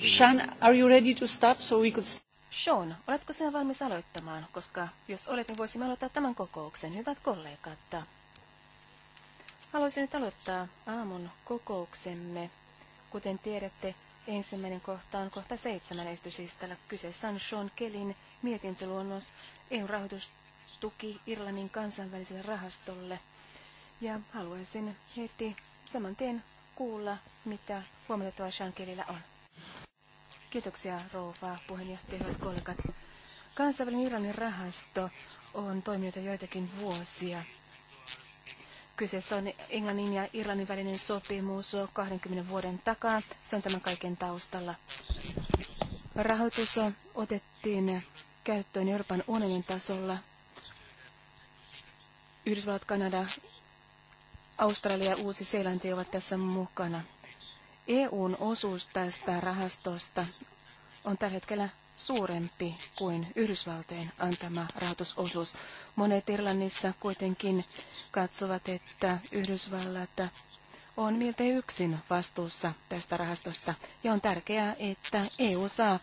Sean, are you ready to start so we could... Sean, oletko sinä valmis aloittamaan? Koska jos olet, niin voisimme aloittaa tämän kokouksen. Hyvät kollegat, haluaisin nyt aloittaa aamun kokouksemme. Kuten tiedätte, ensimmäinen kohta on kohta seitsemän esityslistalla. Kyseessä on Sean Kellin mietintöluonnos EU-rahoitustuki Irlannin kansainväliselle rahastolle. Ja haluaisin heti saman tien kuulla, mitä huomioitavaa Sean Kellillä on. Kiitoksia rouva puheenjohtaja, hyvät kollegat. Kansainvälinen Iranin rahasto on toiminut jo joitakin vuosia. Kyseessä on Englannin ja Irlannin välinen sopimus 20 vuoden takaa. Se on tämän kaiken taustalla. Rahoitus otettiin käyttöön Euroopan unionin tasolla. Yhdysvallat, Kanada, Australia ja Uusi-Seelanti ovat tässä mukana. EUn osuus tästä rahastosta on tällä hetkellä suurempi kuin Yhdysvaltojen antama rahoitusosuus. Monet Irlannissa kuitenkin katsovat, että Yhdysvallat on miltei yksin vastuussa tästä rahastosta, ja on tärkeää, että EU saa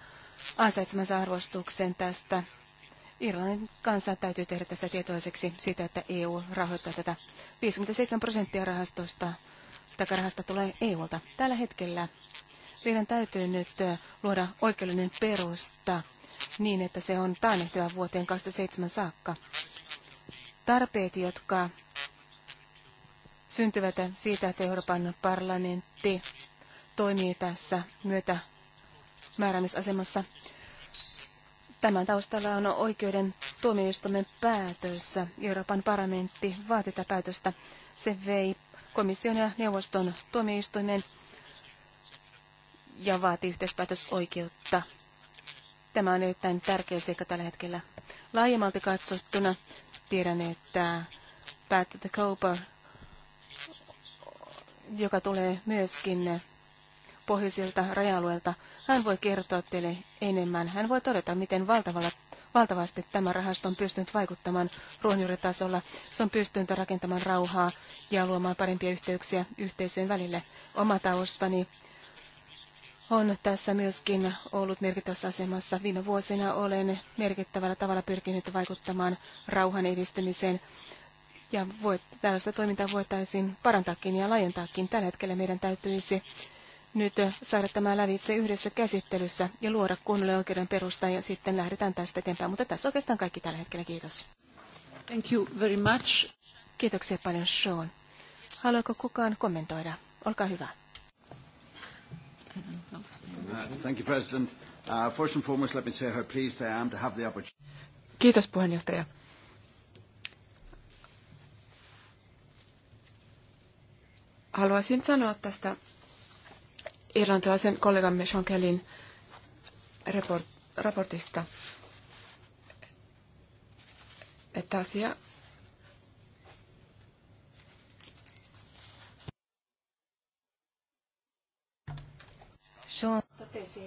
ansaitsemansa arvostuksen tästä. Irlannin kanssa täytyy tehdä tästä tietoiseksi sitä, että EU rahoittaa tätä 57 prosenttia rahastosta takarahasta tulee EUlta. Tällä hetkellä meidän täytyy nyt luoda oikeudellinen perusta niin, että se on taannehtiva vuoteen 2007 saakka. Tarpeet, jotka syntyvät siitä, että Euroopan parlamentti toimii tässä myötä määräämisasemassa. Tämän taustalla on oikeuden tuomioistuimen päätös. Euroopan parlamentti vaati tätä päätöstä. Se vei komission ja neuvoston tuomioistuimen ja vaati yhteispäätösoikeutta. Tämä on erittäin tärkeä seikka tällä hetkellä. Laajemmalti katsottuna tiedän, että Pat the Cooper, joka tulee myöskin pohjoisilta raja hän voi kertoa teille enemmän. Hän voi todeta, miten valtavalla Valtavasti tämä rahasto on pystynyt vaikuttamaan ruohonjuuritasolla. Se on pystynyt rakentamaan rauhaa ja luomaan parempia yhteyksiä yhteisöjen välille. Oma taustani on tässä myöskin ollut merkittävässä asemassa. Viime vuosina olen merkittävällä tavalla pyrkinyt vaikuttamaan rauhan edistämiseen. Ja voit, tällaista toimintaa voitaisiin parantaakin ja laajentaakin. Tällä hetkellä meidän täytyisi nyt saada tämä lävitse yhdessä käsittelyssä ja luoda kunnolle oikeuden perusta ja sitten lähdetään tästä eteenpäin. Mutta tässä oikeastaan kaikki tällä hetkellä. Kiitos. Thank you very much. Kiitoksia paljon Sean. Haluaako kukaan kommentoida? Olkaa hyvä. Uh, thank you, President. Uh, first and foremost, let me say how pleased I am to have the opportunity. Kiitos puheenjohtaja. Haluaisin sanoa tästä irlantilaisen kollegamme Sean Kellyn raportista, että asia Sean totesi,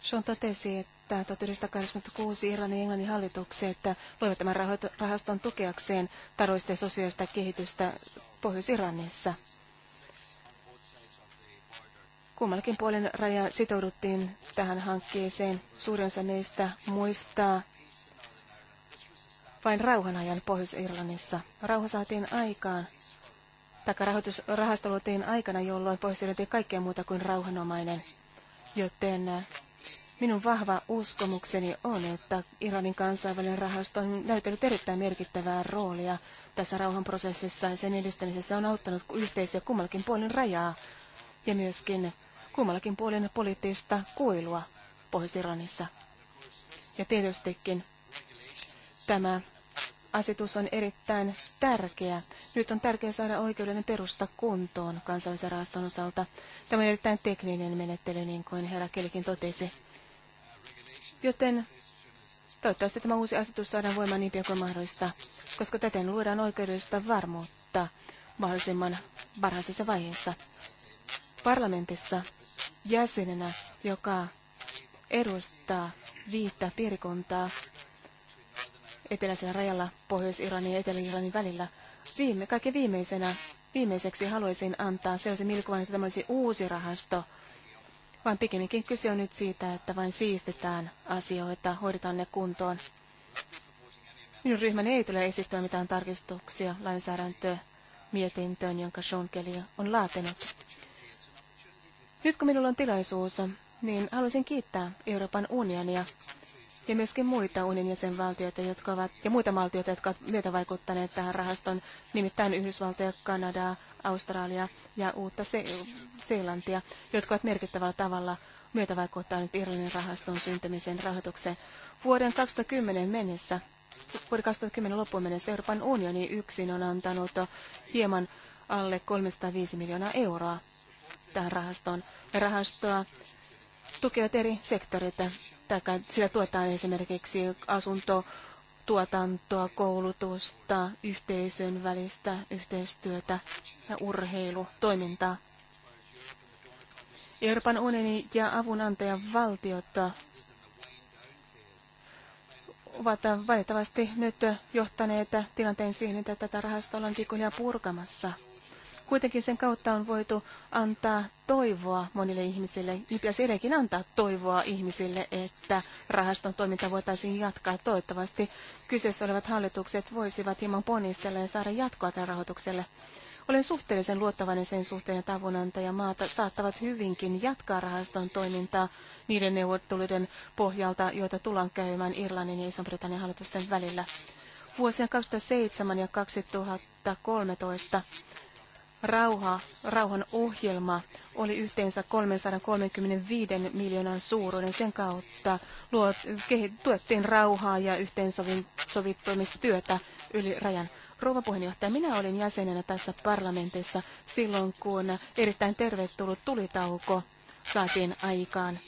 Sean totesi, että 1986 Irlannin ja Englannin hallitukset luivat tämän rahaston tukeakseen taloudellista ja sosiaalista kehitystä Pohjois-Irlannissa. Kummallakin puolen raja sitouduttiin tähän hankkeeseen. Suurin osa meistä muistaa vain rauhanajan Pohjois-Irlannissa. Rauha saatiin aikaan, taikka rahoitusrahasto luotiin aikana, jolloin Pohjois-Irlanti kaikkea muuta kuin rauhanomainen. Joten äh, minun vahva uskomukseni on, että Iranin kansainvälinen rahasto on näytellyt erittäin merkittävää roolia tässä rauhanprosessissa ja sen edistämisessä on auttanut yhteisöä kummallakin puolen rajaa ja myöskin kummallakin puolen poliittista kuilua Pohjois-Iranissa. Ja tietystikin tämä asetus on erittäin tärkeä. Nyt on tärkeää saada oikeudellinen perusta kuntoon kansallisen rahaston osalta. Tämä on erittäin tekninen menettely, niin kuin herra Kelikin totesi. Joten toivottavasti tämä uusi asetus saadaan voimaan niin pian kuin mahdollista, koska täten luodaan oikeudellista varmuutta mahdollisimman varhaisessa vaiheessa parlamentissa jäsenenä, joka edustaa viittä piirikuntaa eteläisellä rajalla Pohjois-Iranin ja Etelä-Iranin välillä. Viime, kaikki viimeisenä, viimeiseksi haluaisin antaa sellaisen mielikuvan, että tämä olisi uusi rahasto, vaan pikemminkin kyse on nyt siitä, että vain siistetään asioita, hoidetaan ne kuntoon. Minun ryhmäni ei tule esittämään mitään tarkistuksia lainsäädäntöön mietintöön, jonka Kelly on laatinut. Nyt kun minulla on tilaisuus, niin haluaisin kiittää Euroopan unionia ja myöskin muita unionin jäsenvaltioita, jotka ovat, ja muita valtioita, jotka ovat myötävaikuttaneet tähän rahaston, nimittäin Yhdysvaltoja, Kanadaa, Australia ja uutta Se- Seelantia, jotka ovat merkittävällä tavalla myötävaikuttaneet Irlannin rahaston syntymisen rahoitukseen. Vuoden 2010 mennessä, vuoden 2010 loppuun mennessä Euroopan unioni yksin on antanut hieman alle 305 miljoonaa euroa tähän rahaston, Rahastoa tukevat eri sektoreita, tai sillä tuetaan esimerkiksi asuntotuotantoa, koulutusta, yhteisön välistä yhteistyötä ja urheilutoimintaa. Euroopan unioni ja avunantajan valtiot ovat valitettavasti nyt johtaneet tilanteen siihen, että tätä rahastoa ollaan purkamassa – Kuitenkin sen kautta on voitu antaa toivoa monille ihmisille. Nyt pitäisi edelleenkin antaa toivoa ihmisille, että rahaston toiminta voitaisiin jatkaa. Toivottavasti kyseessä olevat hallitukset voisivat hieman ponnistella ja saada jatkoa tälle rahoitukselle. Olen suhteellisen luottavainen sen suhteen, että avunantaja maata saattavat hyvinkin jatkaa rahaston toimintaa niiden neuvotteluiden pohjalta, joita tullaan käymään Irlannin ja Ison-Britannian hallitusten välillä. Vuosina 2007 ja 2013 rauha, rauhan ohjelma oli yhteensä 335 miljoonan suuruinen. Sen kautta luot, tuettiin rauhaa ja yhteensovittamistyötä yli rajan. Rouva puheenjohtaja, minä olin jäsenenä tässä parlamentissa silloin, kun erittäin tervetullut tulitauko saatiin aikaan.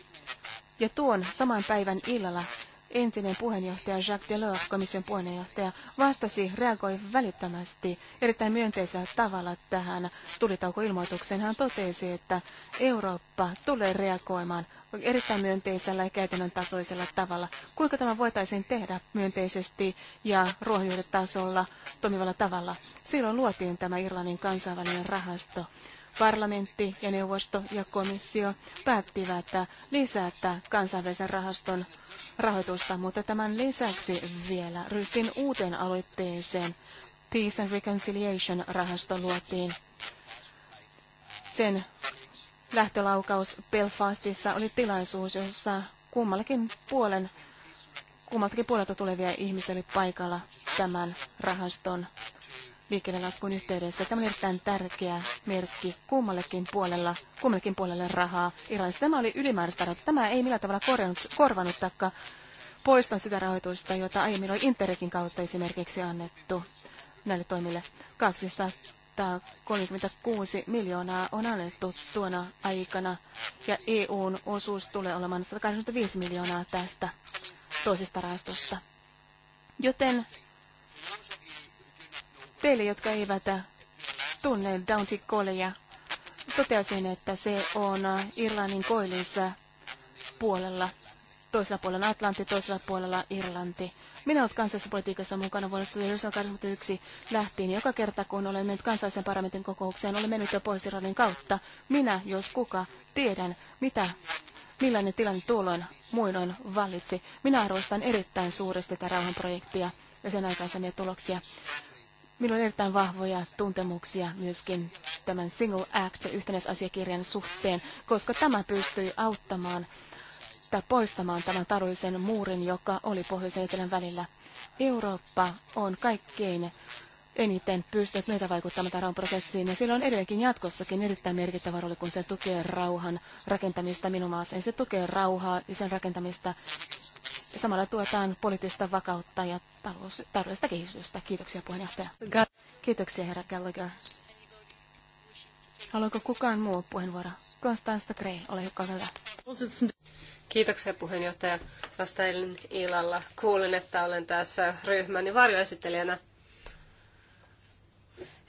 Ja tuon saman päivän illalla entinen puheenjohtaja Jacques Delors, komission puheenjohtaja, vastasi, reagoi välittömästi erittäin myönteisellä tavalla tähän tulitaukoilmoitukseen. Hän totesi, että Eurooppa tulee reagoimaan erittäin myönteisellä ja käytännön tasoisella tavalla. Kuinka tämä voitaisiin tehdä myönteisesti ja ruohonjuuritasolla toimivalla tavalla? Silloin luotiin tämä Irlannin kansainvälinen rahasto – parlamentti ja neuvosto ja komissio päättivät lisätä kansainvälisen rahaston rahoitusta, mutta tämän lisäksi vielä ryhtyin uuteen aloitteeseen. Peace and Reconciliation-rahasto luotiin. Sen lähtölaukaus Belfastissa oli tilaisuus, jossa kummallakin puolen kummaltakin puolelta tulevia ihmisiä oli paikalla tämän rahaston liikennelaskun yhteydessä. Tämä on erittäin tärkeä merkki kummallekin puolella, kummallekin puolelle rahaa Iranissa. Tämä oli ylimääräistä rahoitusta. Tämä ei millään tavalla korjannut, korvannut taikka poistanut sitä rahoitusta, jota aiemmin oli Interrekin kautta esimerkiksi annettu näille toimille. 236 miljoonaa on annettu tuona aikana ja EUn osuus tulee olemaan 185 miljoonaa tästä toisesta rahastosta. Joten Teille, jotka eivät tunne Downty Colleja, toteaisin, että se on Irlannin koillisessa puolella, toisella puolella Atlantti, toisella puolella Irlanti. Minä olen kansallisessa mukana vuodesta 1981 lähtien. Joka kerta, kun olen mennyt kansallisen parlamentin kokoukseen, olen mennyt jo pois Irlannin kautta. Minä, jos kuka, tiedän, mitä millainen tilanne tuolloin muinoin vallitsi. Minä arvostan erittäin suuresti tätä rauhanprojektia ja sen aikaisemmia tuloksia. Minulla on erittäin vahvoja tuntemuksia myöskin tämän Single Act yhtenäisasiakirjan suhteen, koska tämä pystyi auttamaan tai poistamaan tämän taloudellisen muurin, joka oli pohjoisen etelän välillä. Eurooppa on kaikkein eniten pystynyt meitä vaikuttamaan tämän prosessiin, ja sillä on edelleenkin jatkossakin erittäin merkittävä rooli, kun se tukee rauhan rakentamista minun maassa. Se tukee rauhaa ja sen rakentamista Samalla tuetaan poliittista vakautta ja talous, taloudellista kehitystä. Kiitoksia puheenjohtaja. Kiitoksia herra Gallagher. Haluaako kukaan muu puheenvuoro? Konstanta Gray, ole hyvä. Kiitoksia puheenjohtaja. Vasta eilen illalla kuulin, että olen tässä ryhmäni varjoesittelijänä.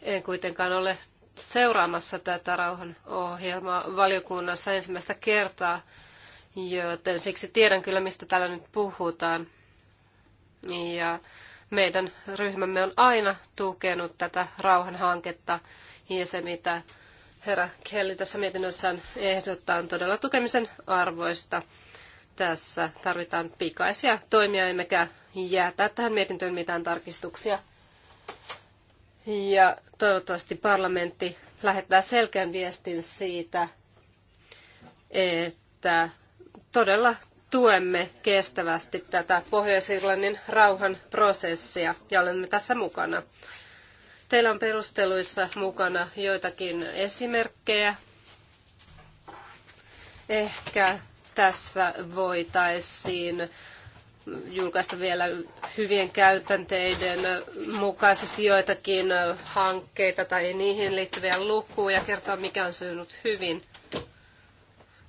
En kuitenkaan ole seuraamassa tätä rauhanohjelmaa valiokunnassa ensimmäistä kertaa joten siksi tiedän kyllä, mistä täällä nyt puhutaan. Ja meidän ryhmämme on aina tukenut tätä rauhanhanketta ja se, mitä herra Kelly tässä mietinnössään ehdottaa, on todella tukemisen arvoista. Tässä tarvitaan pikaisia toimia, emmekä jätä tähän mietintöön mitään tarkistuksia. Ja toivottavasti parlamentti lähettää selkeän viestin siitä, että todella tuemme kestävästi tätä Pohjois-Irlannin rauhanprosessia ja olemme tässä mukana. Teillä on perusteluissa mukana joitakin esimerkkejä. Ehkä tässä voitaisiin julkaista vielä hyvien käytänteiden mukaisesti joitakin hankkeita tai niihin liittyviä lukuja, kertoa mikä on syynyt hyvin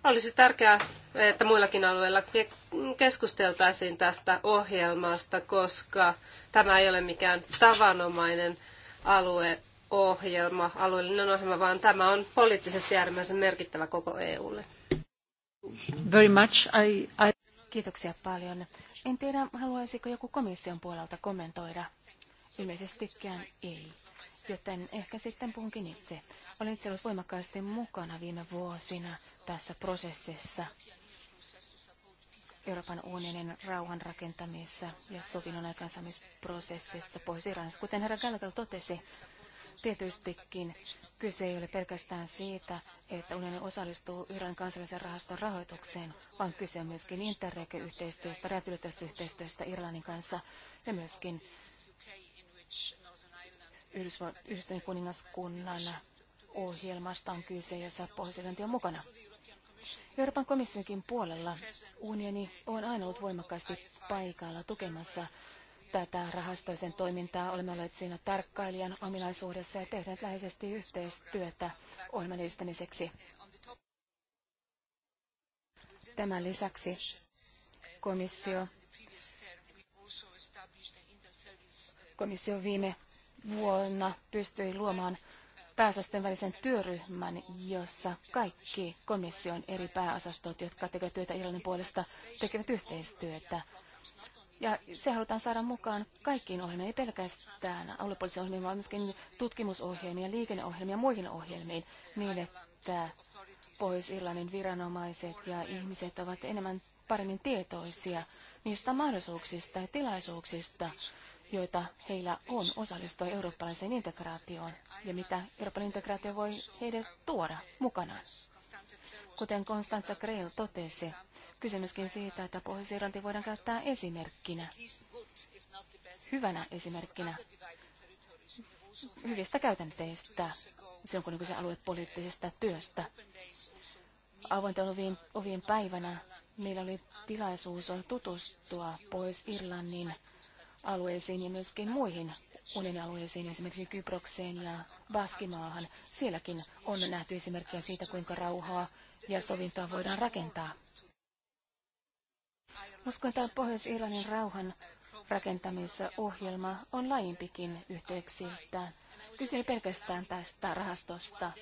olisi tärkeää, että muillakin alueilla keskusteltaisiin tästä ohjelmasta, koska tämä ei ole mikään tavanomainen alueohjelma, alueellinen ohjelma, vaan tämä on poliittisesti äärimmäisen merkittävä koko EUlle. Very much. I, I... Kiitoksia paljon. En tiedä, haluaisiko joku komission puolelta kommentoida. Ilmeisestikään ei joten ehkä sitten puhunkin itse. Olen itse ollut voimakkaasti mukana viime vuosina tässä prosessissa. Euroopan unionin rauhanrakentamisessa ja sovinnon aikaansaamisprosessissa pois Iranissa. Kuten herra Gallagher totesi, tietystikin kyse ei ole pelkästään siitä, että unioni osallistuu Iranin kansallisen rahaston rahoitukseen, vaan kyse on myöskin interreke yhteistyöstä yhteistyöstä Irlannin kanssa ja myöskin Yhdistyneen kuningaskunnan ohjelmasta on kyse, jossa pohjois on mukana. Euroopan komissionkin puolella unioni on aina ollut voimakkaasti paikalla tukemassa tätä rahastoisen toimintaa. Olemme olleet siinä tarkkailijan ominaisuudessa ja tehneet läheisesti yhteistyötä ohjelman edistämiseksi. Tämän lisäksi komissio, komissio viime vuonna pystyi luomaan pääosasten välisen työryhmän, jossa kaikki komission eri pääosastot, jotka tekevät työtä Irlannin puolesta, tekevät yhteistyötä. Ja se halutaan saada mukaan kaikkiin ohjelmiin, ei pelkästään aluepoliisiin ohjelmiin, vaan myöskin tutkimusohjelmiin, liikenneohjelmiin ja muihin ohjelmiin, niin että Pohjois-Irlannin viranomaiset ja ihmiset ovat enemmän paremmin tietoisia niistä mahdollisuuksista ja tilaisuuksista, joita heillä on osallistua eurooppalaiseen integraatioon ja mitä eurooppalainen integraatio voi heille tuoda mukanaan. Kuten Konstanza Greil totesi, kysymyskin siitä, että Pohjois-Irlanti voidaan käyttää esimerkkinä, hyvänä esimerkkinä hyvistä käytänteistä silloin kun alue aluepoliittisesta työstä. Avointen ovien, ovien päivänä meillä oli tilaisuus tutustua pois Irlannin alueisiin ja myöskin muihin unionialueisiin, esimerkiksi Kyprokseen ja Baskimaahan. Sielläkin on nähty esimerkkejä siitä, kuinka rauhaa ja sovintoa voidaan rakentaa. Uskon, että Pohjois-Irlannin rauhan rakentamisohjelma on laajempikin yhteyksiltään. Kyse ei pelkästään tästä rahastosta.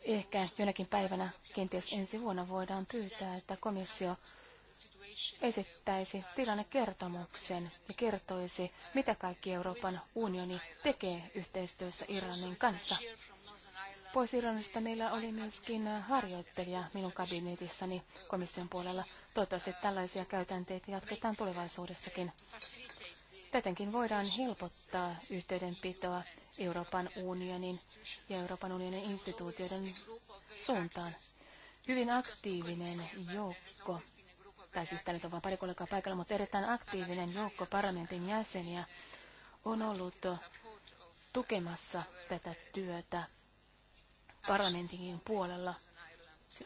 Ehkä jonakin päivänä, kenties ensi vuonna, voidaan pyytää, että komissio esittäisi tilannekertomuksen ja kertoisi, mitä kaikki Euroopan unioni tekee yhteistyössä Iranin kanssa. Pois Iranista meillä oli myöskin harjoittelija minun kabinetissani komission puolella. Toivottavasti tällaisia käytänteitä jatketaan tulevaisuudessakin. Tätenkin voidaan helpottaa yhteydenpitoa Euroopan unionin ja Euroopan unionin instituutioiden suuntaan. Hyvin aktiivinen joukko tai siis täällä on vain pari kollegaa paikalla, mutta erittäin aktiivinen joukko parlamentin jäseniä on ollut tukemassa tätä työtä parlamentin puolella,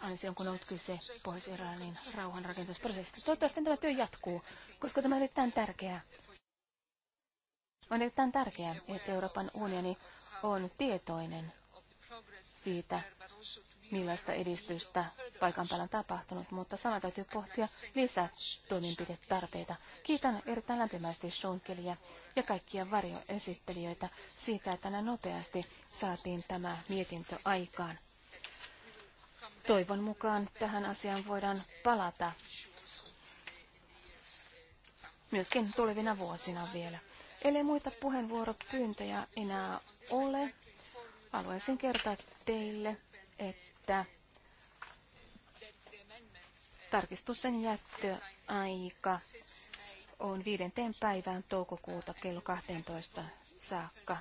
aina silloin kun on ollut kyse Pohjois-Iranin rauhanrakentamisprosessista. Toivottavasti tämä työ jatkuu, koska tämä on erittäin tärkeää. On erittäin tärkeää, että Euroopan unioni on tietoinen siitä millaista edistystä paikan päällä on tapahtunut, mutta sama täytyy pohtia lisää toimenpidetarpeita. Kiitän erittäin lämpimästi Schunkelia ja kaikkia varjoesittelijöitä siitä, että näin nopeasti saatiin tämä mietintö aikaan. Toivon mukaan tähän asiaan voidaan palata myöskin tulevina vuosina vielä. Eli muita puheenvuoropyyntöjä enää ole, haluaisin kertoa teille, että että tarkistusten jättöaika on viidenteen päivään toukokuuta kello 12 saakka.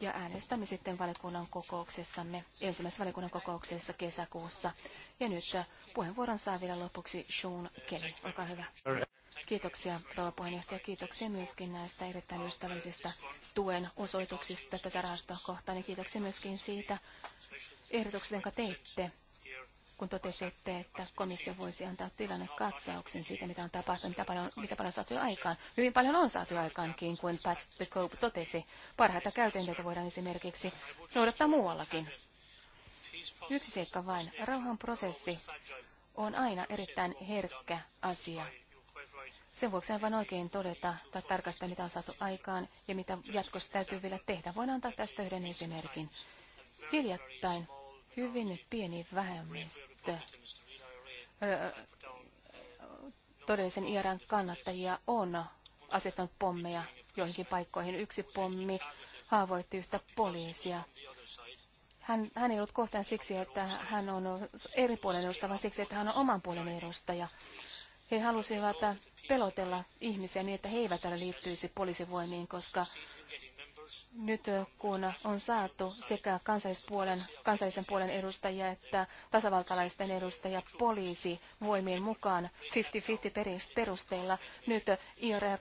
Ja äänestämme sitten valiokunnan kokouksessamme, ensimmäisessä valiokunnan kokouksessa kesäkuussa. Ja nyt puheenvuoron saa vielä lopuksi Sean Kelly. Olkaa hyvä. Kiitoksia, rouva puheenjohtaja. Kiitoksia myöskin näistä erittäin ystävällisistä tuen osoituksista tätä rahastoa kohtaan. Ja kiitoksia myöskin siitä, ehdotukset, jonka teitte, kun totesitte, että komissio voisi antaa tilannekatsauksen siitä, mitä on tapahtunut, mitä paljon, mitä paljon on saatu aikaan. Hyvin paljon on saatu aikaankin, kuin Pat the Cope totesi. Parhaita käytänteitä voidaan esimerkiksi noudattaa muuallakin. Yksi seikka vain. Rauhanprosessi on aina erittäin herkkä asia. Sen vuoksi aivan oikein todeta tai tarkastaa, mitä on saatu aikaan ja mitä jatkossa täytyy vielä tehdä. Voin antaa tästä yhden esimerkin. Hiljattain hyvin pieni vähemmistö todellisen IRAn kannattajia on asettanut pommeja joihinkin paikkoihin. Yksi pommi haavoitti yhtä poliisia. Hän, hän ei ollut kohtaan siksi, että hän on eri puolen edustaja, vaan siksi, että hän on oman puolen edustaja. He halusivat pelotella ihmisiä niin, että he eivät liittyisi poliisivoimiin, koska nyt kun on saatu sekä kansallispuolen, kansallisen puolen edustajia että tasavaltalaisten edustajia poliisivoimien mukaan 50-50 perusteella, nyt IRR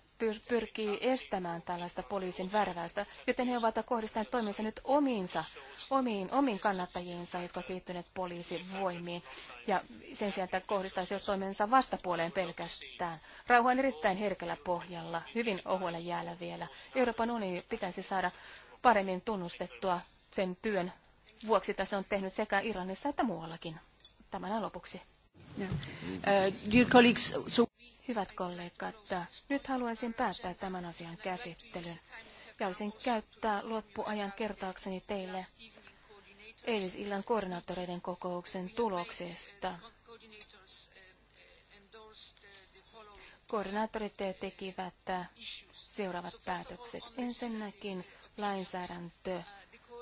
pyrkii estämään tällaista poliisin värväystä, joten he ovat kohdistaneet toimensa nyt omiinsa, omiin, omiin kannattajiinsa, jotka ovat liittyneet poliisivoimiin. Ja sen sijaan, että kohdistaisivat toimensa vastapuoleen pelkästään. Rauha on erittäin herkällä pohjalla, hyvin ohuella jäällä vielä. Euroopan unioni pitäisi saada paremmin tunnustettua sen työn vuoksi, että se on tehnyt sekä Irlannissa että muuallakin. Tämän lopuksi. Yeah. Uh, dear colleagues, so... Hyvät kollegat, nyt haluaisin päättää tämän asian käsittelyn. Ja olisin käyttää loppuajan kertaakseni teille eilisillan koordinaattoreiden kokouksen tuloksesta. Koordinaattorit tekivät seuraavat päätökset. Ensinnäkin lainsäädäntö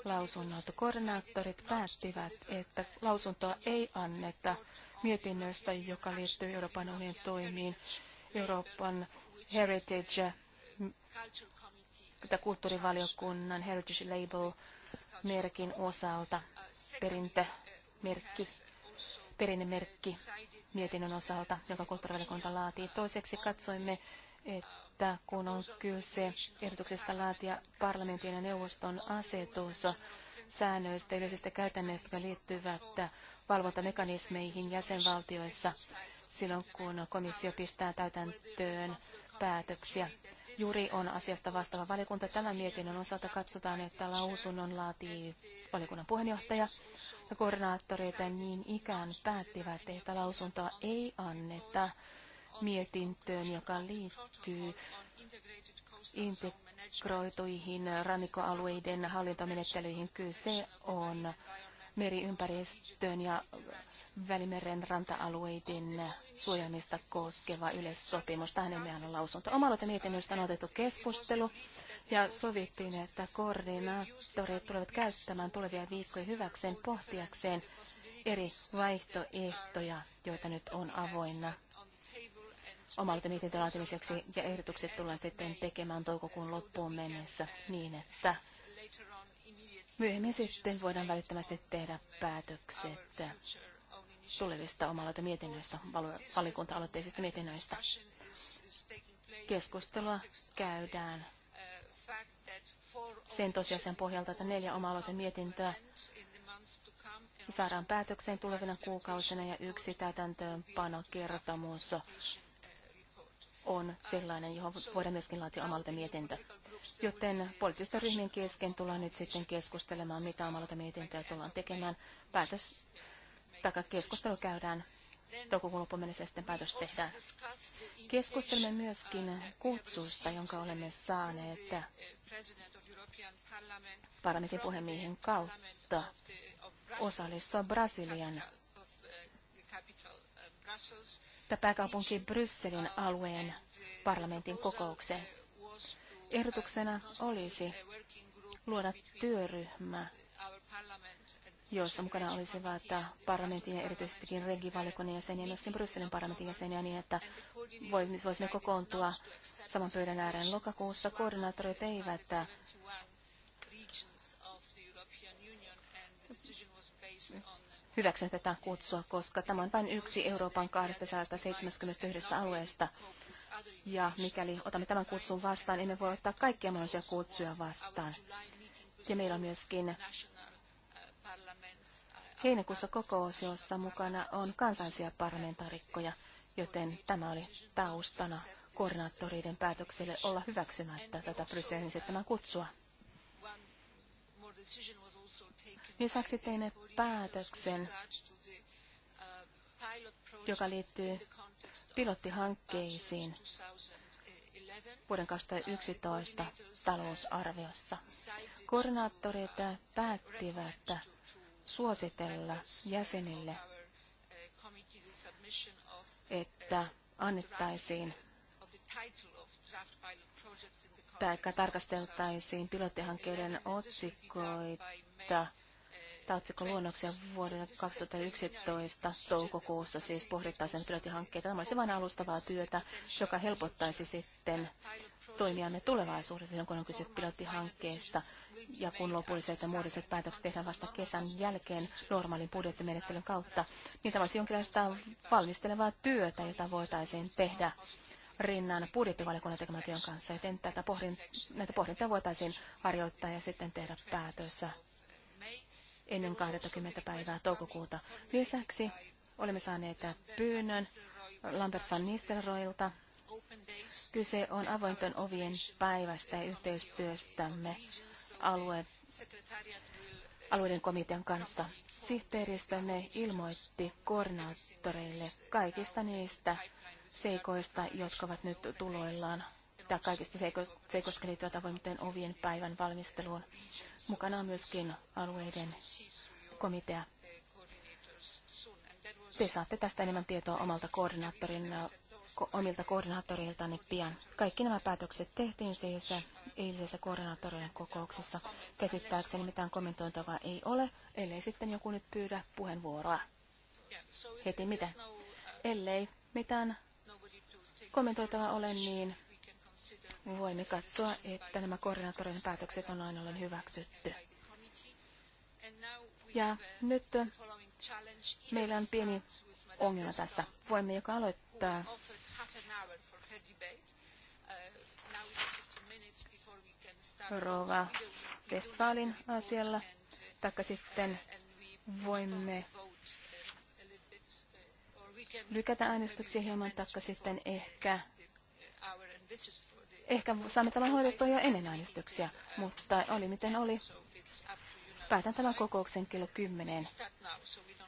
lausunnot. Koordinaattorit päättivät, että lausuntoa ei anneta mietinnöstä, joka liittyy Euroopan unionin toimiin. Euroopan Heritage mm, kulttuurivaliokunnan Heritage Label merkin osalta, perintömerkki, perinnemerkki mietinnön osalta, jonka kulttuurivaliokunta laatii. Toiseksi katsoimme, että kun on kyse ehdotuksesta laatia parlamentin ja neuvoston asetus säännöistä, yleisistä käytännöistä, jotka liittyvät valvontamekanismeihin jäsenvaltioissa silloin, kun komissio pistää täytäntöön päätöksiä. Juri on asiasta vastaava valiokunta. Tämän mietinnön osalta katsotaan, että lausunnon laatii valiokunnan puheenjohtaja ja koordinaattoreita niin ikään päättivät, että lausuntoa ei anneta mietintöön, joka liittyy integroituihin rannikkoalueiden hallintomenettelyihin. Kyse on meriympäristön ja Välimeren ranta-alueiden suojaamista koskeva yleissopimus. Tähän emme anna lausunto. Omaloite mietinnöstä on otettu keskustelu ja sovittiin, että koordinaattorit tulevat käyttämään tulevia viikkoja hyväkseen pohtiakseen eri vaihtoehtoja, joita nyt on avoinna omalta mietintön laatimiseksi ja ehdotukset tullaan sitten tekemään toukokuun loppuun mennessä niin, että Myöhemmin sitten voidaan välittömästi tehdä päätökset tulevista omaloita mietinnöistä, valikunta-aloitteisista mietinnöistä. Keskustelua käydään sen tosiasian pohjalta, että neljä oma mietintöä saadaan päätökseen tulevina kuukausina ja yksi täytäntöönpanokertomus on sellainen, johon voidaan myöskin laatia omalta mietintö. Joten poliittisten ryhmien kesken tullaan nyt sitten keskustelemaan, mitä omalta mietintöä tullaan tekemään. Päätös, taka keskustelu käydään toukokuun loppuun mennessä sitten päätös tehdään. Keskustelemme myöskin kutsusta, jonka olemme saaneet parlamentin puhemiehen kautta osallistua Brasilian pääkaupunki Brysselin alueen parlamentin kokoukseen. Ehdotuksena olisi luoda työryhmä, jossa mukana olisivat parlamentin ja erityisesti regivaliokunnan jäseniä ja myöskin Brysselin parlamentin jäseniä niin, että voisimme kokoontua saman pöydän ääreen lokakuussa. Koordinaattorit eivät hyväksy tätä kutsua, koska tämä on vain yksi Euroopan 271 alueesta. Ja mikäli otamme tämän kutsun vastaan, emme voi ottaa kaikkia mahdollisia kutsuja vastaan. Ja meillä on myöskin heinäkuussa kokous, jossa mukana on kansallisia parlamentaarikkoja, joten tämä oli taustana koordinaattoriiden päätökselle olla hyväksymättä tätä Brysselin esittämää kutsua. Lisäksi teimme päätöksen, joka liittyy pilottihankkeisiin vuoden 2011 talousarviossa. Koordinaattorit päättivät suositella jäsenille, että annettaisiin tai tarkasteltaisiin pilottihankkeiden otsikoita että luonnoksia vuodelle 2011 toukokuussa siis pohdittaisiin työtihankkeita, Tämä olisi vain alustavaa työtä, joka helpottaisi sitten toimijamme tulevaisuudessa, silloin kun on kyse pilottihankkeesta. Ja kun lopulliset ja muodolliset päätökset tehdään vasta kesän jälkeen normaalin budjettimenettelyn kautta, niin tämä olisi jonkinlaista valmistelevaa työtä, jota voitaisiin tehdä rinnan budjettivaliokunnan tekemän työn kanssa, joten tätä pohdin, näitä pohdintaa voitaisiin harjoittaa ja sitten tehdä päätössä ennen 20. päivää toukokuuta. Lisäksi olemme saaneet pyynnön Lambert van Nistelrooilta. Kyse on avointen ovien päivästä ja yhteistyöstämme alue, alueiden komitean kanssa. Sihteeristömme ilmoitti koordinaattoreille kaikista niistä seikoista, jotka ovat nyt tuloillaan kiittää kaikista seikoista liittyvät ovien päivän valmisteluun. Mukana on myöskin alueiden komitea. Te saatte tästä enemmän tietoa omalta koordinaattorin, omilta koordinaattoreiltanne pian. Kaikki nämä päätökset tehtiin siis eilisessä koordinaattorien kokouksessa. Käsittääkseni mitään kommentointavaa ei ole, ellei sitten joku nyt pyydä puheenvuoroa. Heti mitä? Ellei mitään kommentoitavaa ole, niin voimme katsoa, että nämä koordinaattorin päätökset on aina ollen hyväksytty. Ja nyt meillä on pieni ongelma tässä. Voimme joka aloittaa Rova Westfalin asialla, taikka sitten voimme lykätä äänestyksiä hieman, taikka sitten ehkä Ehkä saamme tämän hoidettua jo ennen äänestyksiä, mutta oli miten oli. Päätän tämän kokouksen kello 10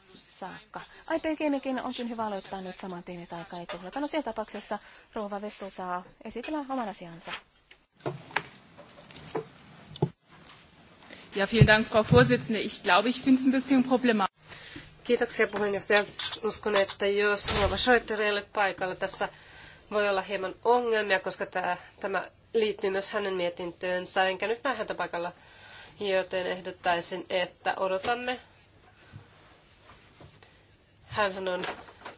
saakka. Aipeen keimikin onkin hyvä aloittaa nyt saman tien, että aika ei tuhlata. No siinä tapauksessa Rouva Vesto saa esitellä oman asiansa. Ja, vielen Dank, Frau Vorsitzende. Ich glaube, ich finde es ein bisschen problematisch. Kiitoksia puheenjohtaja. Uskon, että jos Rouva Schroeder paikalla tässä voi olla hieman ongelmia, koska tämä, tämä liittyy myös hänen mietintöönsä, enkä nyt näe häntä paikalla, joten ehdottaisin, että odotamme. Hänhän on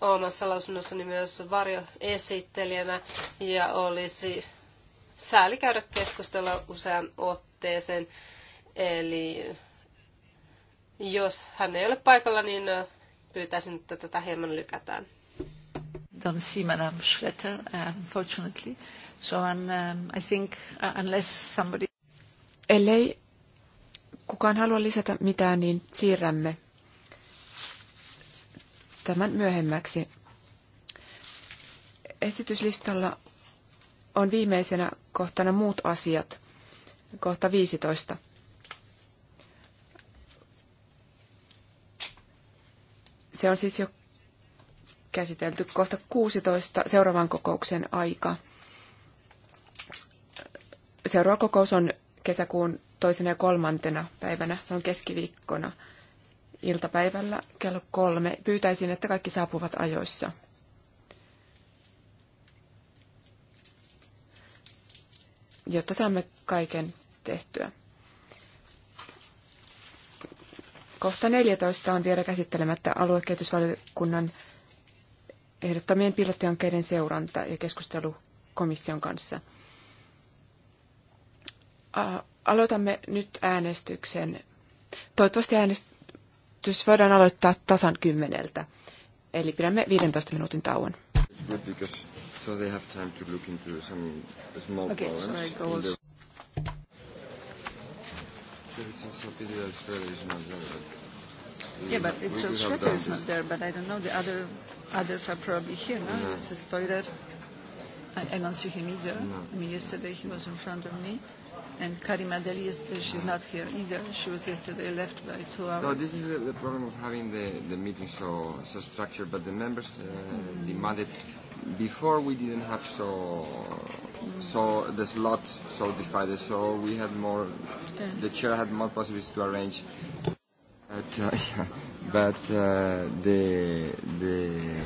omassa lausunnossani myös varjoesittelijänä ja olisi sääli käydä keskustella usean otteeseen. Eli jos hän ei ole paikalla, niin pyytäisin, että tätä hieman lykätään don't see Madame Schroeter, unfortunately. Um, so um, I think uh, unless somebody... Ellei kukaan halua lisätä mitään, niin siirrämme tämän myöhemmäksi. Esityslistalla on viimeisenä kohtana muut asiat, kohta 15. Se on siis jo käsitelty kohta 16 seuraavan kokouksen aika. Seuraava kokous on kesäkuun toisena ja kolmantena päivänä, se on keskiviikkona iltapäivällä kello kolme. Pyytäisin, että kaikki saapuvat ajoissa. jotta saamme kaiken tehtyä. Kohta 14 on vielä käsittelemättä aluekehitysvaliokunnan ehdottamien pilottihankkeiden seuranta ja keskustelu komission kanssa. Aloitamme nyt äänestyksen. Toivottavasti äänestys voidaan aloittaa tasan kymmeneltä. Eli pidämme 15 minuutin tauon. So they have time to look into some small okay, So Yeah, but it's just Schroeder is not there, but I don't know. The other others are probably here, no? no. This is Toiler. I, I don't see him either. No. I mean, yesterday he was in front of me. And Karima Deli, yesterday, she's not here either. She was yesterday left by two no, hours. No, this is uh, the problem of having the, the meeting so, so structured, but the members uh, mm. demanded. Before we didn't have so so the slots so divided, so we had more, the chair had more possibilities to arrange But, uh, yeah, but uh, the, the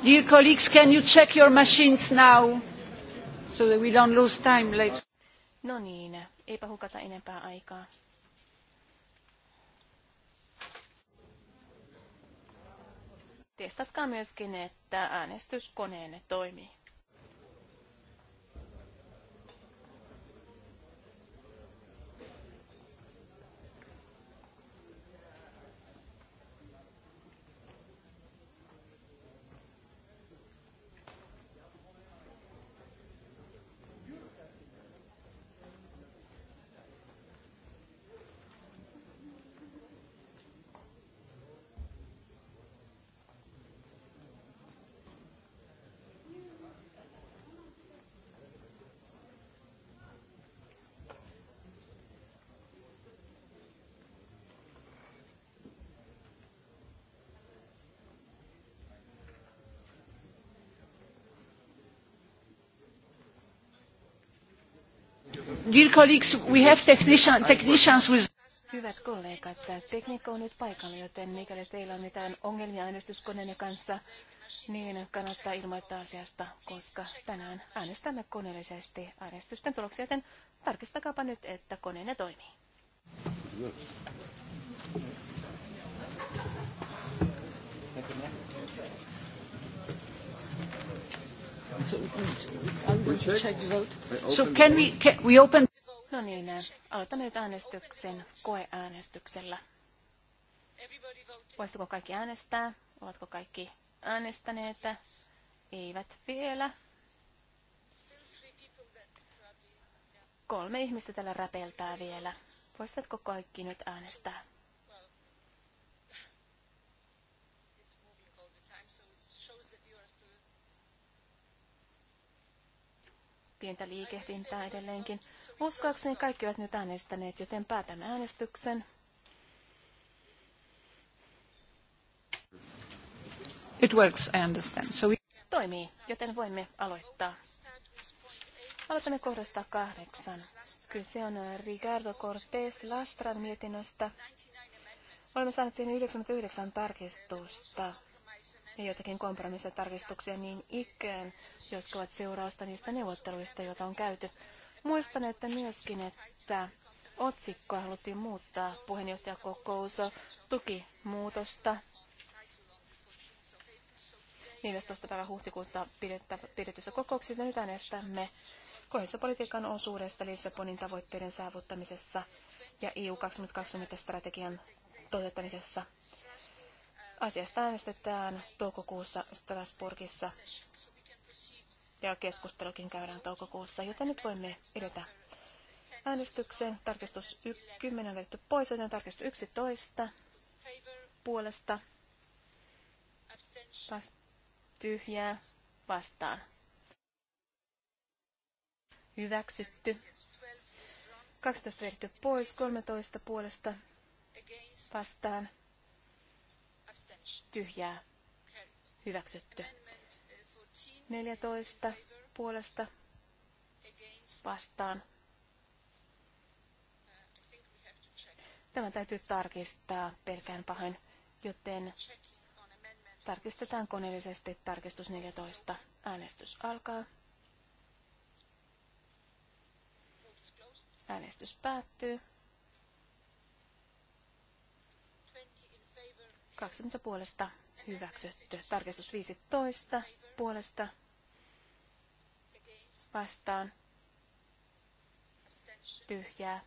Dear colleagues, can you check your machines now so that we don't lose time later? No niin, eipä hukata enempää aikaa. Testatkaa myöskin, että äänestyskoneenne toimii. Dear colleagues, we have technician, technicians with... Hyvät kollegat, tekniikka on nyt paikalla, joten mikäli teillä on mitään ongelmia äänestyskoneenne kanssa, niin kannattaa ilmoittaa asiasta, koska tänään äänestämme koneellisesti äänestysten tuloksia, joten tarkistakaapa nyt, että koneenne toimii. So, can we, we open... No niin, äh, aloitamme nyt äänestyksen koeäänestyksellä. Voisitko kaikki äänestää? Ovatko kaikki äänestäneet? Eivät vielä. Kolme ihmistä tällä räpeltää vielä. Voisitko kaikki nyt äänestää? pientä liikehdintää edelleenkin. Uskoakseni kaikki ovat nyt äänestäneet, joten päätämme äänestyksen. It works, I understand. So we... Toimii, joten voimme aloittaa. Aloitamme kohdasta kahdeksan. Kyse on Ricardo Cortés Lastran mietinnöstä. Olemme saaneet siihen 99 tarkistusta ja jotakin kompromissitarkistuksia niin ikään, jotka ovat seurausta niistä neuvotteluista, joita on käyty. Muistan, että myöskin, että otsikkoa haluttiin muuttaa. Puheenjohtajakokous tuki muutosta. 14. päivä huhtikuuta pidetyssä kokouksessa nyt äänestämme kohdissopolitiikan osuudesta Lissabonin tavoitteiden saavuttamisessa ja EU 2020 strategian toteuttamisessa. Asiasta äänestetään toukokuussa Strasbourgissa ja keskustelukin käydään toukokuussa, joten nyt voimme edetä äänestykseen. Tarkistus 10 on vedetty pois, joten tarkistus 11 puolesta vast- tyhjää vastaan. Hyväksytty. 12 vedetty pois, 13 puolesta vastaan tyhjää hyväksytty. 14 puolesta vastaan. Tämä täytyy tarkistaa pelkään pahoin, joten tarkistetaan koneellisesti tarkistus 14. Äänestys alkaa. Äänestys päättyy. 20 puolesta hyväksytty. Tarkistus 15 puolesta vastaan tyhjää.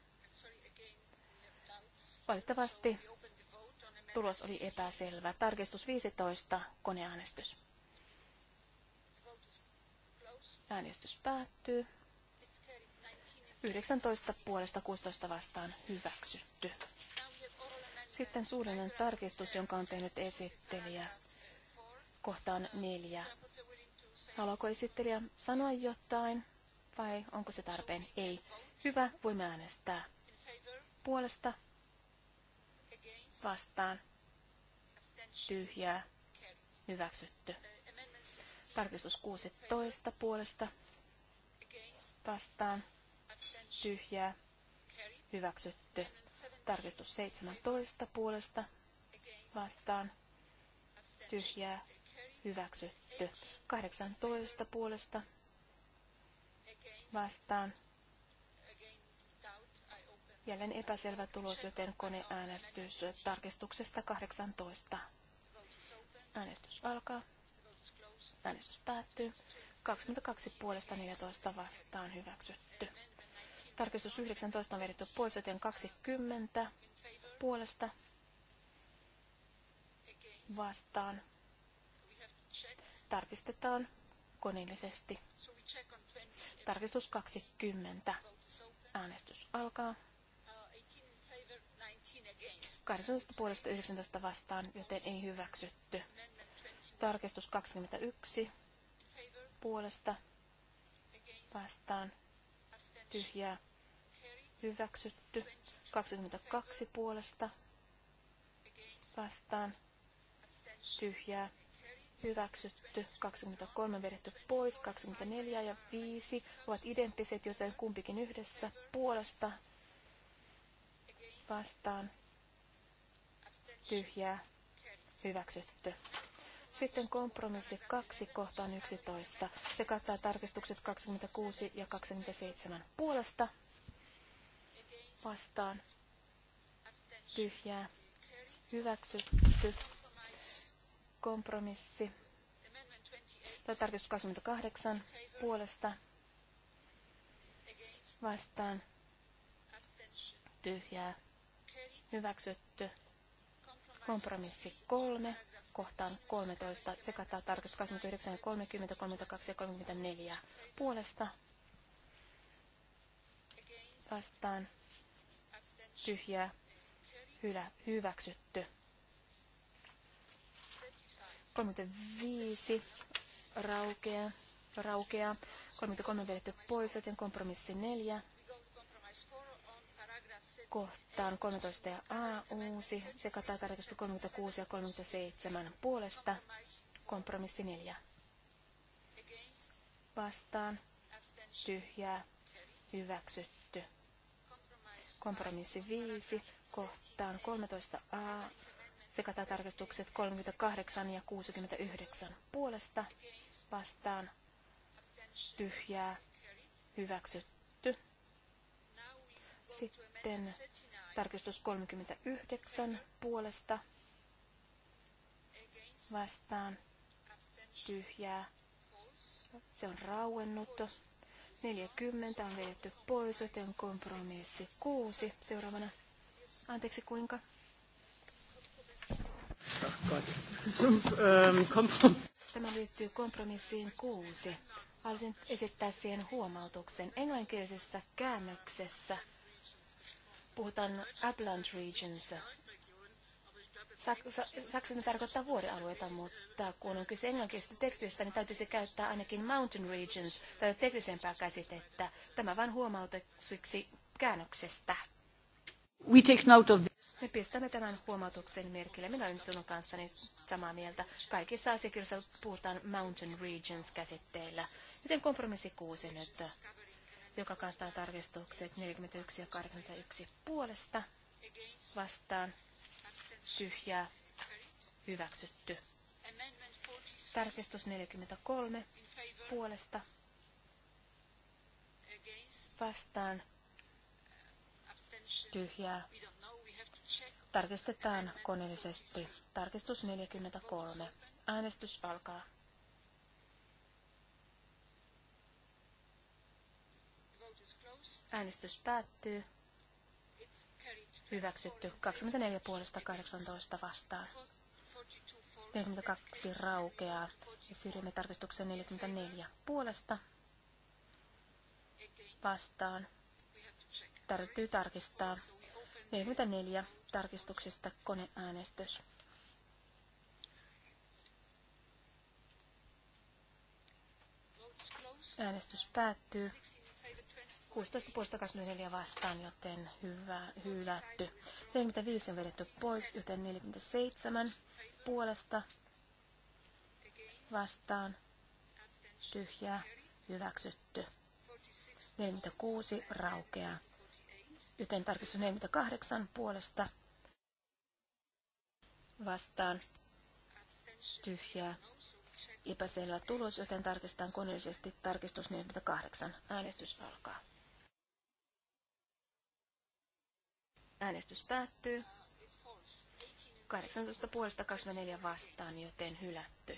Valitettavasti tulos oli epäselvä. Tarkistus 15, koneäänestys. Äänestys päättyy. 19 puolesta 16 vastaan hyväksytty. Sitten suullinen tarkistus, jonka on tehnyt esittelijä kohtaan neljä. Haluaako esittelijä sanoa jotain vai onko se tarpeen? Ei. Hyvä, voimme äänestää. Puolesta vastaan tyhjää hyväksytty. Tarkistus 16 puolesta vastaan tyhjää hyväksytty. Tarkistus 17 puolesta vastaan tyhjää hyväksytty. 18 puolesta vastaan. Jälleen epäselvä tulos, joten koneäänestys tarkistuksesta 18. Äänestys alkaa. Äänestys päättyy. 22 puolesta 14 vastaan hyväksytty. Tarkistus 19 on vedetty pois, joten 20 puolesta vastaan. Tarkistetaan koneellisesti. Tarkistus 20. Äänestys alkaa. 18 puolesta 19 vastaan, joten ei hyväksytty. Tarkistus 21 puolesta vastaan tyhjää hyväksytty. 22 puolesta vastaan tyhjää hyväksytty. 23 vedetty pois. 24 ja 5 ovat identtiset, joten kumpikin yhdessä puolesta vastaan tyhjää hyväksytty. Sitten kompromissi 2 kohtaan 11. Se kattaa tarkistukset 26 ja 27 puolesta vastaan tyhjää hyväksytty kompromissi tai tarkistus 28 puolesta vastaan tyhjää hyväksytty kompromissi 3 kohtaan 13 se kattaa tarkistus 29, 30, 32 ja 34 puolesta vastaan tyhjää hylä, hyväksytty. 35 raukea, raukea. 33 vedetty pois, joten kompromissi 4. Kohtaan 13 ja A uusi sekä tarkastu 36 ja 37 puolesta. Kompromissi 4. Vastaan. Tyhjää. Hyväksytty kompromissi 5 kohtaan 13a sekä tarkistukset 38 ja 69 puolesta vastaan tyhjää hyväksytty. Sitten tarkistus 39 puolesta vastaan tyhjää. Se on rauennut. 40 on vedetty pois, joten kompromissi 6 seuraavana. Anteeksi, kuinka? Tämä liittyy kompromissiin 6. Haluaisin esittää siihen huomautuksen. Englanninkielisessä käännöksessä puhutaan Upland Regions Saksan tarkoittaa vuorialueita, mutta kun on kyse englanninkielisestä tekstistä, niin täytyisi käyttää ainakin mountain regions, tätä teknisempää käsitettä. Tämä vain huomautuksiksi käännöksestä. We take note of this. Me pistämme tämän huomautuksen merkille. Minä olen sinun kanssani samaa mieltä. Kaikissa asiakirjoissa puhutaan mountain regions käsitteillä. Miten kompromissi kuusi nyt, joka kattaa tarkistukset 41 ja 81 puolesta vastaan tyhjää hyväksytty. Tarkistus 43 puolesta vastaan tyhjää. Tarkistetaan koneellisesti. Tarkistus 43. Äänestys alkaa. Äänestys päättyy hyväksytty 24 puolesta 18 vastaan. 42 raukeaa ja siirrymme tarkistukseen 44 puolesta vastaan. Täytyy tarkistaa 44 tarkistuksista koneäänestys. Äänestys päättyy. 16 puolesta 24 vastaan, joten hyvä, hylätty. 45 on vedetty pois, joten 47 puolesta vastaan, tyhjää, hyväksytty. 46 raukeaa, joten tarkistus 48 puolesta vastaan, tyhjää, epäselvä tulos, joten tarkistetaan koneellisesti tarkistus 48. Äänestys alkaa. Äänestys päättyy. 18 puolesta 24 vastaan, joten hylätty.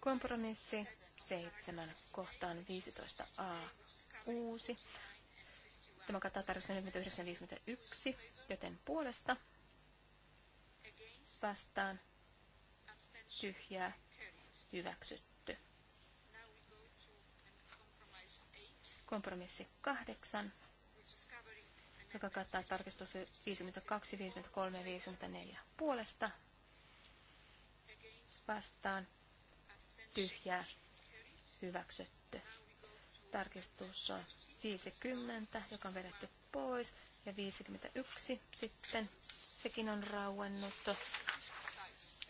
Kompromissi 7 kohtaan 15a uusi. Tämä kattaa tarjous 49.51, joten puolesta vastaan tyhjää hyväksytty. Kompromissi 8 joka kattaa tarkistus 52, 53 ja 54 puolesta vastaan tyhjää hyväksytty. Tarkistus on 50, joka on vedetty pois, ja 51 sitten, sekin on rauennut.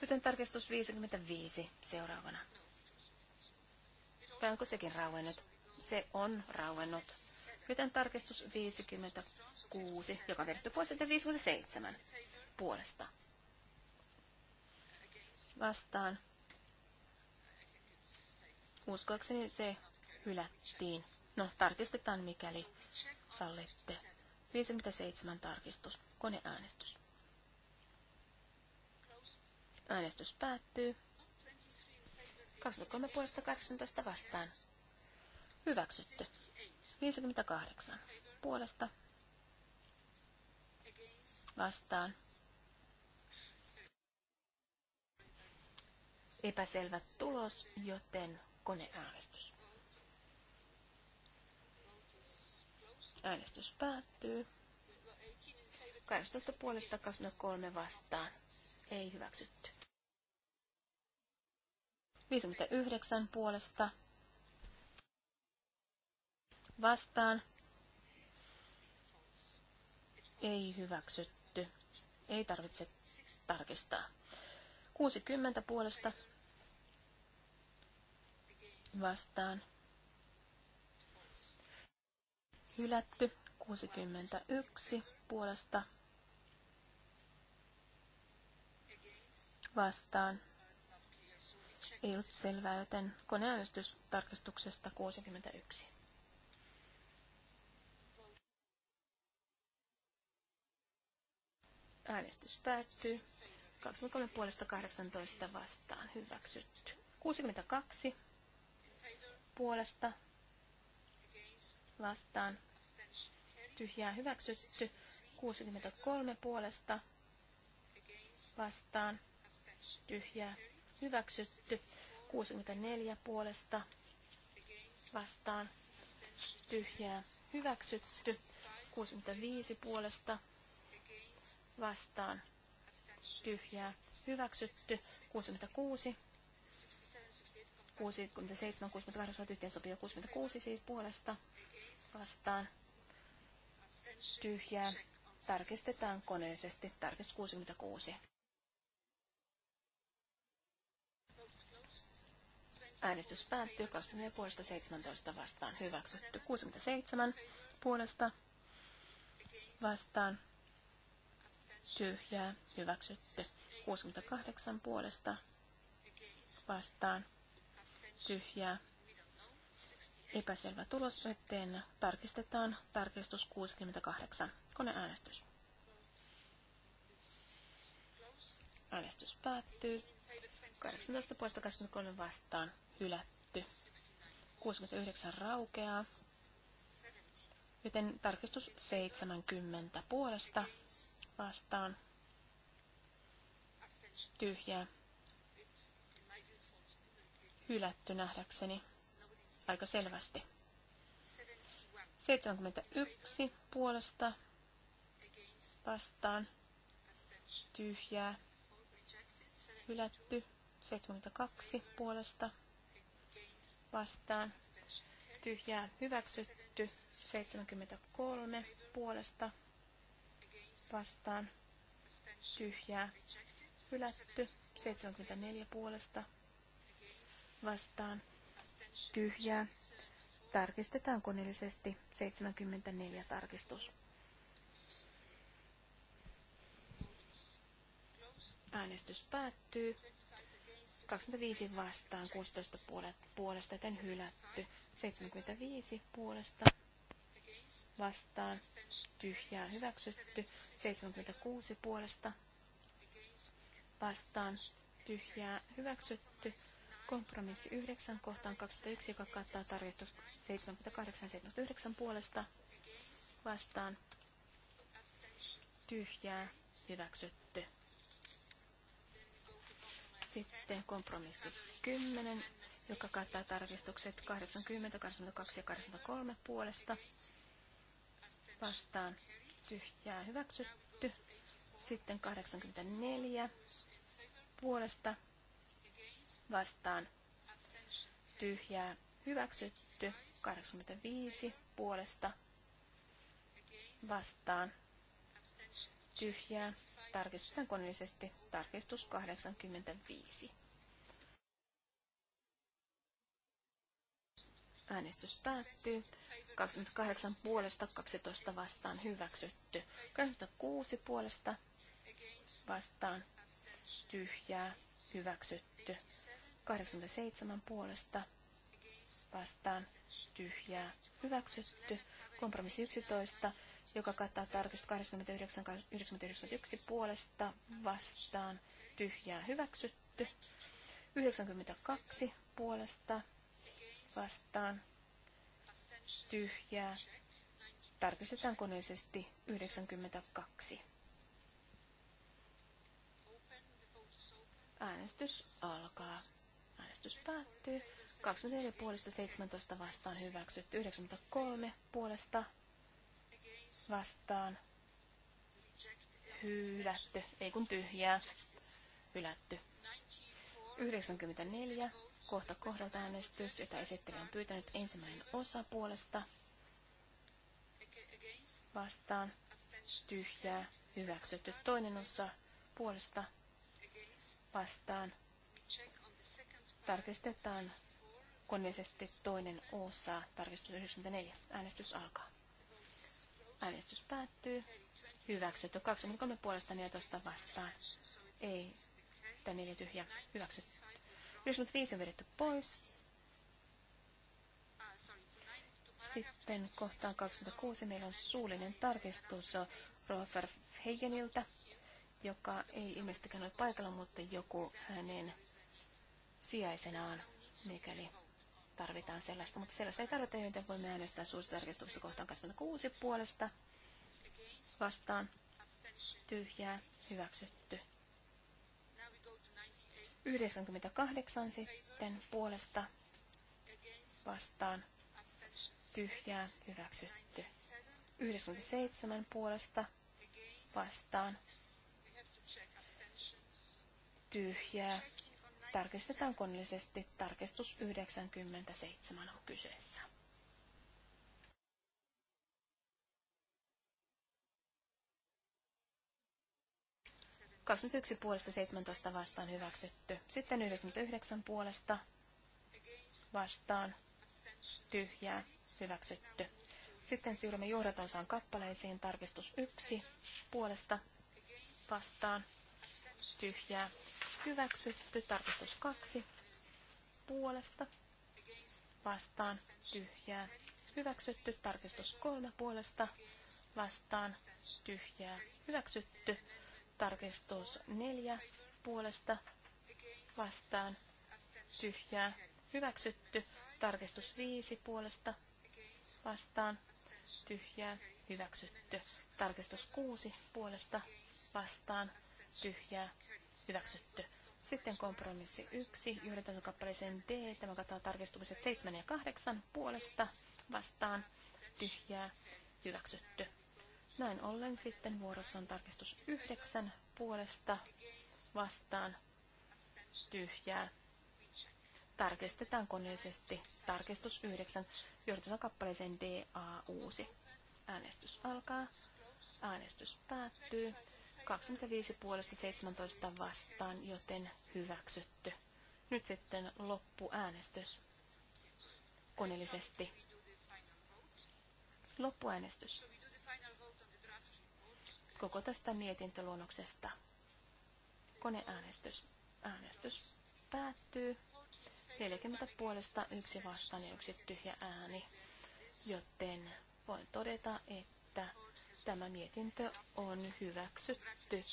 Joten tarkistus 55 seuraavana. Vai onko sekin rauennut? Se on rauennut. Joten tarkistus 56, joka on vedetty pois, joten 57 puolesta. Vastaan. Uskoakseni se hylättiin. No, tarkistetaan mikäli sallitte. 57 tarkistus. Koneäänestys. Äänestys päättyy. 23 puolesta 18 vastaan. Hyväksytty. 58 puolesta vastaan. Epäselvä tulos, joten koneäänestys. Äänestys päättyy. 18 puolesta 23 vastaan. Ei hyväksytty. 59 puolesta vastaan. Ei hyväksytty. Ei tarvitse tarkistaa. 60 puolesta vastaan. Hylätty 61 puolesta vastaan. Ei ollut selvää, joten koneäänestys tarkistuksesta 61. Äänestys päättyy. 23 puolesta 18 vastaan. Hyväksytty. 62 puolesta vastaan. Tyhjää hyväksytty. 63 puolesta vastaan. Tyhjää hyväksytty. 64 puolesta vastaan. Tyhjää hyväksytty. 65 puolesta vastaan tyhjää hyväksytty. 66 67, 68 tyhjää sopii 66 siis puolesta vastaan tyhjää. Tarkistetaan koneisesti. Tarkistus 66. Äänestys päättyy 24 puolesta 17 vastaan. Hyväksytty 67 puolesta vastaan tyhjää, hyväksytty. 68 puolesta vastaan, tyhjää, epäselvä tulos, eteen tarkistetaan tarkistus 68, koneäänestys. Äänestys päättyy. 18 puolesta 23 vastaan, hylätty. 69 raukeaa, joten tarkistus 70 puolesta vastaan tyhjää. Hylätty nähdäkseni aika selvästi. 71 puolesta vastaan tyhjää. Hylätty 72 puolesta vastaan tyhjää. Hyväksytty 73 puolesta vastaan tyhjää hylätty. 74 puolesta vastaan tyhjää. Tarkistetaan koneellisesti 74 tarkistus. Äänestys päättyy. 25 vastaan, 16 puolesta, joten hylätty. 75 puolesta vastaan, tyhjää hyväksytty, 76 puolesta vastaan, tyhjää hyväksytty, kompromissi 9 kohtaan 21, joka kattaa tarkistus 78-79 puolesta vastaan, tyhjää hyväksytty. Sitten kompromissi 10, joka kattaa tarkistukset 80, 82 ja 83 puolesta vastaan tyhjää hyväksytty. Sitten 84 puolesta vastaan tyhjää hyväksytty. 85 puolesta vastaan tyhjää. Tarkistetaan koneellisesti tarkistus 85. Äänestys päättyy. 28 puolesta, 12 vastaan hyväksytty. 26 puolesta vastaan tyhjää hyväksytty. 87 puolesta vastaan tyhjää hyväksytty. Kompromissi 11, joka kattaa tarkistus 89, 91 puolesta vastaan tyhjää hyväksytty. 92 puolesta vastaan tyhjää. Tarkistetaan koneisesti 92. Äänestys alkaa. Äänestys päättyy. 24 puolesta 17 vastaan hyväksytty. 93 puolesta vastaan hylätty. Ei kun tyhjää. Hylätty. 94 kohta kohdalta äänestys, jota esittelijä on pyytänyt ensimmäinen osa puolesta vastaan tyhjää hyväksytty toinen osa puolesta vastaan. Tarkistetaan koneisesti toinen osa, tarkistus 94. Äänestys alkaa. Äänestys päättyy. Hyväksytty 23 puolesta 14 vastaan. Ei, tämä 4 tyhjä. Hyväksytty. 95 on vedetty pois. Sitten kohtaan 26 meillä on suullinen tarkistus Rofer Heijeniltä, joka ei ilmeisestikään ole paikalla, mutta joku hänen sijaisenaan, mikäli tarvitaan sellaista. Mutta sellaista ei tarvita, joten voimme äänestää suullisesta tarkistuksesta kohtaan 26 puolesta vastaan tyhjää hyväksytty. 98 sitten puolesta vastaan tyhjää hyväksytty. 97 puolesta vastaan tyhjää. Tarkistetaan koneellisesti. Tarkistus 97 on kyseessä. 21 puolesta 17 vastaan hyväksytty. Sitten 99 puolesta vastaan tyhjää hyväksytty. Sitten siirrymme juuretansaan kappaleisiin. Tarkistus 1 puolesta vastaan tyhjää hyväksytty. Tarkistus 2 puolesta vastaan tyhjää hyväksytty. Tarkistus 3 puolesta vastaan tyhjää hyväksytty. Tarkistus neljä puolesta vastaan tyhjää hyväksytty. Tarkistus viisi puolesta vastaan tyhjää hyväksytty. Tarkistus kuusi puolesta vastaan tyhjää hyväksytty. Sitten kompromissi 1, johdantokappaleeseen D, tämä kattaa tarkistukset 7 ja 8 puolesta vastaan, tyhjää, hyväksytty. Näin ollen sitten vuorossa on tarkistus yhdeksän puolesta vastaan tyhjää. Tarkistetaan koneellisesti tarkistus 9 johdossa kappaleeseen DA uusi. Äänestys alkaa. Äänestys päättyy. 25 puolesta 17 vastaan, joten hyväksytty. Nyt sitten loppuäänestys koneellisesti. Loppuäänestys koko tästä mietintöluonnoksesta. Koneäänestys. Äänestys päättyy. 40 puolesta yksi vastaan ja yksi tyhjä ääni. Joten voin todeta, että tämä mietintö on hyväksytty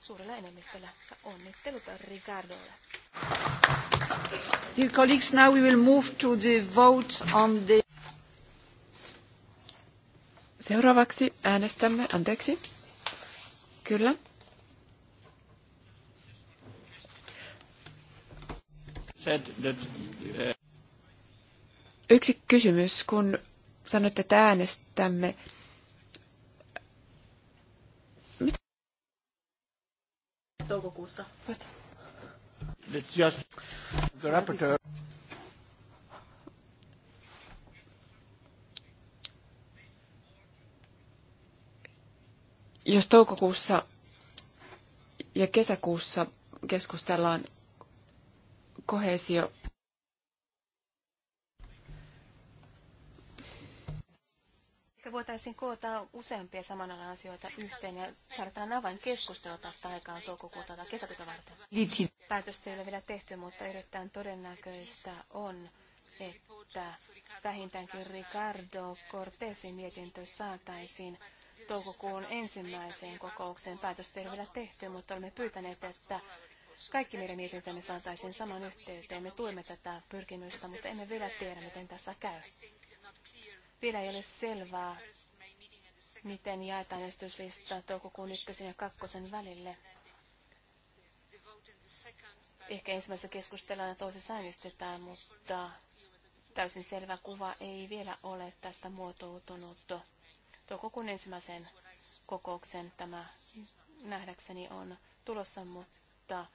suurella enemmistöllä. Onnittelut Ricardolle. Dear colleagues, now we will move to the vote on the... Seuraavaksi äänestämme, anteeksi, Kyllä. Eh, Yksi kysymys, kun sanoitte, että äänestämme. Mitä? Toukokuussa. Just the rapporteur. Jos toukokuussa ja kesäkuussa keskustellaan kohesio Ehkä voitaisiin koota useampia saman alan asioita yhteen ja saada avain keskustelua tästä aikaan toukokuuta tai kesäkuuta varten. Päätöstä ei ole vielä tehty, mutta erittäin todennäköistä on, että vähintäänkin Ricardo Cortesin mietintö saataisiin toukokuun ensimmäiseen kokoukseen. Päätöstä ei ole vielä tehty, mutta olemme pyytäneet, että kaikki meidän mietintämme saataisiin saman yhteyteen. Me tuemme tätä pyrkimystä, mutta emme vielä tiedä, miten tässä käy. Vielä ei ole selvää, miten jaetaan esityslista toukokuun ykkösen ja kakkosen välille. Ehkä ensimmäisessä keskustellaan ja toisessa äänestetään, mutta täysin selvä kuva ei vielä ole tästä muotoutunut toukokuun ensimmäisen kokouksen tämä nähdäkseni on tulossa, mutta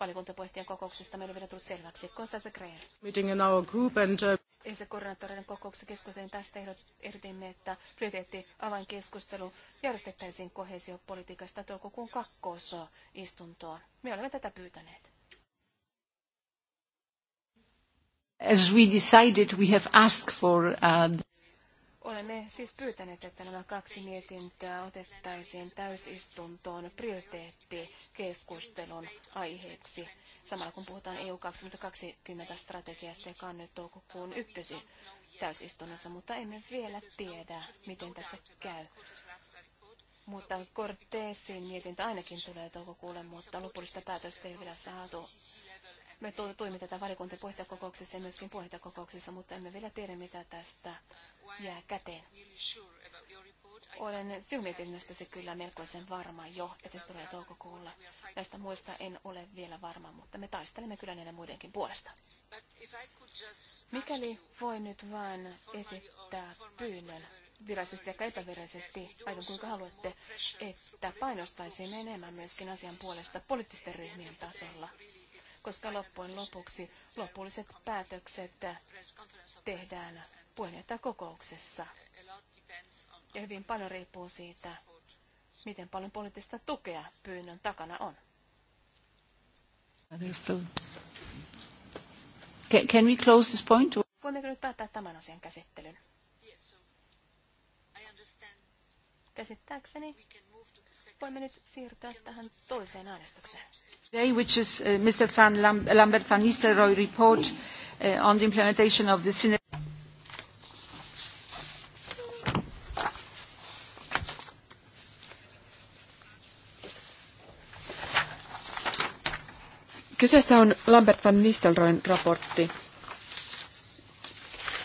valiokuntapuheenjohtajan kokouksesta meillä on vielä tullut selväksi. Konstantin Kreer. Meeting in our group and, uh... Ensin koordinaattoreiden kokouksessa keskustelin tästä ehdotimme, että prioriteetti avainkeskustelu järjestettäisiin kohesiopolitiikasta toukokuun kakkosoa istuntoon. Me olemme tätä pyytäneet. As we decided, we have asked for uh... Olemme siis pyytäneet, että nämä kaksi mietintöä otettaisiin täysistuntoon prioriteettikeskustelun aiheeksi, samalla kun puhutaan EU 2020 strategiasta, joka on nyt toukokuun ykkösi täysistunnossa, mutta emme vielä tiedä, miten tässä käy. Mutta Cortesin mietintö ainakin tulee toukokuulle, mutta lopullista päätöstä ei vielä saatu me tuimme tätä valiokuntien puheenjohtajakokouksessa ja myöskin puheenjohtajakokouksessa, mutta emme vielä tiedä, mitä tästä jää käteen. Olen sinun mietinnöstäsi kyllä melkoisen varma jo, että se tulee toukokuulla. Näistä muista en ole vielä varma, mutta me taistelemme kyllä näiden muidenkin puolesta. Mikäli voi nyt vain esittää pyynnön virallisesti ja epävirallisesti, aivan kuinka haluatte, että painostaisiin enemmän myöskin asian puolesta poliittisten ryhmien tasolla koska loppujen lopuksi lopulliset päätökset tehdään puheenjohtajakokouksessa. Ja hyvin paljon riippuu siitä, miten paljon poliittista tukea pyynnön takana on. Can we close this point? Voimmeko nyt päättää tämän asian käsittelyn? Käsittääkseni voimme nyt siirtyä tähän toiseen äänestykseen. Today, which is uh, Mr. Van Lam Lambert van Nistelrooy report uh, on the implementation of the synergy. Kyseessä on Lambert van Nistelrooyn raportti.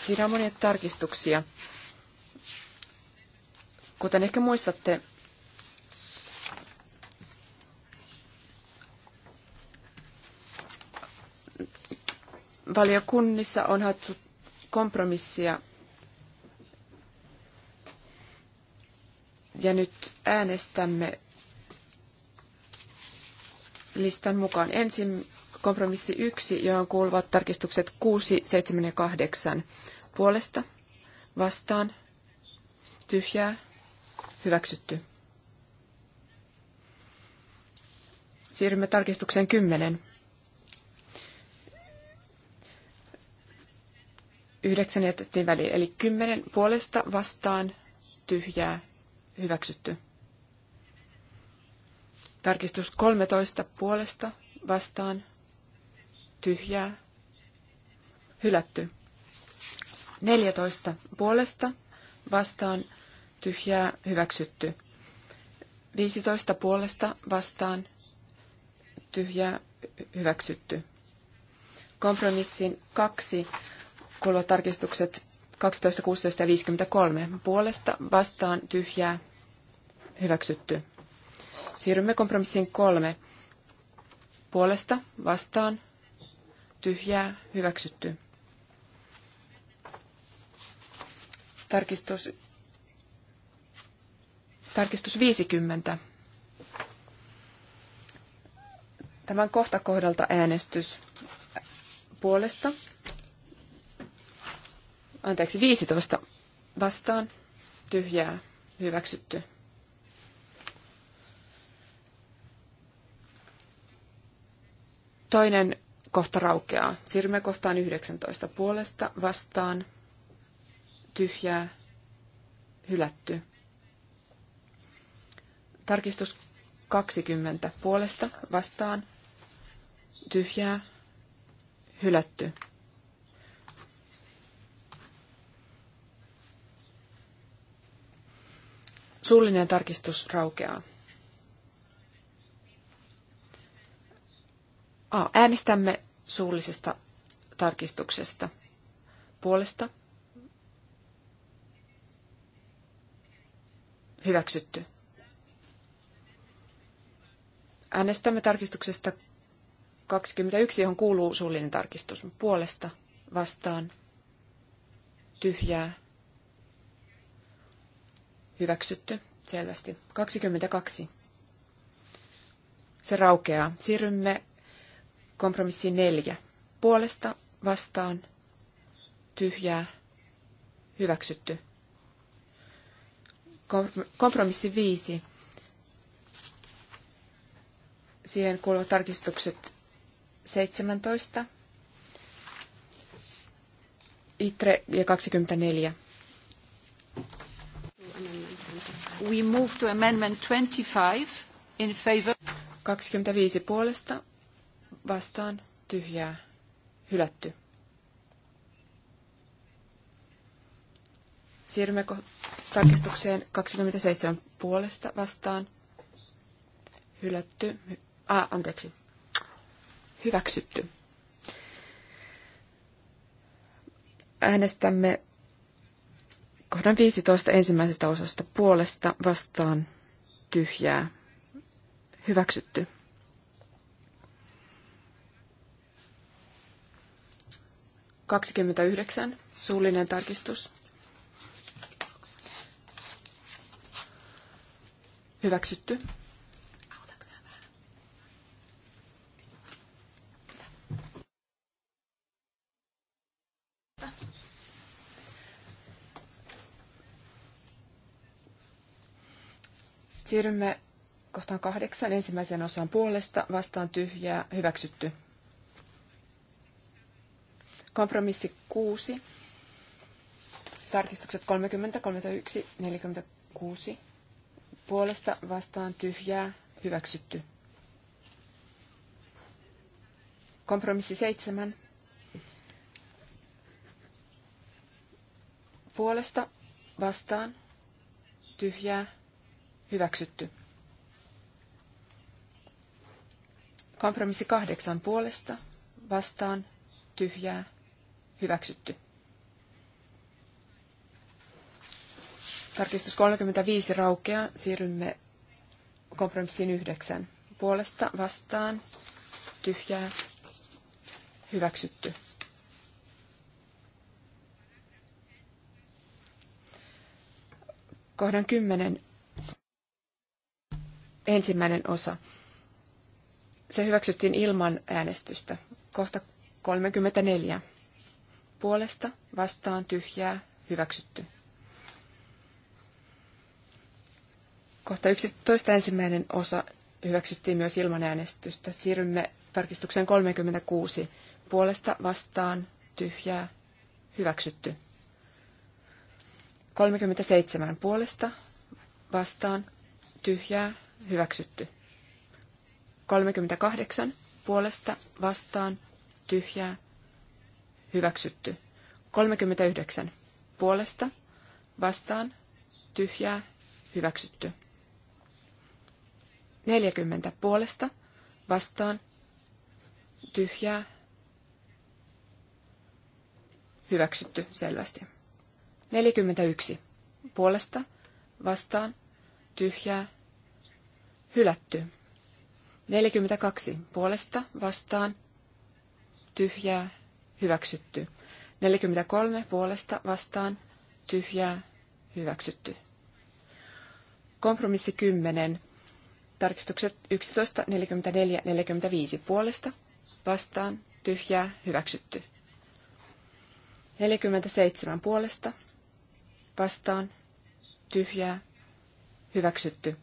Siinä on monia tarkistuksia. Kuten ehkä muistatte, valiokunnissa on haettu kompromissia. Ja nyt äänestämme listan mukaan ensin kompromissi yksi, johon kuuluvat tarkistukset 6, 7 ja 8 puolesta, vastaan, tyhjää, hyväksytty. Siirrymme tarkistukseen 10 yhdeksän jätettiin väliin, eli kymmenen puolesta vastaan tyhjää hyväksytty. Tarkistus 13 puolesta vastaan tyhjää hylätty. 14 puolesta vastaan tyhjää hyväksytty. 15 puolesta vastaan tyhjää hyväksytty. Kompromissin kaksi kuuluvat tarkistukset 12, 16 ja 53. Puolesta vastaan tyhjää hyväksytty. Siirrymme kompromissiin kolme. Puolesta vastaan tyhjää hyväksytty. Tarkistus, tarkistus 50. Tämän kohta kohdalta äänestys puolesta anteeksi, 15 vastaan, tyhjää, hyväksytty. Toinen kohta raukeaa. Siirrymme kohtaan 19 puolesta vastaan, tyhjää, hylätty. Tarkistus 20 puolesta vastaan, tyhjää, hylätty. Suullinen tarkistus raukeaa. A. Äänestämme suullisesta tarkistuksesta puolesta. Hyväksytty. Äänestämme tarkistuksesta 21, johon kuuluu suullinen tarkistus puolesta vastaan tyhjää Hyväksytty. Selvästi. 22. Se raukeaa. Siirrymme kompromissiin neljä. Puolesta vastaan tyhjää hyväksytty. Kompromissi viisi. Siihen kuuluvat tarkistukset 17, ITRE ja 24. we move to amendment 25 in favor. 25 puolesta vastaan tyhjää hylätty. Siirrymme tarkistukseen 27 puolesta vastaan hylätty. Ah, anteeksi. Hyväksytty. Äänestämme Kohdan 15 ensimmäisestä osasta puolesta vastaan tyhjää. Hyväksytty. Kaksikymmentäyhdeksän. Suullinen tarkistus. Hyväksytty. Siirrymme kohtaan kahdeksan ensimmäisen osan puolesta vastaan tyhjää hyväksytty. Kompromissi 6. Tarkistukset 30, 31, 46. Puolesta vastaan tyhjää hyväksytty. Kompromissi 7. Puolesta vastaan tyhjää Hyväksytty. Kompromissi kahdeksan puolesta, vastaan, tyhjää, hyväksytty. Tarkistus 35 raukeaa, siirrymme kompromissiin yhdeksän. Puolesta, vastaan, tyhjää, hyväksytty. Kohdan kymmenen ensimmäinen osa. Se hyväksyttiin ilman äänestystä. Kohta 34. Puolesta vastaan tyhjää hyväksytty. Kohta 11. ensimmäinen osa hyväksyttiin myös ilman äänestystä. Siirrymme tarkistukseen 36. Puolesta vastaan tyhjää hyväksytty. 37 puolesta vastaan tyhjää hyväksytty. 38 puolesta vastaan tyhjää hyväksytty. 39 puolesta vastaan tyhjää hyväksytty. 40 puolesta vastaan tyhjää hyväksytty selvästi. 41 puolesta vastaan tyhjää Hylätty. 42 puolesta vastaan tyhjää hyväksytty. 43 puolesta vastaan tyhjää hyväksytty. Kompromissi 10. Tarkistukset 11, 44, 45 puolesta vastaan tyhjää hyväksytty. 47 puolesta vastaan tyhjää hyväksytty.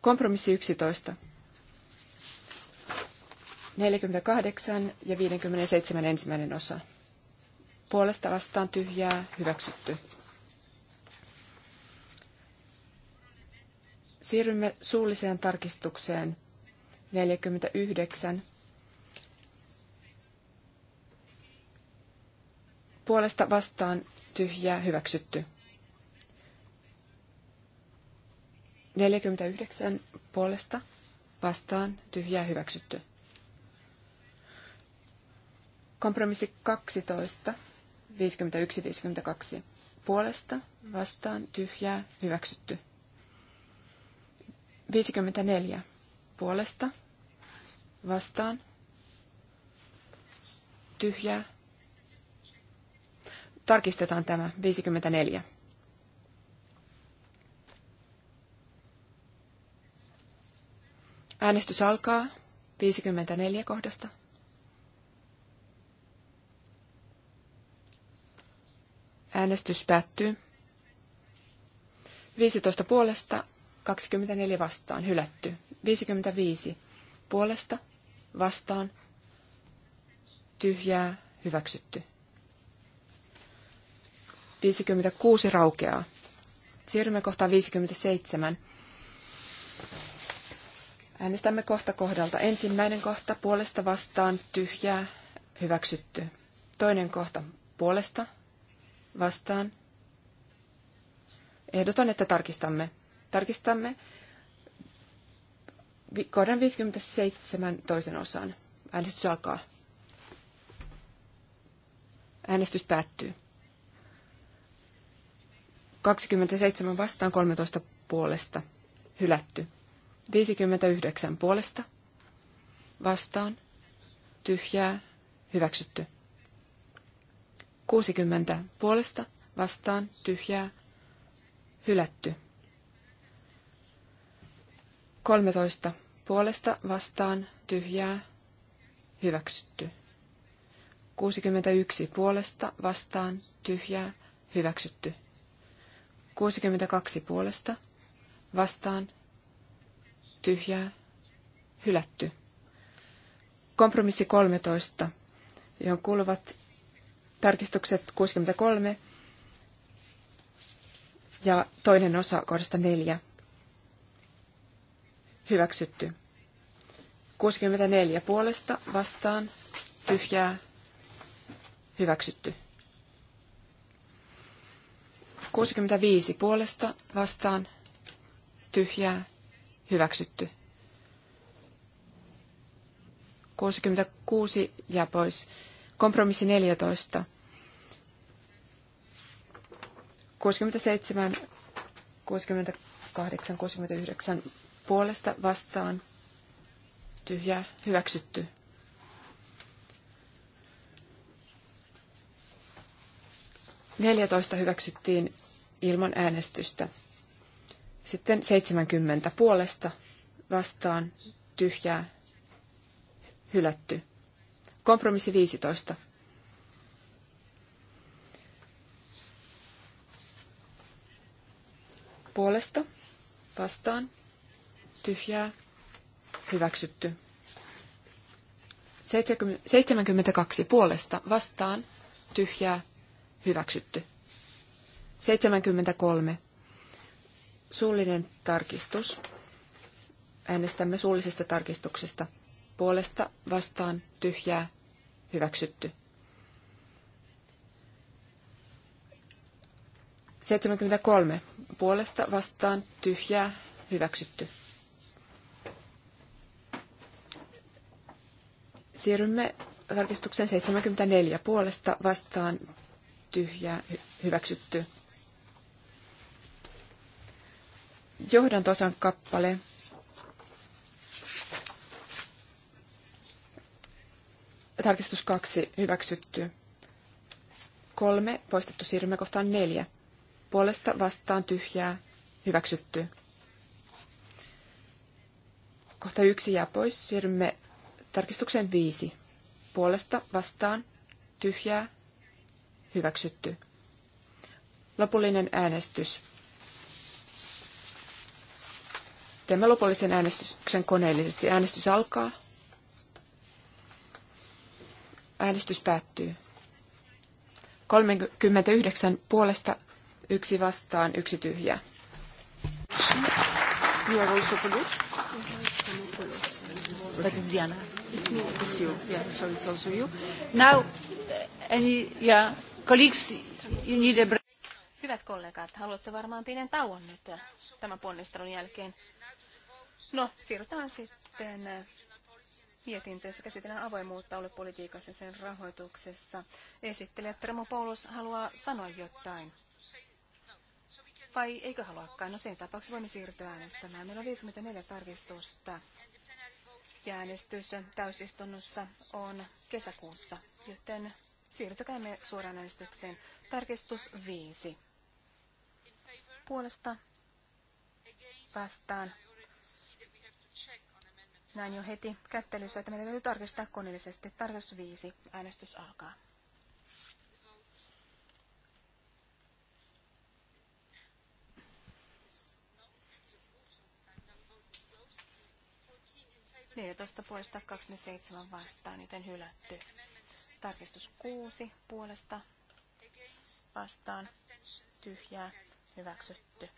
Kompromissi 11. 48 ja 57 ensimmäinen osa. Puolesta vastaan tyhjää, hyväksytty. Siirrymme suulliseen tarkistukseen 49. Puolesta vastaan tyhjää, hyväksytty. 49 puolesta vastaan tyhjää hyväksytty. Kompromissi 12, 51-52 puolesta vastaan tyhjää hyväksytty. 54 puolesta vastaan tyhjää. Tarkistetaan tämä 54. Äänestys alkaa 54 kohdasta. Äänestys päättyy. 15 puolesta, 24 vastaan, hylätty. 55 puolesta, vastaan, tyhjää, hyväksytty. 56 raukeaa. Siirrymme kohtaan 57. Äänestämme kohta kohdalta. Ensimmäinen kohta puolesta vastaan tyhjää hyväksytty. Toinen kohta puolesta vastaan. Ehdotan, että tarkistamme. Tarkistamme kohdan 57 toisen osan. Äänestys alkaa. Äänestys päättyy. 27 vastaan 13 puolesta. Hylätty. 59 puolesta. Vastaan. Tyhjää. Hyväksytty. 60 puolesta. Vastaan. Tyhjää. Hylätty. 13 puolesta. Vastaan. Tyhjää. Hyväksytty. 61 puolesta. Vastaan. Tyhjää. Hyväksytty. 62 puolesta. Vastaan tyhjää, hylätty. Kompromissi 13, johon kuuluvat tarkistukset 63 ja toinen osa kohdasta 4. Hyväksytty. 64 puolesta vastaan tyhjää hyväksytty. 65 puolesta vastaan tyhjää hyväksytty. 66 ja pois. Kompromissi 14. 67, 68, 69 puolesta vastaan Tyhjä hyväksytty. Neljätoista hyväksyttiin ilman äänestystä. Sitten 70 puolesta vastaan tyhjää hylätty. Kompromissi 15. Puolesta vastaan tyhjää hyväksytty. 72 puolesta vastaan tyhjää hyväksytty. 73 Suullinen tarkistus. Äänestämme suullisesta tarkistuksesta. Puolesta vastaan tyhjää hyväksytty. 73. Puolesta vastaan tyhjää hyväksytty. Siirrymme tarkistukseen 74. Puolesta vastaan tyhjää hyväksytty. johdantosan kappale. Tarkistus kaksi hyväksytty. Kolme poistettu siirrymme kohtaan neljä. Puolesta vastaan tyhjää hyväksytty. Kohta yksi jää pois. Siirrymme tarkistukseen viisi. Puolesta vastaan tyhjää hyväksytty. Lopullinen äänestys Teemme lopullisen äänestyksen koneellisesti. Äänestys alkaa. Äänestys päättyy. 39 puolesta, yksi vastaan, yksi tyhjä. Diana. It's me. It's you. so it's also you. Now, uh, Hyvät kollegat, haluatte varmaan pienen tauon nyt tämän ponnistelun jälkeen. No, siirrytään sitten mietintössä käsitellään avoimuutta aluepolitiikassa ja sen rahoituksessa. Esittelijä Tremo Paulus haluaa sanoa jotain. Vai eikö haluakaan? No sen tapauksessa voimme siirtyä äänestämään. Meillä on 54 tarkistusta. Ja äänestys täysistunnossa on kesäkuussa, joten siirtykäämme suoraan äänestykseen. Tarkistus 5. Puolesta vastaan näin jo heti kättelyssä, että meidän täytyy tarkistaa koneellisesti. Tarkistus 5. Äänestys alkaa. Neljätoista puolesta 27 vastaan, joten hylätty. Tarkistus 6 puolesta vastaan tyhjää hyväksytty.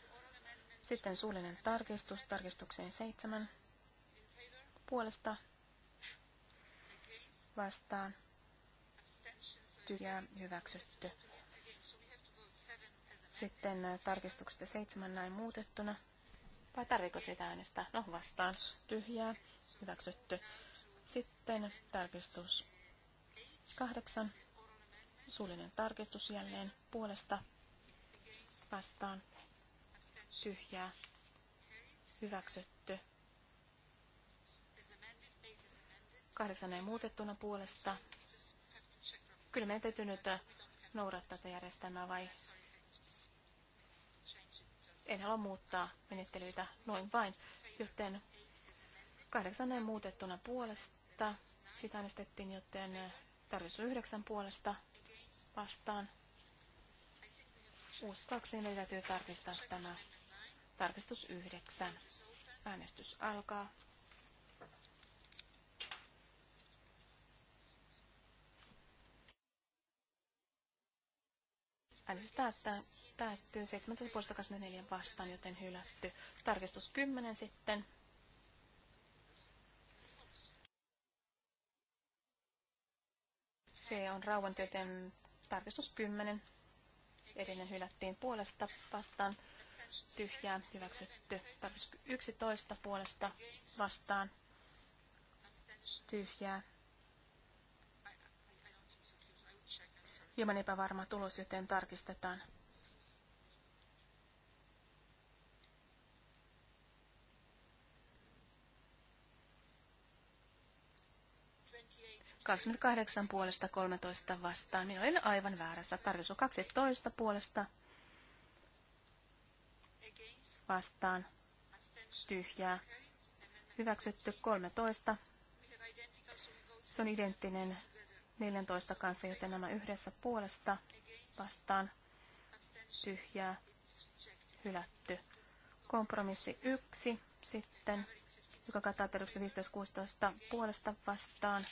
Sitten suullinen tarkistus tarkistukseen 7 puolesta vastaan tyhjää hyväksytty. Sitten äh, tarkistuksesta seitsemän näin muutettuna. Vai tarviko sitä äänestää? No vastaan. Tyhjää. Hyväksytty. Sitten tarkistus kahdeksan. Suullinen tarkistus jälleen puolesta vastaan. Tyhjää. Hyväksytty. Kahdeksan ei muutettuna puolesta. Kyllä meidän täytyy nyt noudattaa tätä järjestelmää vai en halua muuttaa menettelyitä noin vain, joten kahdeksan ei muutettuna puolesta. Sitä äänestettiin, joten tarjous yhdeksän puolesta vastaan. Uskoakseni niin meidän täytyy tarkistaa tämä tarkistus yhdeksän. Äänestys alkaa. Äänestys päättää, päättyy 17.24 vastaan, joten hylätty. Tarkistus 10 sitten. Se on rauhan tarkistus 10. Edellinen hylättiin puolesta vastaan. Tyhjää hyväksytty. Tarkistus 11 puolesta vastaan. Tyhjää hieman epävarma tulos, joten tarkistetaan. kahdeksan puolesta 13 vastaan. Minä olin aivan väärässä. Tarkistus 12 puolesta vastaan. Tyhjää. Hyväksytty 13. Se on identtinen 14 kanssa, joten nämä yhdessä puolesta vastaan tyhjää hylätty. Kompromissi 1 sitten, joka kattaa peruksen 15-16 puolesta vastaan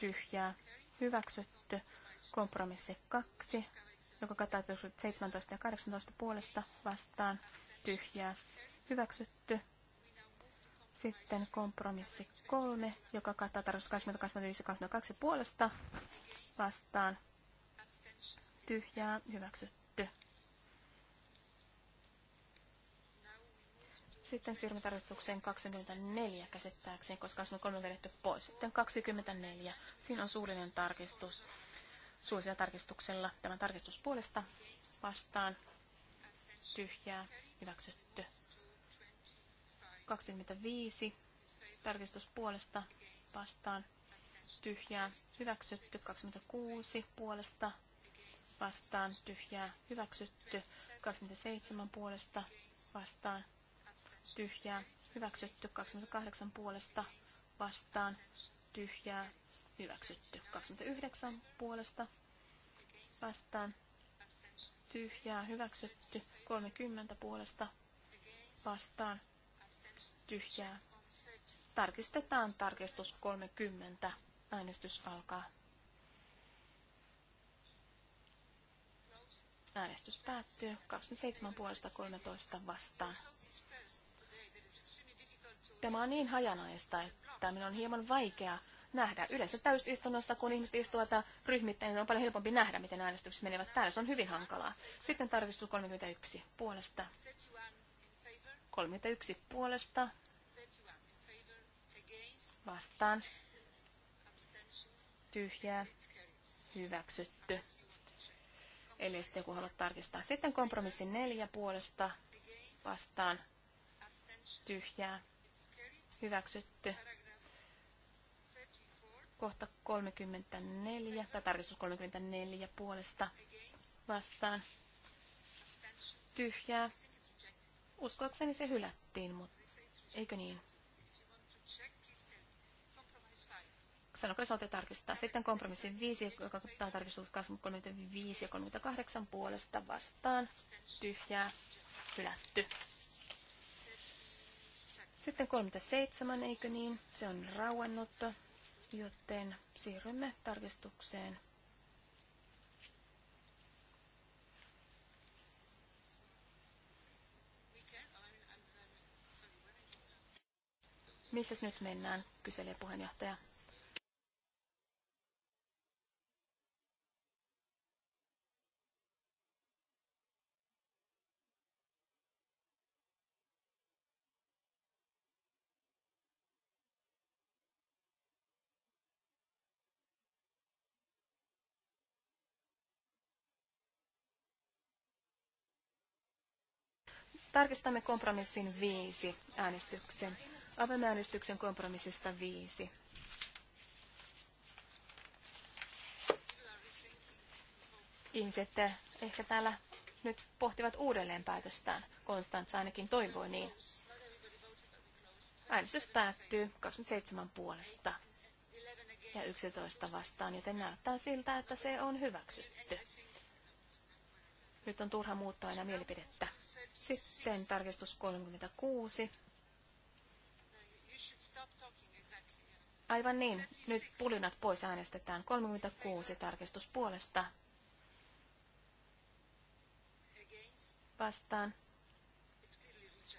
tyhjää hyväksytty. Kompromissi 2, joka kattaa peruksen 17 ja 18 puolesta vastaan tyhjää hyväksytty. Sitten kompromissi kolme, joka kattaa tarjous 2022 puolesta vastaan. Tyhjää hyväksytty. Sitten siirrymme tarkistukseen 24 käsittääkseen, koska 23 on vedetty pois. Sitten 24. Siinä on suullinen tarkistus. Suullisella tarkistuksella tämän tarkistuspuolesta vastaan. Tyhjää hyväksytty. 25 tarkistus puolesta vastaan tyhjää hyväksytty. 26 puolesta vastaan tyhjää hyväksytty. 27 puolesta vastaan tyhjää hyväksytty. 28 puolesta vastaan tyhjää hyväksytty. 29 puolesta vastaan tyhjää hyväksytty. 30 puolesta vastaan tyhjää. Tarkistetaan tarkistus 30. Äänestys alkaa. Äänestys päättyy 27 puolesta 13 vastaan. Tämä on niin hajanaista, että minun on hieman vaikea nähdä. Yleensä täysistunnossa, kun ihmiset istuvat ryhmittäin, niin on paljon helpompi nähdä, miten äänestykset menevät täällä. Se on hyvin hankalaa. Sitten tarkistus 31 puolesta 31 puolesta vastaan tyhjää hyväksytty. Eli sitten joku haluat tarkistaa. Sitten kompromissi neljä puolesta vastaan tyhjää hyväksytty. Kohta 34, tai tarkistus 34 puolesta vastaan tyhjää Uskoakseni se hylättiin, mutta eikö niin? Sanoiko, jos olette tarkistaa. Sitten kompromissi 5, joka ottaa tarkistus 35 ja 38 puolesta vastaan. Tyhjää, hylätty. Sitten 37, eikö niin? Se on rauennut, joten siirrymme tarkistukseen Missäs nyt mennään, kyselee puheenjohtaja. Tarkistamme kompromissin viisi äänestyksen. Avaimäänestyksen kompromissista viisi. Ihmiset eh, ehkä täällä nyt pohtivat uudelleen päätöstään. Konstantsa ainakin toivoi niin. Äänestys päättyy 27 puolesta ja 11 vastaan, joten näyttää siltä, että se on hyväksytty. Nyt on turha muuttaa enää mielipidettä. Sitten tarkistus 36 Aivan niin. Nyt pulinat pois äänestetään. 36 tarkistus puolesta. Vastaan.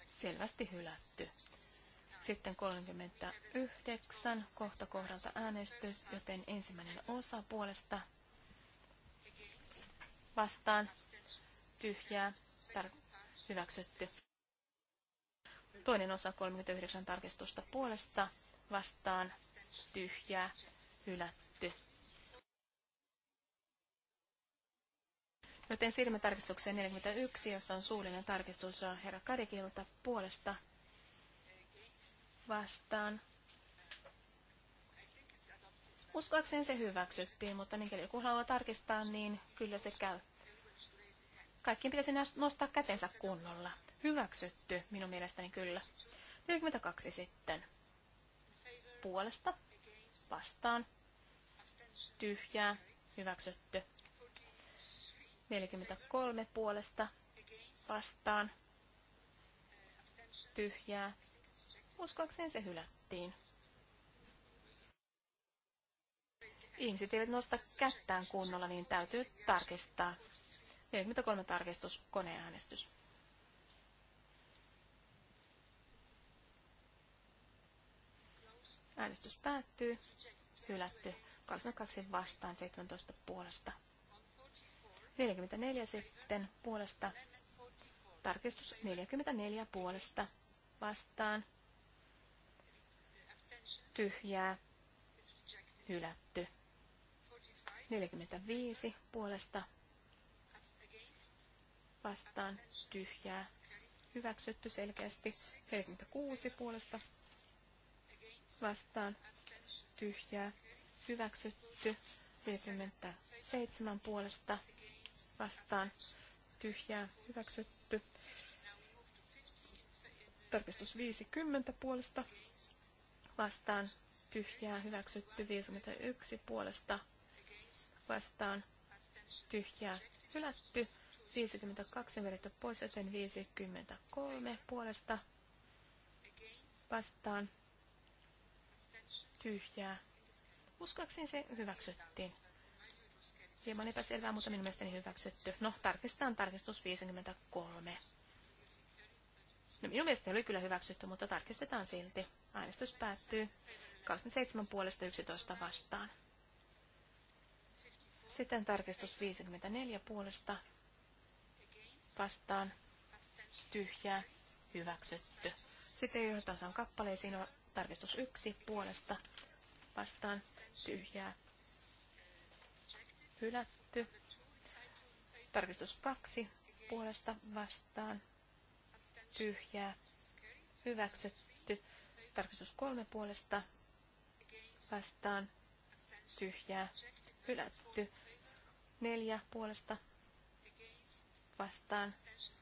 Selvästi hylätty. Sitten 39 kohta kohdalta äänestys, joten ensimmäinen osa puolesta vastaan tyhjää tar- hyväksytty. Toinen osa 39 tarkistusta puolesta vastaan tyhjää hylätty. Joten siirrymme tarkistukseen 41, jossa on suullinen tarkistus herra Karikilta puolesta vastaan. Uskoakseni se hyväksyttiin, mutta mikäli joku haluaa tarkistaa, niin kyllä se käy. Kaikkien pitäisi nostaa kätensä kunnolla. Hyväksytty minun mielestäni kyllä. 42 sitten. Puolesta. Vastaan. Tyhjää. Hyväksytty. 43 puolesta. Vastaan. Tyhjää. Uskoakseni se hylättiin. Ihmiset eivät nosta kättään kunnolla, niin täytyy tarkistaa. 43 tarkistus, koneäänestys. Äänestys päättyy. Hylätty. 22 vastaan 17 puolesta. 44 sitten puolesta. Tarkistus 44 puolesta vastaan. Tyhjää. Hylätty. 45 puolesta vastaan tyhjää. Hyväksytty selkeästi. 46 puolesta vastaan tyhjää hyväksytty. seitsemän puolesta vastaan tyhjää hyväksytty. Tarkistus 50 puolesta vastaan tyhjää hyväksytty. 51 puolesta vastaan tyhjää hylätty. 52 vedetty pois, joten 53 puolesta vastaan tyhjää. Uskoakseni se hyväksyttiin. Hieman epäselvää, mutta minun mielestäni hyväksytty. No, tarkistetaan tarkistus 53. No, minun mielestäni oli kyllä hyväksytty, mutta tarkistetaan silti. Äänestys päättyy 27 puolesta 11 vastaan. Sitten tarkistus 54 puolesta vastaan tyhjää hyväksytty. Sitten johdataan kappaleisiin Tarkistus 1 puolesta vastaan tyhjää hylätty. Tarkistus 2 puolesta vastaan tyhjää hyväksytty. Tarkistus 3 puolesta vastaan tyhjää hylätty. 4 puolesta vastaan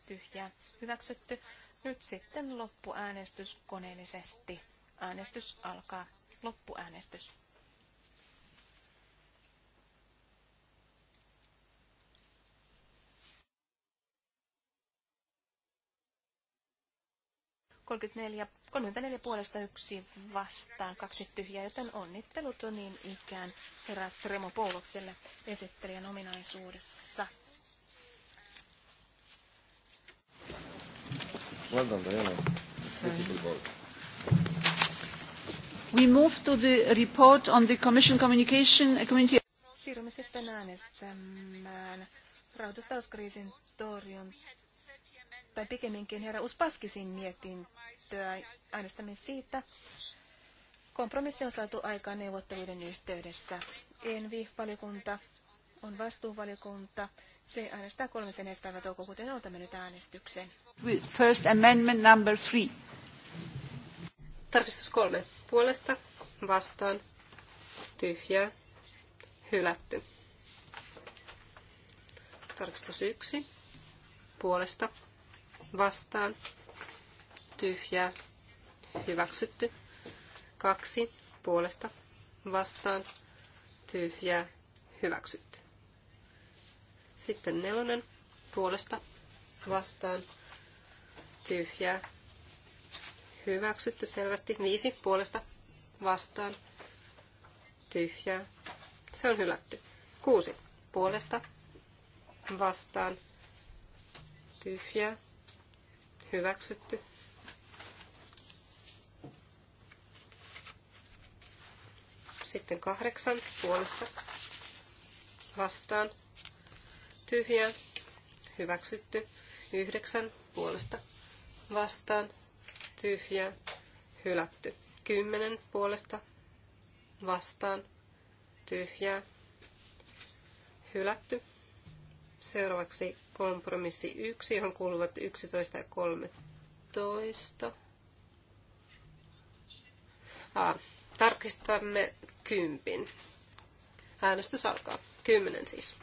tyhjää hyväksytty. Nyt sitten loppuäänestys koneellisesti. Äänestys alkaa. Loppuäänestys. neljä, puolesta yksi vastaan, kaksi tyhjää, joten onnittelut on niin ikään herra Tremo Poulokselle esittelijän ominaisuudessa. Well no. done, We move to the report on the Commission communication. Uh, community... Siirrymme sitten äänestämään rahoitustalouskriisin torjun, tai pikemminkin herra Uspaskisin mietintöä. Äänestämme siitä. Kompromissi on saatu aikaan neuvotteluiden yhteydessä. Envi-valikunta on vastuuvaliokunta. Se äänestää 3. päivä toukokuuta on otamme nyt äänestyksen. First amendment number three. Tarkistus kolme puolesta vastaan tyhjää hylätty. Tarkistus yksi puolesta vastaan tyhjää hyväksytty. Kaksi puolesta vastaan tyhjää hyväksytty. Sitten nelonen puolesta vastaan tyhjää Hyväksytty selvästi. Viisi puolesta vastaan. Tyhjää. Se on hylätty. Kuusi puolesta vastaan. Tyhjää. Hyväksytty. Sitten kahdeksan puolesta vastaan. Tyhjää. Hyväksytty. Yhdeksän puolesta vastaan tyhjää, hylätty. kymmenen puolesta vastaan, tyhjää, hylätty. Seuraavaksi kompromissi 1, johon kuuluvat 11 ja 13. Ah, tarkistamme kympin. Äänestys alkaa. Kymmenen siis.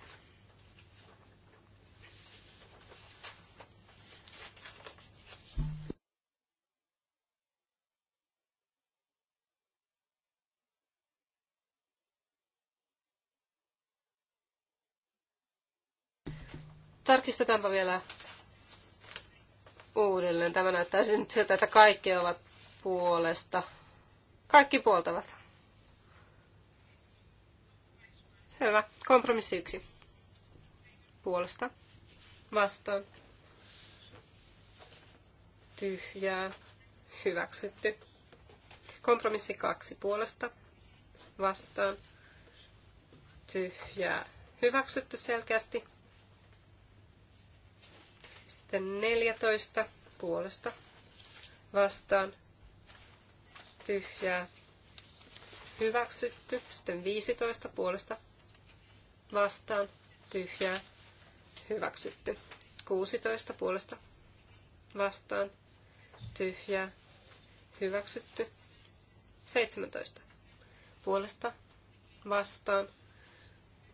Tarkistetaanpa vielä uudelleen. Tämä näyttää nyt siltä, että kaikki ovat puolesta. Kaikki puoltavat. Selvä. Kompromissi yksi. Puolesta. Vastaan. Tyhjää. Hyväksytty. Kompromissi kaksi. Puolesta. Vastaan. Tyhjää. Hyväksytty selkeästi. Sitten 14 puolesta vastaan tyhjää hyväksytty. Sitten 15 puolesta vastaan tyhjää hyväksytty. 16 puolesta vastaan tyhjää hyväksytty. 17 puolesta vastaan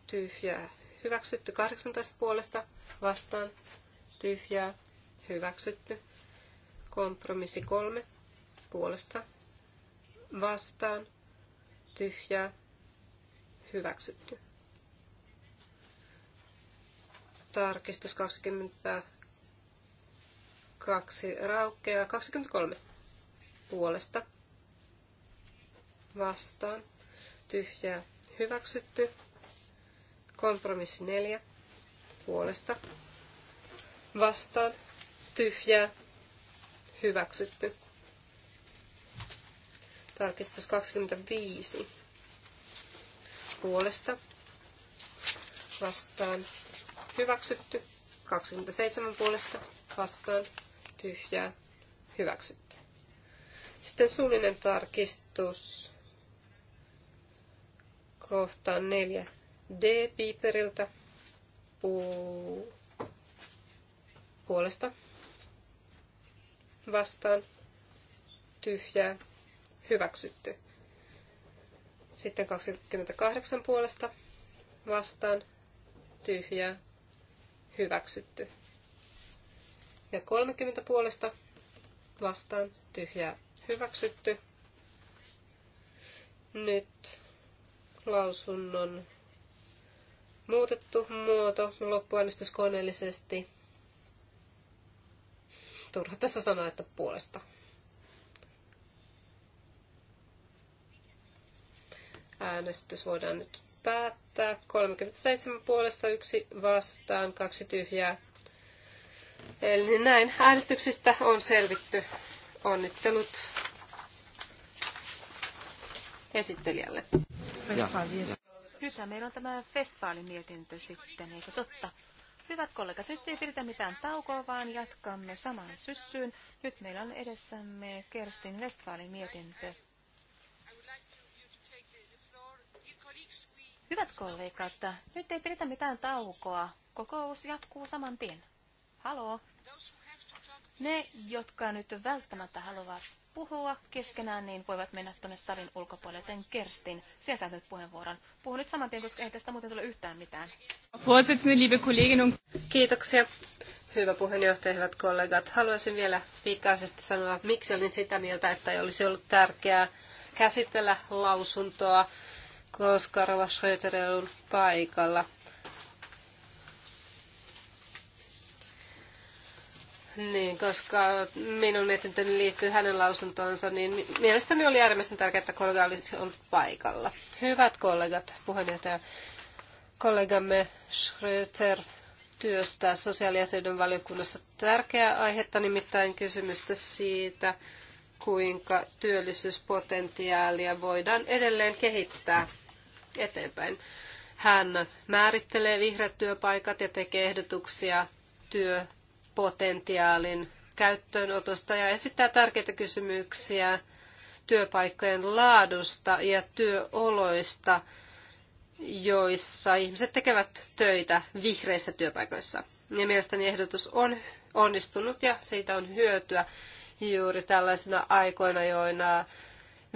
tyhjää hyväksytty. 18 puolesta vastaan tyhjää, hyväksytty. Kompromissi kolme, puolesta, vastaan, tyhjää, hyväksytty. Tarkistus 22 raukeaa, 23 puolesta, vastaan, tyhjää, hyväksytty. Kompromissi neljä puolesta, vastaan tyhjää hyväksytty. Tarkistus 25 puolesta vastaan hyväksytty. 27 puolesta vastaan tyhjää hyväksytty. Sitten suullinen tarkistus kohtaan 4 D-piiperiltä puu puolesta vastaan tyhjää hyväksytty. Sitten 28 puolesta vastaan tyhjää hyväksytty. Ja 30 puolesta vastaan tyhjää hyväksytty. Nyt lausunnon muutettu muoto loppuäänestyskoneellisesti koneellisesti turha tässä sanoa, että puolesta. Äänestys voidaan nyt päättää. 37 puolesta yksi vastaan, kaksi tyhjää. Eli näin äänestyksistä on selvitty. Onnittelut esittelijälle. ja. Nyt meillä on tämä festivaalimietintö sitten, eikö totta? Hyvät kollegat, nyt ei pidetä mitään taukoa, vaan jatkamme samaan syssyyn. Nyt meillä on edessämme Kerstin Westfalin mietintö. Hyvät kollegat, nyt ei pidetä mitään taukoa. Kokous jatkuu saman tien. Haloo. Ne, jotka nyt välttämättä haluavat puhua keskenään, niin voivat mennä tuonne salin ulkopuolelle. Joten Kerstin, sinä saat nyt puheenvuoron. Puhu nyt saman tien, koska ei tästä muuten tule yhtään mitään. Kiitoksia. Hyvä puheenjohtaja, hyvät kollegat. Haluaisin vielä pikaisesti sanoa, miksi olin sitä mieltä, että ei olisi ollut tärkeää käsitellä lausuntoa, koska Rova Schröter on paikalla. Niin, koska minun mietintöni liittyy hänen lausuntoonsa, niin mielestäni oli äärimmäisen tärkeää, että kollega olisi ollut paikalla. Hyvät kollegat, puheenjohtaja, kollegamme Schröter työstää sosiaaliasioiden valiokunnassa tärkeää aihetta, nimittäin kysymystä siitä, kuinka työllisyyspotentiaalia voidaan edelleen kehittää eteenpäin. Hän määrittelee vihreät työpaikat ja tekee ehdotuksia työ potentiaalin käyttöönotosta ja esittää tärkeitä kysymyksiä työpaikkojen laadusta ja työoloista, joissa ihmiset tekevät töitä vihreissä työpaikoissa. Ja mielestäni ehdotus on onnistunut ja siitä on hyötyä juuri tällaisina aikoina, joina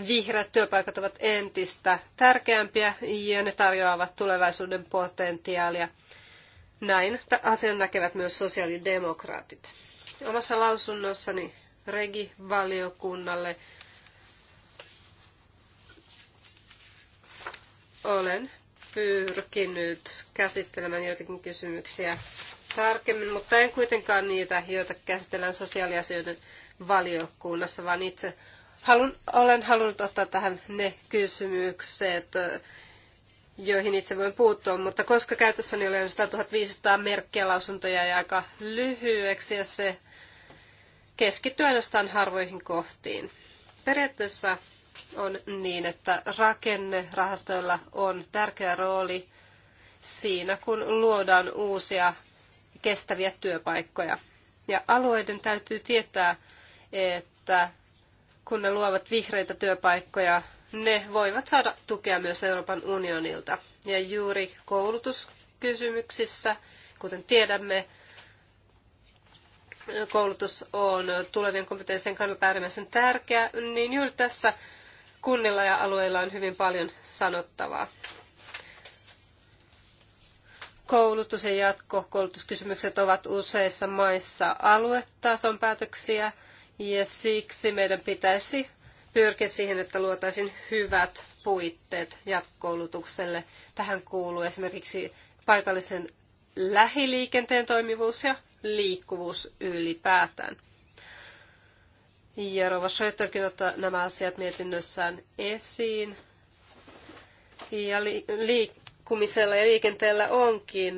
vihreät työpaikat ovat entistä tärkeämpiä ja ne tarjoavat tulevaisuuden potentiaalia näin asian näkevät myös sosiaalidemokraatit. Omassa lausunnossani Regi-valiokunnalle olen pyrkinyt käsittelemään joitakin kysymyksiä tarkemmin, mutta en kuitenkaan niitä, joita käsitellään sosiaaliasioiden valiokunnassa, vaan itse halun, olen halunnut ottaa tähän ne kysymykset, joihin itse voin puuttua, mutta koska käytössäni oli 1500 merkkiä lausuntoja ja aika lyhyeksi ja se keskittyy ainoastaan harvoihin kohtiin. Periaatteessa on niin, että rakennerahastoilla on tärkeä rooli siinä, kun luodaan uusia kestäviä työpaikkoja. Ja alueiden täytyy tietää, että kun ne luovat vihreitä työpaikkoja, ne voivat saada tukea myös Euroopan unionilta. Ja juuri koulutuskysymyksissä, kuten tiedämme, koulutus on tulevien kompetenssien kannalta äärimmäisen tärkeä, niin juuri tässä kunnilla ja alueilla on hyvin paljon sanottavaa. Koulutus ja jatkokoulutuskysymykset ovat useissa maissa aluetason päätöksiä – ja siksi meidän pitäisi pyrkiä siihen, että luotaisiin hyvät puitteet jatkoulutukselle. Tähän kuuluu esimerkiksi paikallisen lähiliikenteen toimivuus ja liikkuvuus ylipäätään. Ja Rova Schöterkin ottaa nämä asiat mietinnössään esiin. Ja li- liikkumisella ja liikenteellä onkin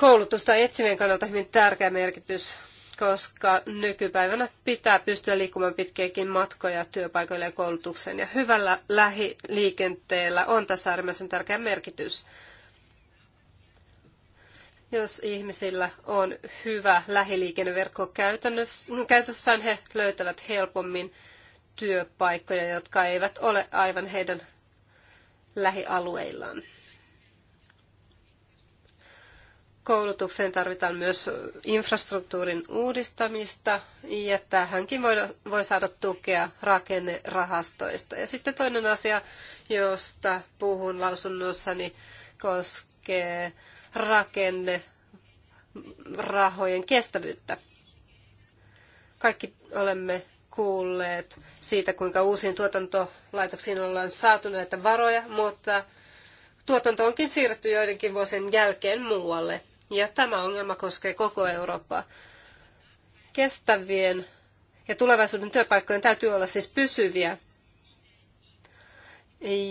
koulutusta etsivien kannalta hyvin tärkeä merkitys koska nykypäivänä pitää pystyä liikkumaan pitkiäkin matkoja työpaikoille ja koulutukseen. Ja hyvällä lähiliikenteellä on tässä äärimmäisen tärkeä merkitys. Jos ihmisillä on hyvä lähiliikenneverkko käytössään, he löytävät helpommin työpaikkoja, jotka eivät ole aivan heidän lähialueillaan. Koulutukseen tarvitaan myös infrastruktuurin uudistamista ja tähänkin voi, voi saada tukea rakennerahastoista. Ja sitten toinen asia, josta puhun lausunnossani, koskee rakennerahojen kestävyyttä. Kaikki olemme kuulleet siitä, kuinka uusiin tuotantolaitoksiin ollaan saatu näitä varoja, mutta tuotanto onkin siirretty joidenkin vuosien jälkeen muualle. Ja tämä ongelma koskee koko Eurooppaa. Kestävien ja tulevaisuuden työpaikkojen täytyy olla siis pysyviä.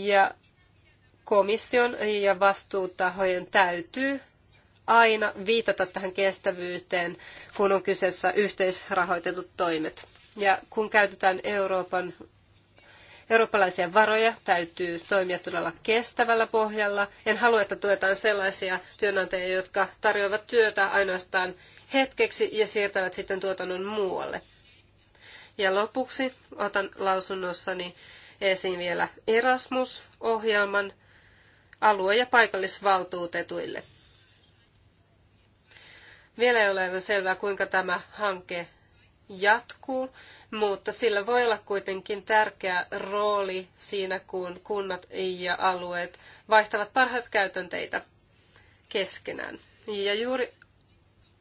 Ja komission ja vastuutahojen täytyy aina viitata tähän kestävyyteen, kun on kyseessä yhteisrahoitetut toimet. Ja kun käytetään Euroopan eurooppalaisia varoja, täytyy toimia todella kestävällä pohjalla. En halua, että tuetaan sellaisia työnantajia, jotka tarjoavat työtä ainoastaan hetkeksi ja siirtävät sitten tuotannon muualle. Ja lopuksi otan lausunnossani esiin vielä Erasmus-ohjelman alue- ja paikallisvaltuutetuille. Vielä ei ole aivan selvää, kuinka tämä hanke jatkuu, mutta sillä voi olla kuitenkin tärkeä rooli siinä, kun kunnat ja alueet vaihtavat parhaita käytänteitä keskenään. Ja juuri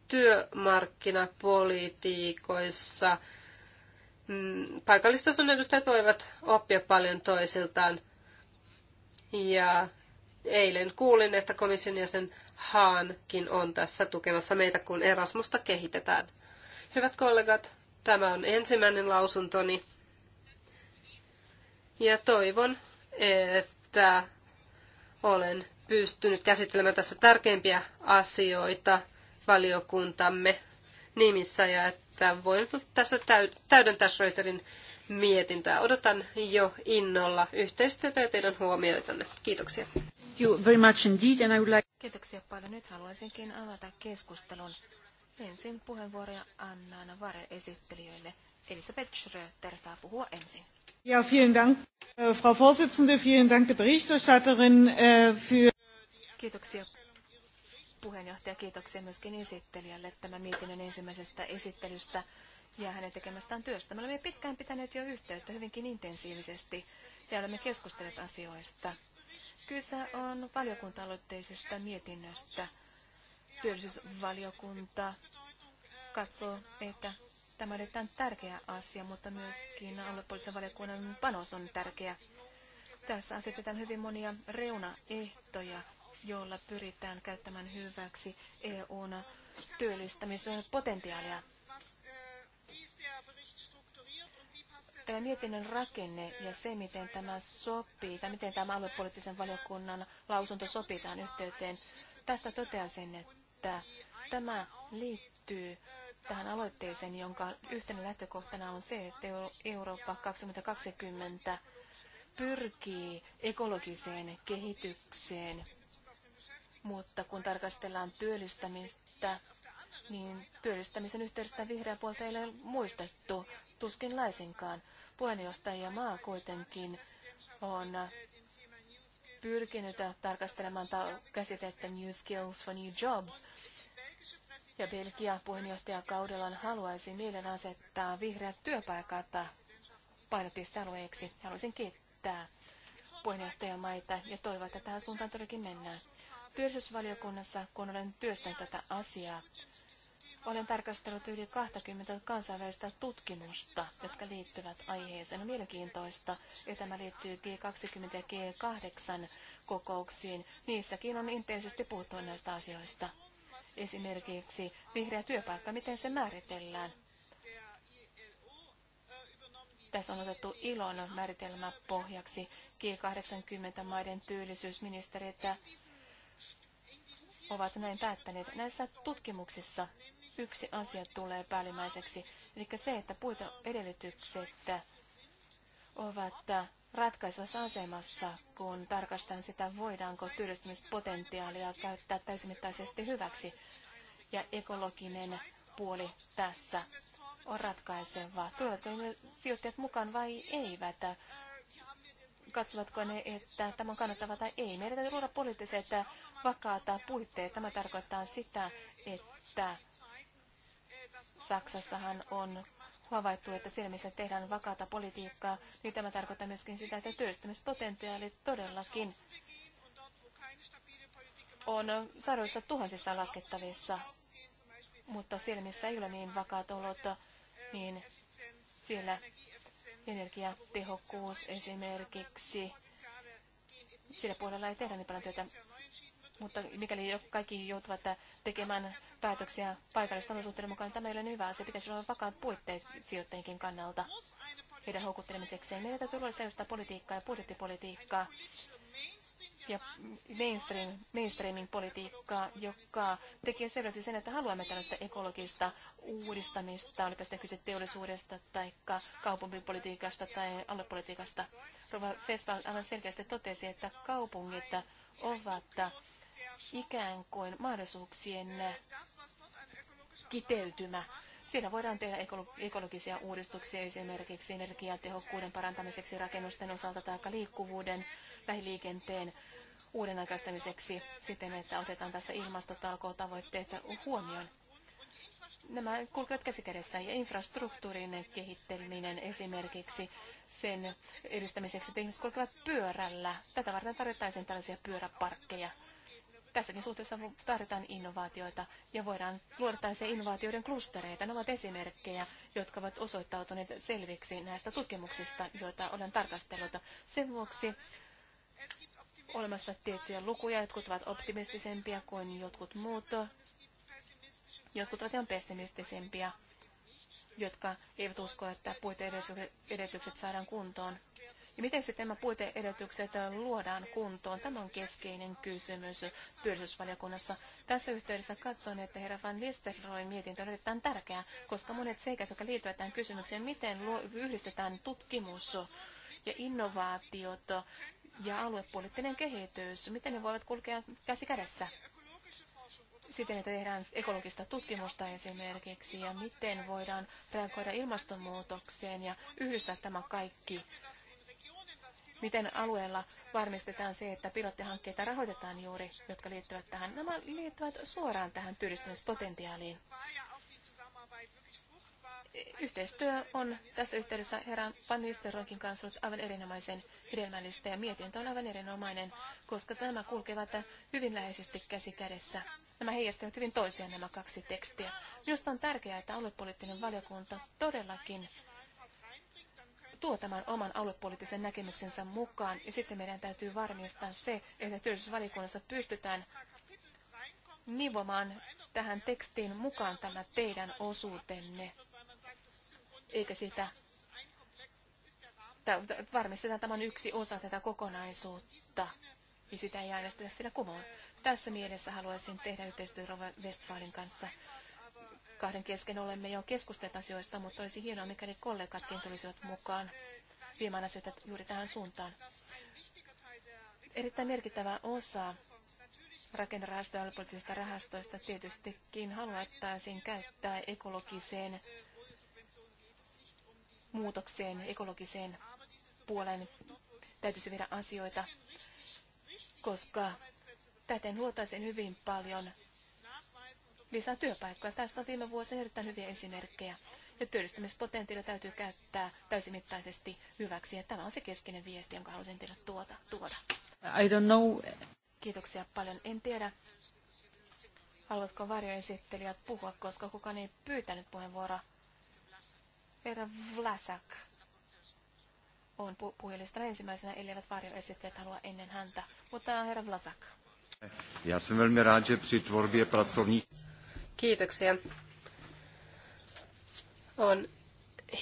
työmarkkinapolitiikoissa mm, paikallistason edustajat voivat oppia paljon toisiltaan. Ja eilen kuulin, että komission jäsen Haankin on tässä tukemassa meitä, kun Erasmusta kehitetään. Hyvät kollegat, tämä on ensimmäinen lausuntoni. Ja toivon, että olen pystynyt käsittelemään tässä tärkeimpiä asioita valiokuntamme nimissä ja että voin tässä täydentää Schröterin mietintää. Odotan jo innolla yhteistyötä ja teidän huomioitanne. Kiitoksia. You very much indeed, and I would like... Kiitoksia paljon. Nyt haluaisinkin avata keskustelun. Ensin puheenvuoroja annan VAR-esittelijöille. Elisabeth Schröter saa puhua ensin. Ja, vielen Dank, äh, Frau Vorsitzende, vielen Dank Berichterstatterin äh, für... Kiitoksia puheenjohtaja, kiitoksia myöskin esittelijälle tämän mietinnön ensimmäisestä esittelystä ja hänen tekemästään työstä. Me olemme pitkään pitäneet jo yhteyttä hyvinkin intensiivisesti ja olemme keskustelleet asioista. Kyse on valiokunta-aloitteisesta mietinnöstä, työllisyysvaliokunta katsoo, että tämä on erittäin tärkeä asia, mutta myöskin aluepoliittisen valiokunnan panos on tärkeä. Tässä asetetaan hyvin monia reunaehtoja, joilla pyritään käyttämään hyväksi EUn työllistämisen potentiaalia. Tämä mietinnön rakenne ja se, miten tämä sopii, tai miten tämä aluepoliittisen valiokunnan lausunto sopii tähän yhteyteen, tästä toteaisin, että että tämä liittyy tähän aloitteeseen, jonka yhtenä lähtökohtana on se, että Eurooppa 2020 pyrkii ekologiseen kehitykseen, mutta kun tarkastellaan työllistämistä, niin työllistämisen yhteydestä vihreä puolta ei ole muistettu tuskin laisinkaan. Puheenjohtaja maa kuitenkin on pyrkinyt tarkastelemaan käsitettä New Skills for New Jobs. Ja Belgia puheenjohtajakaudellaan haluaisi mielen asettaa vihreät työpaikat painopistealueeksi. Haluaisin kiittää puheenjohtajamaita ja toivoa, että tähän suuntaan todellakin mennään. Työllisyysvaliokunnassa, kun olen työstänyt tätä asiaa, olen tarkastellut yli 20 kansainvälistä tutkimusta, jotka liittyvät aiheeseen. On mielenkiintoista, että tämä liittyy G20 ja G8 kokouksiin. Niissäkin on intensiivisesti puhuttu näistä asioista. Esimerkiksi vihreä työpaikka, miten se määritellään. Tässä on otettu ilon määritelmä pohjaksi G80-maiden työllisyysministeriötä ovat näin päättäneet. Näissä tutkimuksissa yksi asia tulee päällimmäiseksi, eli se, että edellytykset, ovat ratkaisevassa asemassa, kun tarkastetaan sitä, voidaanko työllistymispotentiaalia käyttää täysimittaisesti hyväksi. Ja ekologinen puoli tässä on ratkaiseva. Tulevatko ne sijoittajat mukaan vai eivät? Katsovatko ne, että tämä on kannattava tai ei? Meidän täytyy luoda poliittiset vakaata puitteet. Tämä tarkoittaa sitä, että Saksassahan on havaittu, että siellä missä tehdään vakaata politiikkaa, niin tämä tarkoittaa myöskin sitä, että työllistämispotentiaali todellakin on sadoissa tuhansissa laskettavissa. Mutta siellä, missä ei ole niin vakaat olot, niin siellä energiatehokkuus esimerkiksi, sillä puolella ei tehdä niin paljon työtä mutta mikäli kaikki joutuvat tekemään päätöksiä paikallisten olosuhteiden mukaan, tämä ei ole niin hyvä Se Pitäisi olla vakaat puitteet sijoittajienkin kannalta heidän houkuttelemisekseen. Meidän täytyy olla sellaista politiikkaa ja budjettipolitiikkaa ja mainstream, mainstreamin politiikkaa, joka tekee selväksi sen, että haluamme tällaista ekologista uudistamista, olipa sitä kyse teollisuudesta tai kaupunkipolitiikasta tai aluepolitiikasta. Rova Festival aivan selkeästi totesi, että kaupungit ovat ikään kuin mahdollisuuksien kiteytymä. Siinä voidaan tehdä ekologisia uudistuksia esimerkiksi energiatehokkuuden parantamiseksi rakennusten osalta tai liikkuvuuden lähiliikenteen uuden aikaistamiseksi siten, että otetaan tässä ilmastotalkootavoitteet huomioon. Nämä kulkevat käsikädessä ja infrastruktuurin kehittäminen esimerkiksi sen edistämiseksi, että ihmiset kulkevat pyörällä. Tätä varten tarvittaisiin tällaisia pyöräparkkeja. Tässäkin suhteessa tarvitaan innovaatioita ja voidaan luoda tällaisia innovaatioiden klustereita. Ne ovat esimerkkejä, jotka ovat osoittautuneet selviksi näistä tutkimuksista, joita olen tarkastellut. Sen vuoksi olemassa tiettyjä lukuja, jotkut ovat optimistisempia kuin jotkut muut, jotkut ovat ihan pessimistisempiä, jotka eivät usko, että edellytykset saadaan kuntoon. Ja miten sitten nämä puiteedellytykset äh, luodaan kuntoon? Tämä on keskeinen kysymys työllisyysvaliokunnassa. Tässä yhteydessä katson, että herra Van Listeroy mietintö on erittäin tärkeä, koska monet seikat, jotka liittyvät tähän kysymykseen, miten yhdistetään tutkimus ja innovaatiot ja aluepoliittinen kehitys, miten ne voivat kulkea käsi kädessä siten, että tehdään ekologista tutkimusta esimerkiksi ja miten voidaan reagoida ilmastonmuutokseen ja yhdistää tämä kaikki miten alueella varmistetaan se, että pilottihankkeita rahoitetaan juuri, jotka liittyvät tähän. Nämä liittyvät suoraan tähän työllistymispotentiaaliin. Yhteistyö on tässä yhteydessä herran Van Nistelrooykin kanssa ollut aivan erinomaisen hedelmällistä ja mietintö on aivan erinomainen, koska nämä kulkevat hyvin läheisesti käsi kädessä. Nämä heijastavat hyvin toisiaan nämä kaksi tekstiä. Minusta on tärkeää, että aluepoliittinen valiokunta todellakin tuo tämän oman aluepoliittisen näkemyksensä mukaan, ja sitten meidän täytyy varmistaa se, että työllisyysvalikunnassa pystytään nivomaan tähän tekstiin mukaan tämä teidän osuutenne, eikä sitä varmistetaan tämän yksi osa tätä kokonaisuutta, ja sitä ei äänestetä sillä kumoon. Tässä mielessä haluaisin tehdä yhteistyötä Westfalin kanssa kahden kesken olemme jo keskustelleet asioista, mutta olisi hienoa, mikäli kollegatkin tulisivat mukaan viemään asioita juuri tähän suuntaan. Erittäin merkittävä osa rakennerahastoja ja poliittisista rahastoista tietystikin haluttaisiin käyttää ekologiseen muutokseen, ekologiseen puoleen täytyisi viedä asioita, koska täten luotaisiin hyvin paljon lisää työpaikkoja. Tästä on viime vuosina erittäin hyviä esimerkkejä. Ja työllistymispotentiaalia täytyy käyttää täysimittaisesti hyväksi. Ja tämä on se keskeinen viesti, jonka halusin teille tuota, tuoda. I don't know. Kiitoksia paljon. En tiedä, haluatko varjoesittelijät puhua, koska kukaan ei pyytänyt puheenvuoroa. Herra Vlasak on pu- puhelista ensimmäisenä, elleivät varjoesittelijät halua ennen häntä. Mutta herra Vlasak. Já jsem velmi rád, že při tvorbě pracovních... Kiitoksia. On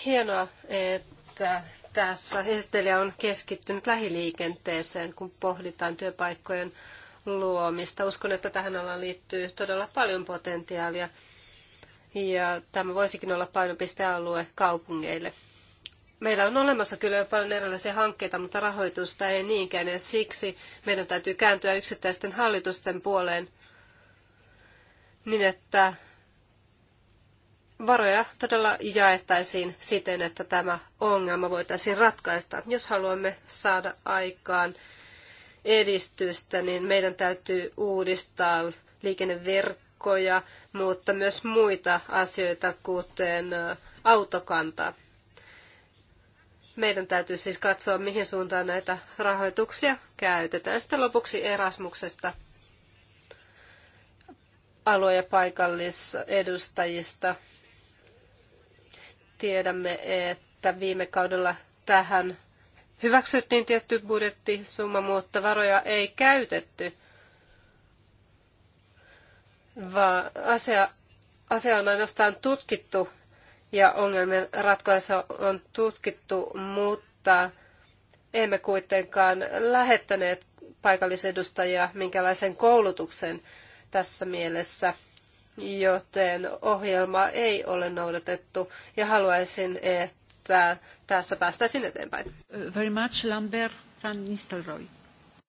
hienoa, että tässä esittelijä on keskittynyt lähiliikenteeseen, kun pohditaan työpaikkojen luomista. Uskon, että tähän alaan liittyy todella paljon potentiaalia ja tämä voisikin olla painopistealue kaupungeille. Meillä on olemassa kyllä jo paljon erilaisia hankkeita, mutta rahoitusta ei niinkään ja siksi meidän täytyy kääntyä yksittäisten hallitusten puoleen – niin, että varoja todella jaettaisiin siten, että tämä ongelma voitaisiin ratkaista. Jos haluamme saada aikaan edistystä, niin meidän täytyy uudistaa liikenneverkkoja, mutta myös muita asioita, kuten autokanta. Meidän täytyy siis katsoa, mihin suuntaan näitä rahoituksia käytetään. Sitten lopuksi Erasmuksesta alue- ja paikallisedustajista. Tiedämme, että viime kaudella tähän hyväksyttiin tietty budjettisumma, mutta varoja ei käytetty, vaan asia, asia on ainoastaan tutkittu ja ongelmien ratkaisu on tutkittu, mutta emme kuitenkaan lähettäneet paikallisedustajia minkälaisen koulutuksen tässä mielessä, joten ohjelma ei ole noudatettu ja haluaisin, että tässä päästäisiin eteenpäin. Very much, Lambert van Nistelrooy.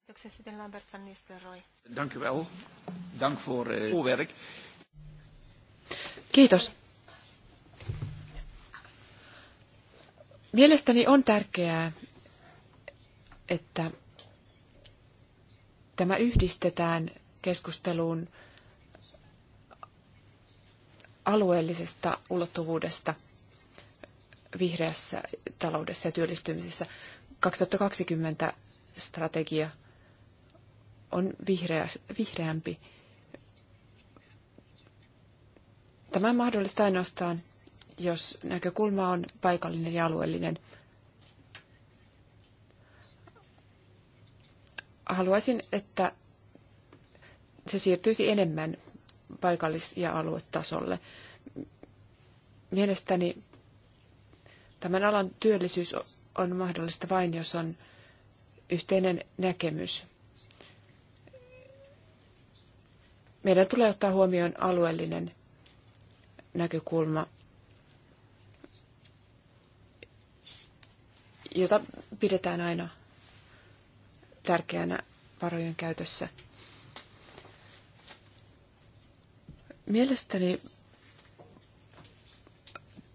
Kiitoksia sitten Lambert van Nistelrooy. Dank u wel. Dank voor eh, uw Kiitos. Mielestäni on tärkeää, että tämä yhdistetään keskusteluun alueellisesta ulottuvuudesta vihreässä taloudessa ja työllistymisessä. 2020 strategia on vihreä, vihreämpi. Tämä on mahdollista ainoastaan, jos näkökulma on paikallinen ja alueellinen. Haluaisin, että se siirtyisi enemmän paikallis- ja aluetasolle. Mielestäni tämän alan työllisyys on mahdollista vain, jos on yhteinen näkemys. Meidän tulee ottaa huomioon alueellinen näkökulma, jota pidetään aina tärkeänä varojen käytössä – Mielestäni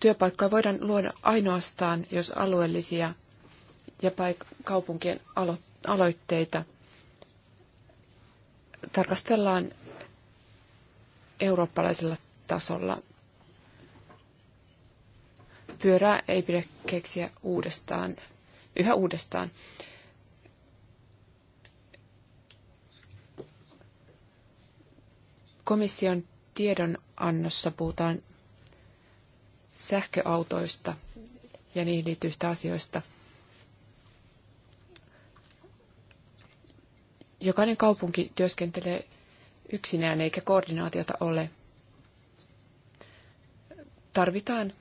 työpaikkoja voidaan luoda ainoastaan, jos alueellisia ja paik- kaupunkien alo- aloitteita tarkastellaan eurooppalaisella tasolla. Pyörää ei pidä keksiä uudestaan, yhä uudestaan. Komission tiedonannossa puhutaan sähköautoista ja niihin liittyvistä asioista. Jokainen kaupunki työskentelee yksinään eikä koordinaatiota ole. Tarvitaan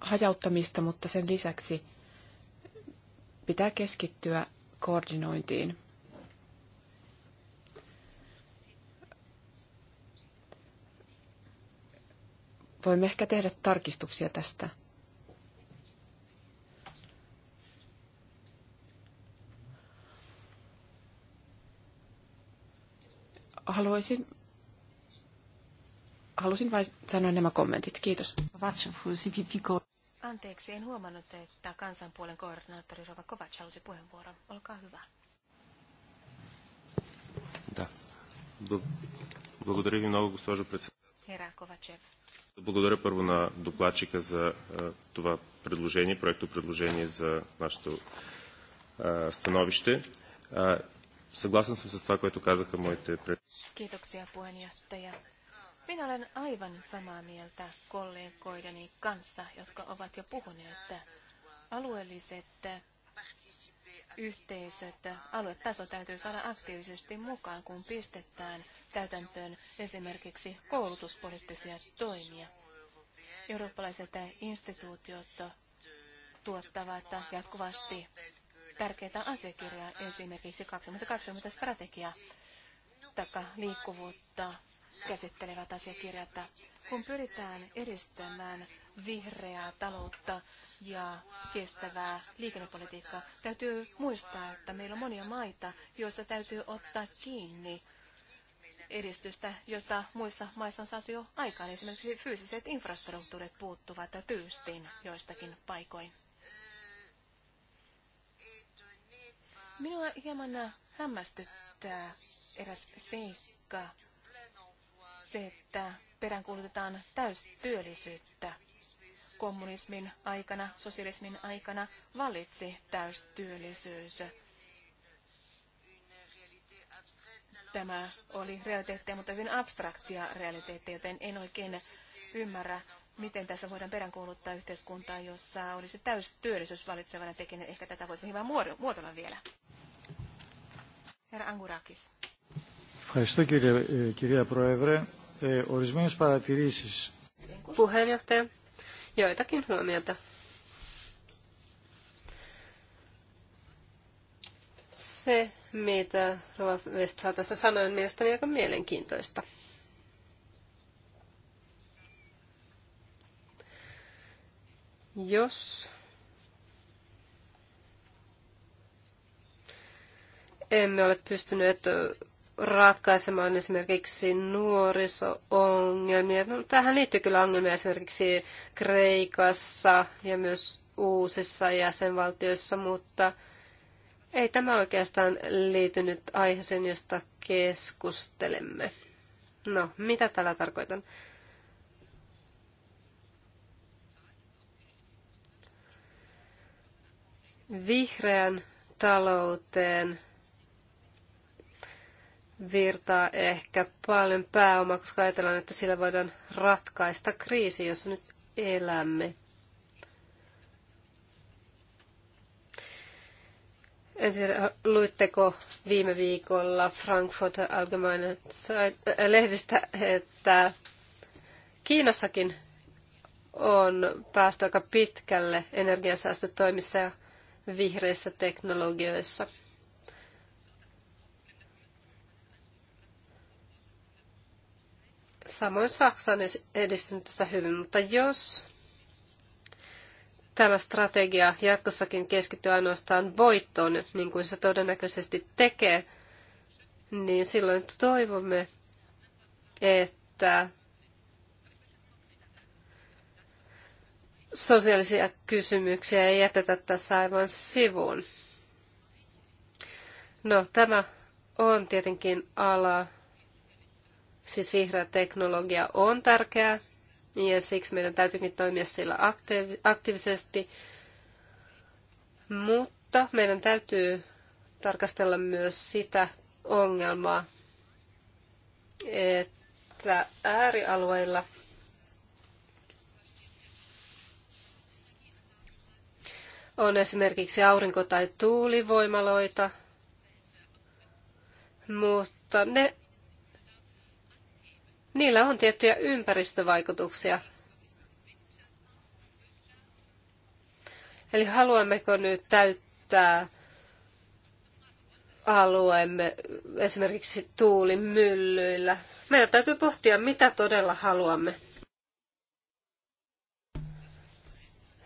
hajauttamista, mutta sen lisäksi pitää keskittyä koordinointiin. Voimme ehkä tehdä tarkistuksia tästä. Haluaisin halusin vain sanoa nämä kommentit. Kiitos. Anteeksi, en huomannut, että kansanpuolen koordinaattori Rova Kovac halusi puheenvuoron. Olkaa hyvä. Да. ви много, госпожо председател. Herra Kovacev. Благодаря първо на докладчика за това предложение, проекто предложение за нашето становище. Съгласен съм с това, което казаха моите пред... Kiitoksia puheenjohtaja. Minä olen aivan samaa mieltä kollegoideni kanssa, jotka ovat jo puhuneet, alueelliset yhteisöt aluetaso täytyy saada aktiivisesti mukaan, kun pistetään täytäntöön esimerkiksi koulutuspoliittisia toimia. Eurooppalaiset instituutiot tuottavat jatkuvasti tärkeitä asiakirjoja, esimerkiksi 2020 strategia taikka liikkuvuutta käsittelevät asiakirjat. Kun pyritään edistämään vihreää taloutta ja kestävää liikennepolitiikkaa. Täytyy muistaa, että meillä on monia maita, joissa täytyy ottaa kiinni edistystä, jota muissa maissa on saatu jo aikaan. Esimerkiksi fyysiset infrastruktuurit puuttuvat tyystin joistakin paikoin. Minua hieman hämmästyttää eräs seikka, se, että peräänkuulutetaan täystyöllisyyttä kommunismin aikana, sosialismin aikana valitsi täystyöllisyys. Tämä oli realiteettia, mutta hyvin abstraktia realiteettia, joten en oikein ymmärrä, miten tässä voidaan peräänkuuluttaa yhteiskuntaa, jossa olisi täystyöllisyys valitsevana tekijänä. Ehkä tätä voisi hyvä muotoilla vielä. Herra Angurakis. Ευχαριστώ κύριε, κυρία Πρόεδρε. Ε, ορισμένες παρατηρήσεις. Puheenjohtaja joitakin huomiota. Se, mitä Rova Westphal tässä sanoi, on mielestäni aika mielenkiintoista. Jos emme ole pystyneet ratkaisemaan esimerkiksi nuoriso-ongelmia. No, tähän liittyy kyllä ongelmia esimerkiksi Kreikassa ja myös uusissa jäsenvaltioissa, mutta ei tämä oikeastaan liity nyt aiheeseen, josta keskustelemme. No, mitä tällä tarkoitan? Vihreän talouteen virtaa ehkä paljon pääomaa, koska ajatellaan, että sillä voidaan ratkaista kriisi, jossa nyt elämme. En tiedä, luitteko viime viikolla Frankfurt Allgemeine äh, lehdistä, että Kiinassakin on päästy aika pitkälle energiansäästötoimissa ja vihreissä teknologioissa. Samoin Saksa on edistynyt tässä hyvin, mutta jos tämä strategia jatkossakin keskittyy ainoastaan voittoon, niin kuin se todennäköisesti tekee, niin silloin toivomme, että sosiaalisia kysymyksiä ei jätetä tässä aivan sivuun. No, tämä on tietenkin ala, Siis vihreä teknologia on tärkeää ja siksi meidän täytyykin toimia sillä aktiivisesti. Mutta meidän täytyy tarkastella myös sitä ongelmaa, että äärialueilla on esimerkiksi aurinko- tai tuulivoimaloita, mutta ne niillä on tiettyjä ympäristövaikutuksia. Eli haluammeko nyt täyttää alueemme esimerkiksi tuulimyllyillä? Meidän täytyy pohtia, mitä todella haluamme.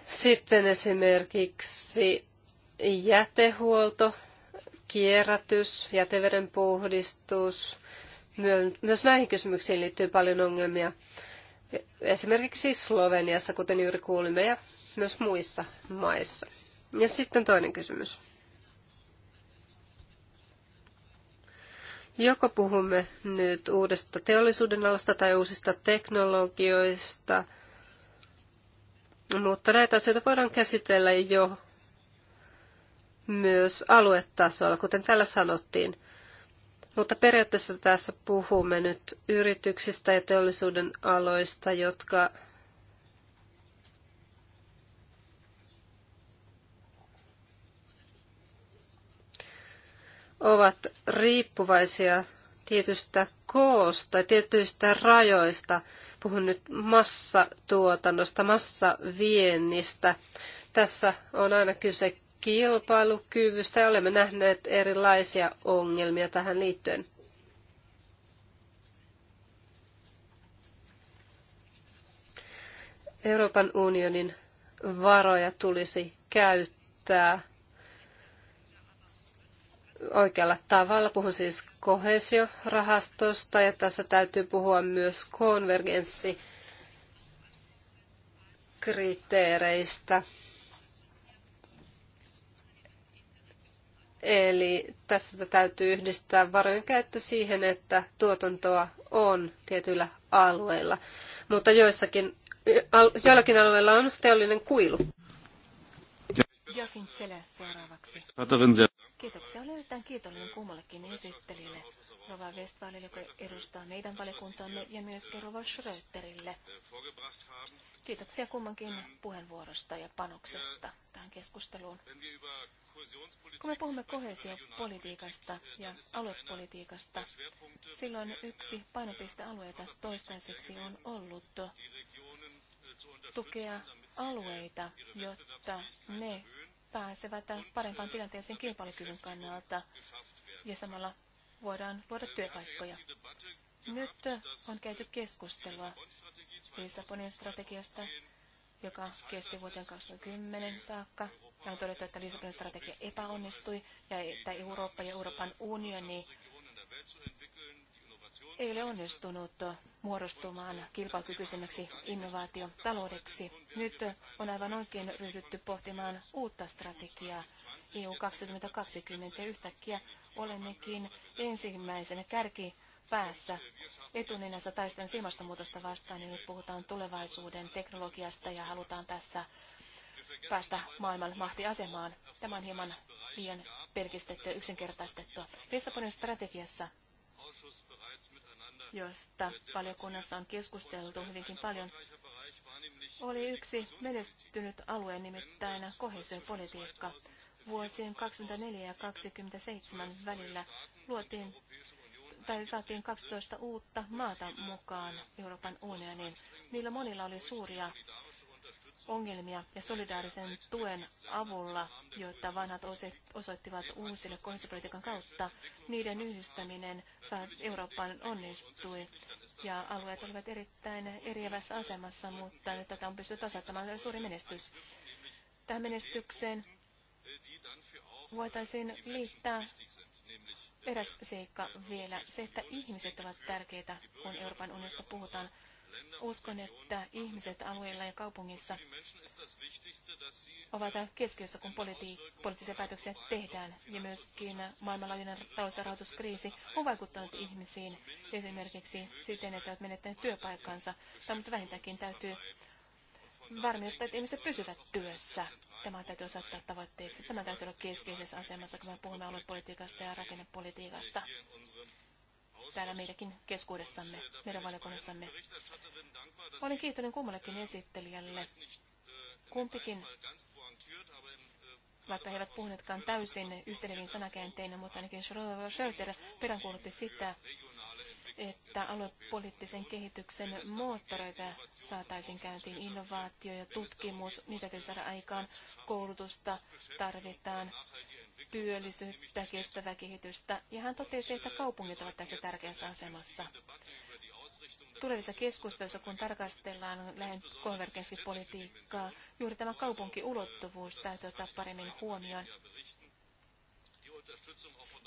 Sitten esimerkiksi jätehuolto, kierrätys, jäteveden puhdistus, myös näihin kysymyksiin liittyy paljon ongelmia. Esimerkiksi Sloveniassa, kuten juuri kuulimme, ja myös muissa maissa. Ja sitten toinen kysymys. Joko puhumme nyt uudesta teollisuuden alasta tai uusista teknologioista, mutta näitä asioita voidaan käsitellä jo myös aluetasolla, kuten täällä sanottiin. Mutta periaatteessa tässä puhumme nyt yrityksistä ja teollisuuden aloista, jotka ovat riippuvaisia tietystä koosta, tietyistä rajoista. Puhun nyt massatuotannosta, massaviennistä. Tässä on aina kyse kilpailukyvystä ja olemme nähneet erilaisia ongelmia tähän liittyen. Euroopan unionin varoja tulisi käyttää oikealla tavalla. Puhun siis kohesiorahastosta ja tässä täytyy puhua myös konvergenssikriteereistä. kriteereistä Eli tässä täytyy yhdistää varojen käyttö siihen, että tuotantoa on tietyillä alueilla. Mutta joissakin, joillakin alueilla on teollinen kuilu. Jokin selä seuraavaksi. Kiitoksia. Olen erittäin kiitollinen kummallekin esittelijälle, Rova Westfalille, joka edustaa meidän valiokuntaamme, ja myös Rova Schröterille. Kiitoksia kummankin puheenvuorosta ja panoksesta tähän keskusteluun. Kun me puhumme kohesiopolitiikasta ja aluepolitiikasta, silloin yksi painopistealueita toistaiseksi on ollut tukea alueita, jotta ne pääsevät parempaan tilanteeseen kilpailukyvyn kannalta ja samalla voidaan luoda työpaikkoja. Nyt on käyty keskustelua Lissabonin strategiasta, joka kesti vuoteen 2010 saakka. Ja on todettu, että Lissabonin strategia epäonnistui ja että Eurooppa ja Euroopan unioni ei ole onnistunut muodostumaan kilpailukykyisemmäksi innovaatiotaloudeksi. Nyt on aivan oikein ryhdytty pohtimaan uutta strategiaa EU 2020 ja yhtäkkiä olemmekin ensimmäisenä kärki päässä etunenässä taistelun ilmastonmuutosta vastaan, niin nyt puhutaan tulevaisuuden teknologiasta ja halutaan tässä päästä maailman mahtiasemaan. Tämä on hieman liian pelkistetty ja yksinkertaistettu. Lissabonin strategiassa josta valiokunnassa on keskusteltu hyvinkin paljon, oli yksi menestynyt alue nimittäin kohesiopolitiikka. Vuosien 24 ja 27 välillä luotiin tai saatiin 12 uutta maata mukaan Euroopan unioniin. Niillä monilla oli suuria ongelmia ja solidaarisen tuen avulla, joita vanhat osoittivat uusille kohdistuspolitiikan kautta, niiden yhdistäminen Eurooppaan onnistui. Ja alueet olivat erittäin eriävässä asemassa, mutta nyt tätä on pystytty tasoittamaan suuri menestys. Tähän menestykseen voitaisiin liittää eräs seikka vielä, se, että ihmiset ovat tärkeitä, kun Euroopan unionista puhutaan. Uskon, että ihmiset alueilla ja kaupungissa ovat keskiössä, kun politi- poliittisia päätöksiä tehdään. Ja myöskin maailmanlaajuinen talous- ja rahoituskriisi on vaikuttanut ihmisiin esimerkiksi siten, että ovat menettäneet työpaikkansa. Tämä mutta vähintäänkin täytyy varmistaa, että ihmiset pysyvät työssä. Tämä täytyy osoittaa tavoitteeksi. Tämä täytyy olla keskeisessä asemassa, kun me puhumme aluepolitiikasta ja rakennepolitiikasta täällä meidänkin keskuudessamme, meidän valiokunnassamme. Olen kiitollinen kummallekin esittelijälle. Kumpikin, vaikka he eivät puhuneetkaan täysin yhteneviin sanakäänteinä, mutta ainakin Schröter peräänkuulutti sitä, että aluepoliittisen kehityksen moottoreita saataisiin käyntiin. Innovaatio ja tutkimus, niitä täytyy saada aikaan. Koulutusta tarvitaan työllisyyttä, kestävää kehitystä, ja hän totesi, että kaupungit ovat tässä tärkeässä asemassa. Tulevissa keskusteluissa, kun tarkastellaan lähen konvergenssipolitiikkaa, juuri tämä kaupunkiulottuvuus täytyy ottaa paremmin huomioon.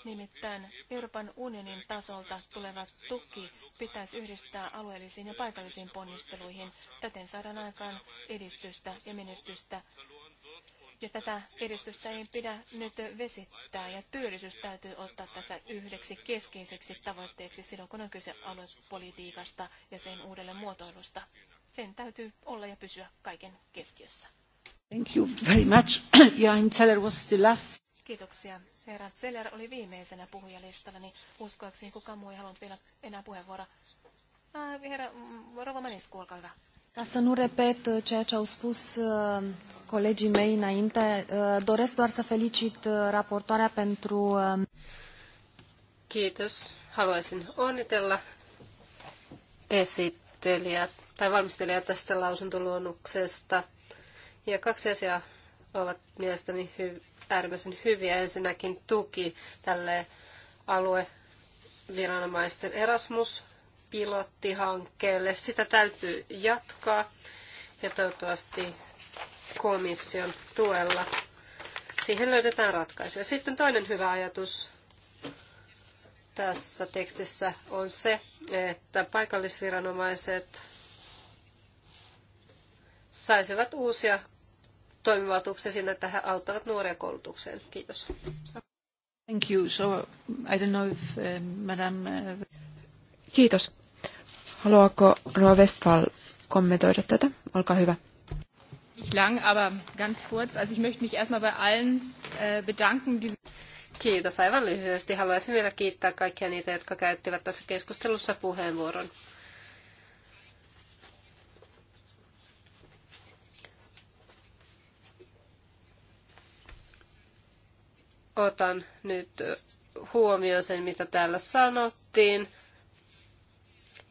Nimittäin Euroopan unionin tasolta tuleva tuki pitäisi yhdistää alueellisiin ja paikallisiin ponnisteluihin. Täten saadaan aikaan edistystä ja menestystä ja tätä edistystä ei pidä nyt vesittää ja työllisyys täytyy ottaa tässä yhdeksi keskeiseksi tavoitteeksi silloin, kun on kyse aluepolitiikasta ja sen uudelleen muotoilusta. Sen täytyy olla ja pysyä kaiken keskiössä. Thank you very much. was the last. Kiitoksia. Herra Zeller oli viimeisenä puhujalistalla, niin uskoakseni kukaan muu ei halunnut vielä enää puheenvuoroa. Ah, herra mm, Rova Manisku, olkaa hyvä. Ca să nu repet uh, ceea ce au spus uh, colegii mei înainte, uh, doresc doar să felicit raportoarea pentru... Kiitos. Haluaisin onnitella esittelijä tai valmistelijat tästä lausuntoluonnoksesta. Ja kaksi asiaa ovat mielestäni hy- äärimmäisen hyviä. Ensinnäkin tuki tälle alueviranomaisten Erasmus pilottihankkeelle. Sitä täytyy jatkaa ja toivottavasti komission tuella siihen löydetään ratkaisu. Ja sitten toinen hyvä ajatus tässä tekstissä on se, että paikallisviranomaiset saisivat uusia toimivaltuuksia siinä, että he auttavat nuoria koulutukseen. Kiitos. Thank you. So, I don't know if, uh, Kiitos. Haluaako Roa Westfall kommentoida tätä? Olkaa hyvä. Nicht lang, aber ganz kurz. Also ich möchte mich erstmal bei allen äh, bedanken, die Kiitos aivan lyhyesti. Haluaisin vielä kiittää kaikkia niitä, jotka käyttivät tässä keskustelussa puheenvuoron. Otan nyt huomioon sen, mitä täällä sanottiin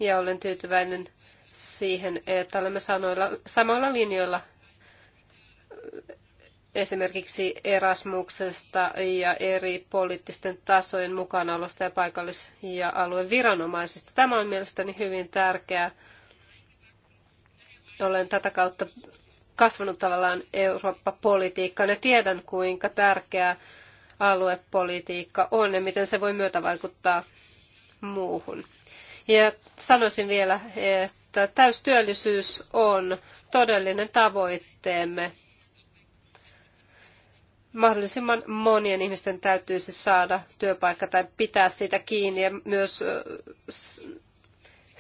ja olen tyytyväinen siihen, että olemme sanoilla, samoilla linjoilla esimerkiksi Erasmuksesta ja eri poliittisten tasojen mukanaolosta ja paikallis- ja alueviranomaisista. Tämä on mielestäni hyvin tärkeää. Olen tätä kautta kasvanut tavallaan Eurooppa-politiikkaan ja tiedän, kuinka tärkeää aluepolitiikka on ja miten se voi myötävaikuttaa muuhun. Ja sanoisin vielä, että täystyöllisyys on todellinen tavoitteemme. Mahdollisimman monien ihmisten täytyisi saada työpaikka tai pitää siitä kiinni ja myös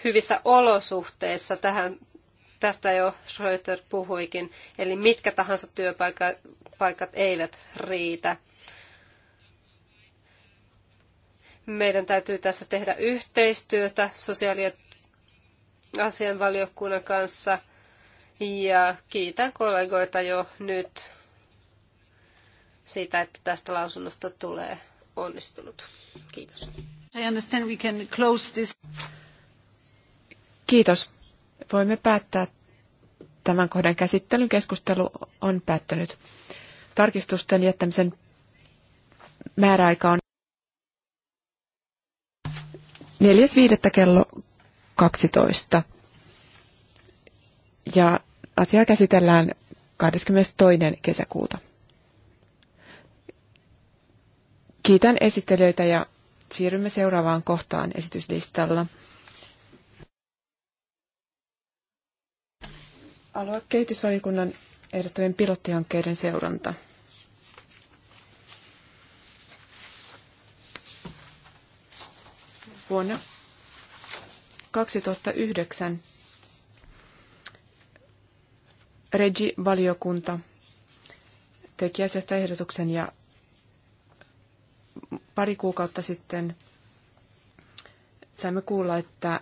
hyvissä olosuhteissa tähän tästä jo Schröter puhuikin, eli mitkä tahansa työpaikat eivät riitä. Meidän täytyy tässä tehdä yhteistyötä sosiaali- ja asianvaliokunnan kanssa. Ja kiitän kollegoita jo nyt siitä, että tästä lausunnosta tulee onnistunut. Kiitos. I understand we can close this. Kiitos. Voimme päättää tämän kohdan käsittelyn. Keskustelu on päättynyt. Tarkistusten jättämisen määräaika on 4.5. kello 12. Ja asiaa käsitellään 22. kesäkuuta. Kiitän esittelijöitä ja siirrymme seuraavaan kohtaan esityslistalla. Aluekehitysvaliokunnan ehdottomien pilottihankkeiden seuranta. Vuonna 2009 Regi-valiokunta teki asiasta ehdotuksen ja pari kuukautta sitten saimme kuulla, että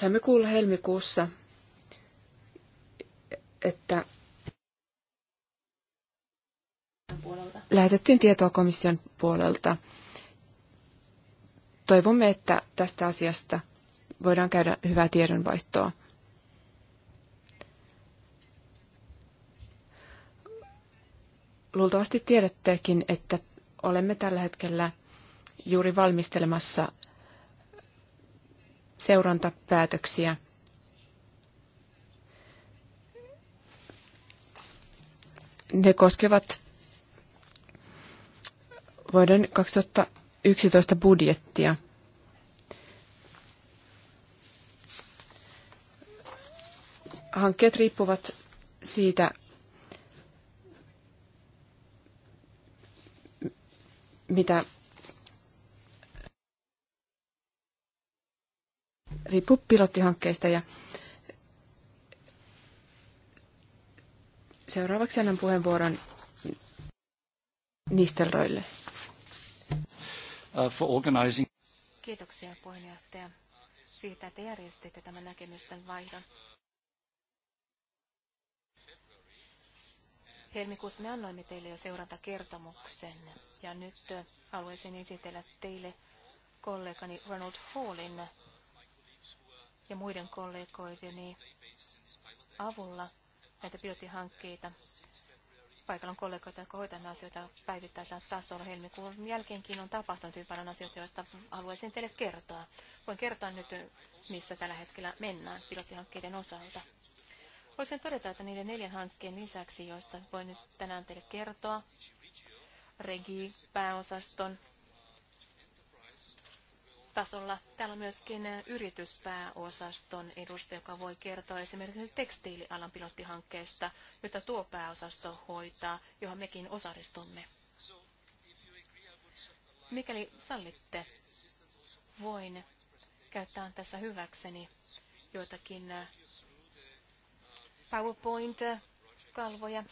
saimme kuulla helmikuussa, että puolelta? Lähetettiin tietoa komission puolelta. Toivomme, että tästä asiasta voidaan käydä hyvää tiedonvaihtoa. Luultavasti tiedättekin, että olemme tällä hetkellä juuri valmistelemassa seurantapäätöksiä ne koskevat vuoden 2011 budjettia. Hankkeet riippuvat siitä, mitä riippuu pilottihankkeista ja seuraavaksi annan puheenvuoron Nistelroille. Uh, for organizing. Kiitoksia puheenjohtaja siitä, että järjestitte tämän näkemysten vaihdon. Helmikuussa me annoimme teille jo seurantakertomuksen ja nyt haluaisin esitellä teille kollegani Ronald Hallin ja muiden kollegoideni avulla näitä pilottihankkeita paikalla on kollegoita, jotka hoitavat asioita päivittäisellä tasolla. Helmikuun jälkeenkin on tapahtunut hyvin paljon asioita, joista haluaisin teille kertoa. Voin kertoa nyt, missä tällä hetkellä mennään pilottihankkeiden osalta. Voisin todeta, että niiden neljän hankkeen lisäksi, joista voin nyt tänään teille kertoa, Regi, pääosaston tasolla. Täällä on myöskin eh, yrityspääosaston edustaja, joka voi kertoa esimerkiksi tekstiilialan pilottihankkeesta, jota tuo pääosasto hoitaa, johon mekin osallistumme. Mikäli sallitte, voin käyttää tässä hyväkseni joitakin eh, PowerPoint-kalvoja.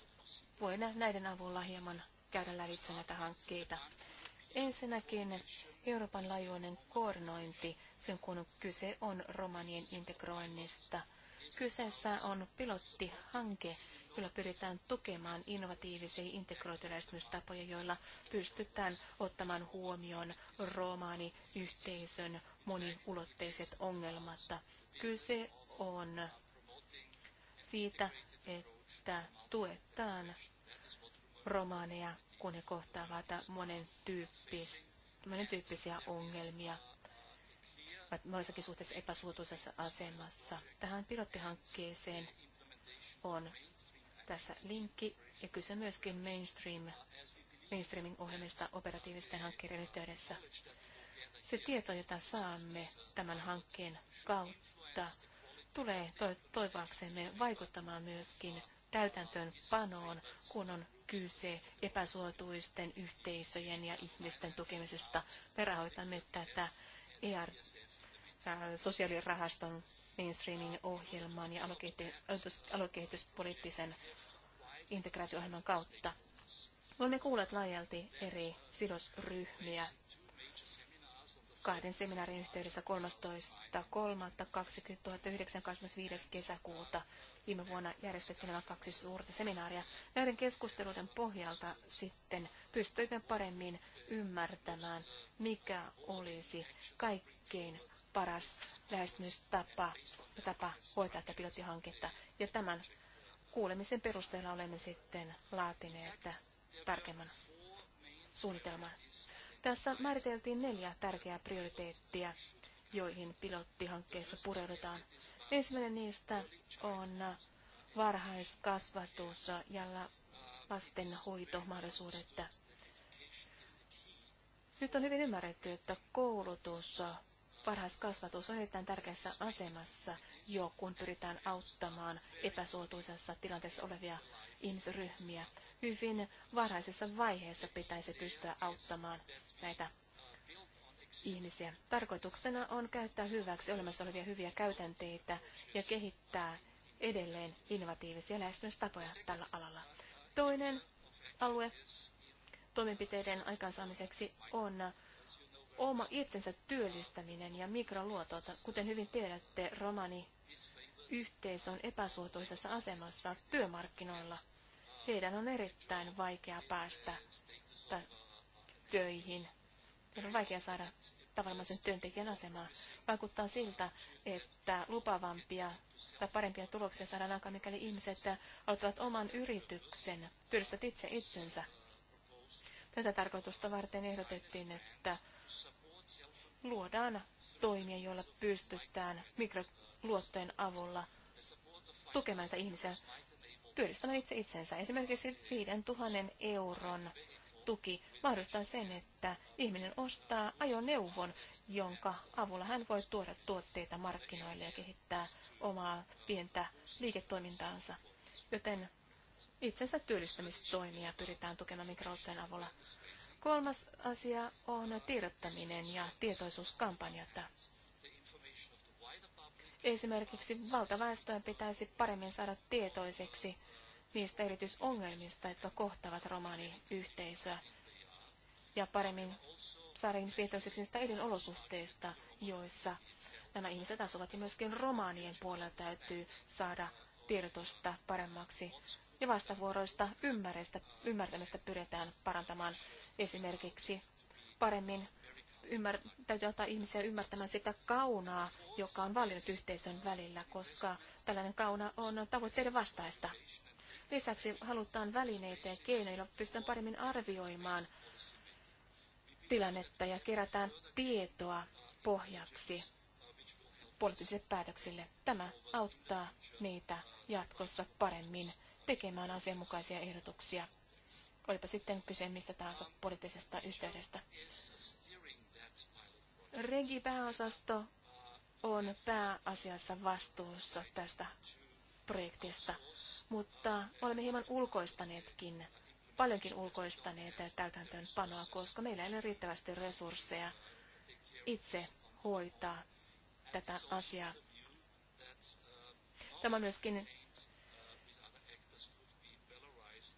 Voin eh, näiden avulla hieman käydä lävitse näitä hankkeita. Ensinnäkin Euroopan laajuinen koordinointi, sen kun kyse on romanien integroinnista. Kyseessä on pilottihanke, jolla pyritään tukemaan innovatiivisia integroituneistamistapoja, joilla pystytään ottamaan huomioon romaaniyhteisön moniulotteiset ongelmat. Kyse on siitä, että tuetaan romaaneja kun he kohtaavat monen, tyyppis, monen tyyppisiä ongelmia monessakin suhteessa epäsuotuisessa asemassa. Tähän pilottihankkeeseen on tässä linkki ja kyse myöskin mainstream, mainstreamin ohjelmista operatiivisten hankkeiden yhteydessä. Se tieto, jota saamme tämän hankkeen kautta, tulee toivoaksemme vaikuttamaan myöskin täytäntöönpanoon, kun on kyse epäsuotuisten yhteisöjen ja ihmisten tukemisesta. Me rahoitamme tätä ER, sosiaalirahaston mainstreaming ohjelman ja aluekehityspoliittisen integraatio kautta. Olemme kuulleet laajalti eri sidosryhmiä kahden seminaarin yhteydessä 13.3.2009-25. kesäkuuta viime vuonna järjestettiin nämä kaksi suurta seminaaria. Näiden keskusteluiden pohjalta sitten pystyimme paremmin ymmärtämään, mikä olisi kaikkein paras lähestymistapa tapa hoitaa tätä pilottihanketta. Ja tämän kuulemisen perusteella olemme sitten laatineet tarkemman suunnitelman. Tässä määriteltiin neljä tärkeää prioriteettia, joihin pilottihankkeessa pureudutaan. Ensimmäinen niistä on varhaiskasvatus ja lastenhoitomahdollisuudet. Nyt on hyvin ymmärretty, että koulutus, varhaiskasvatus on erittäin tärkeässä asemassa jo, kun pyritään auttamaan epäsuotuisessa tilanteessa olevia ihmisryhmiä. Hyvin varhaisessa vaiheessa pitäisi pystyä auttamaan näitä ihmisiä. Tarkoituksena on käyttää hyväksi olemassa olevia hyviä käytänteitä ja kehittää edelleen innovatiivisia lähestymistapoja tällä alalla. Toinen alue toimenpiteiden aikaansaamiseksi on oma itsensä työllistäminen ja mikroluotot. Kuten hyvin tiedätte, romani yhteisö on epäsuotuisessa asemassa työmarkkinoilla. Heidän on erittäin vaikea päästä töihin. Heidän on vaikea saada tavanomaisen työntekijän asemaa. Vaikuttaa siltä, että lupavampia tai parempia tuloksia saadaan aikaan, mikäli ihmiset aloittavat oman yrityksen, työllistät itse itsensä. Tätä tarkoitusta varten ehdotettiin, että luodaan toimia, joilla pystytään mikro- luottojen avulla tukemaan ihmisiä työllistämään itse itsensä. Esimerkiksi 5000 euron tuki mahdollistaa sen, että ihminen ostaa ajoneuvon, jonka avulla hän voi tuoda tuotteita markkinoille ja kehittää omaa pientä liiketoimintaansa. Joten itsensä työllistämistoimia pyritään tukemaan mikroluottojen avulla. Kolmas asia on tiedottaminen ja tietoisuuskampanjata. Esimerkiksi valtaväestöön pitäisi paremmin saada tietoiseksi niistä erityisongelmista, jotka kohtavat romaniyhteisöä, ja paremmin saada ihmiset tietoiseksi niistä elinolosuhteista, joissa nämä ihmiset asuvat, ja myöskin romaanien puolella täytyy saada tiedotusta paremmaksi ja vastavuoroista ymmärtämistä pyritään parantamaan esimerkiksi paremmin ymmär- täytyy ottaa ihmisiä ymmärtämään sitä kaunaa, joka on valinnut yhteisön välillä, koska tällainen kauna on tavoitteiden vastaista. Lisäksi halutaan välineitä ja keinoja, joilla pystytään paremmin arvioimaan tilannetta ja kerätään tietoa pohjaksi poliittisille päätöksille. Tämä auttaa meitä jatkossa paremmin tekemään asianmukaisia ehdotuksia. Olipa sitten kyse mistä tahansa poliittisesta yhteydestä. Regi-pääosasto on pääasiassa vastuussa tästä projektista, mutta olemme hieman ulkoistaneetkin, paljonkin ulkoistaneet täytäntöönpanoa, koska meillä ei ole riittävästi resursseja itse hoitaa tätä asiaa. Tämä myöskin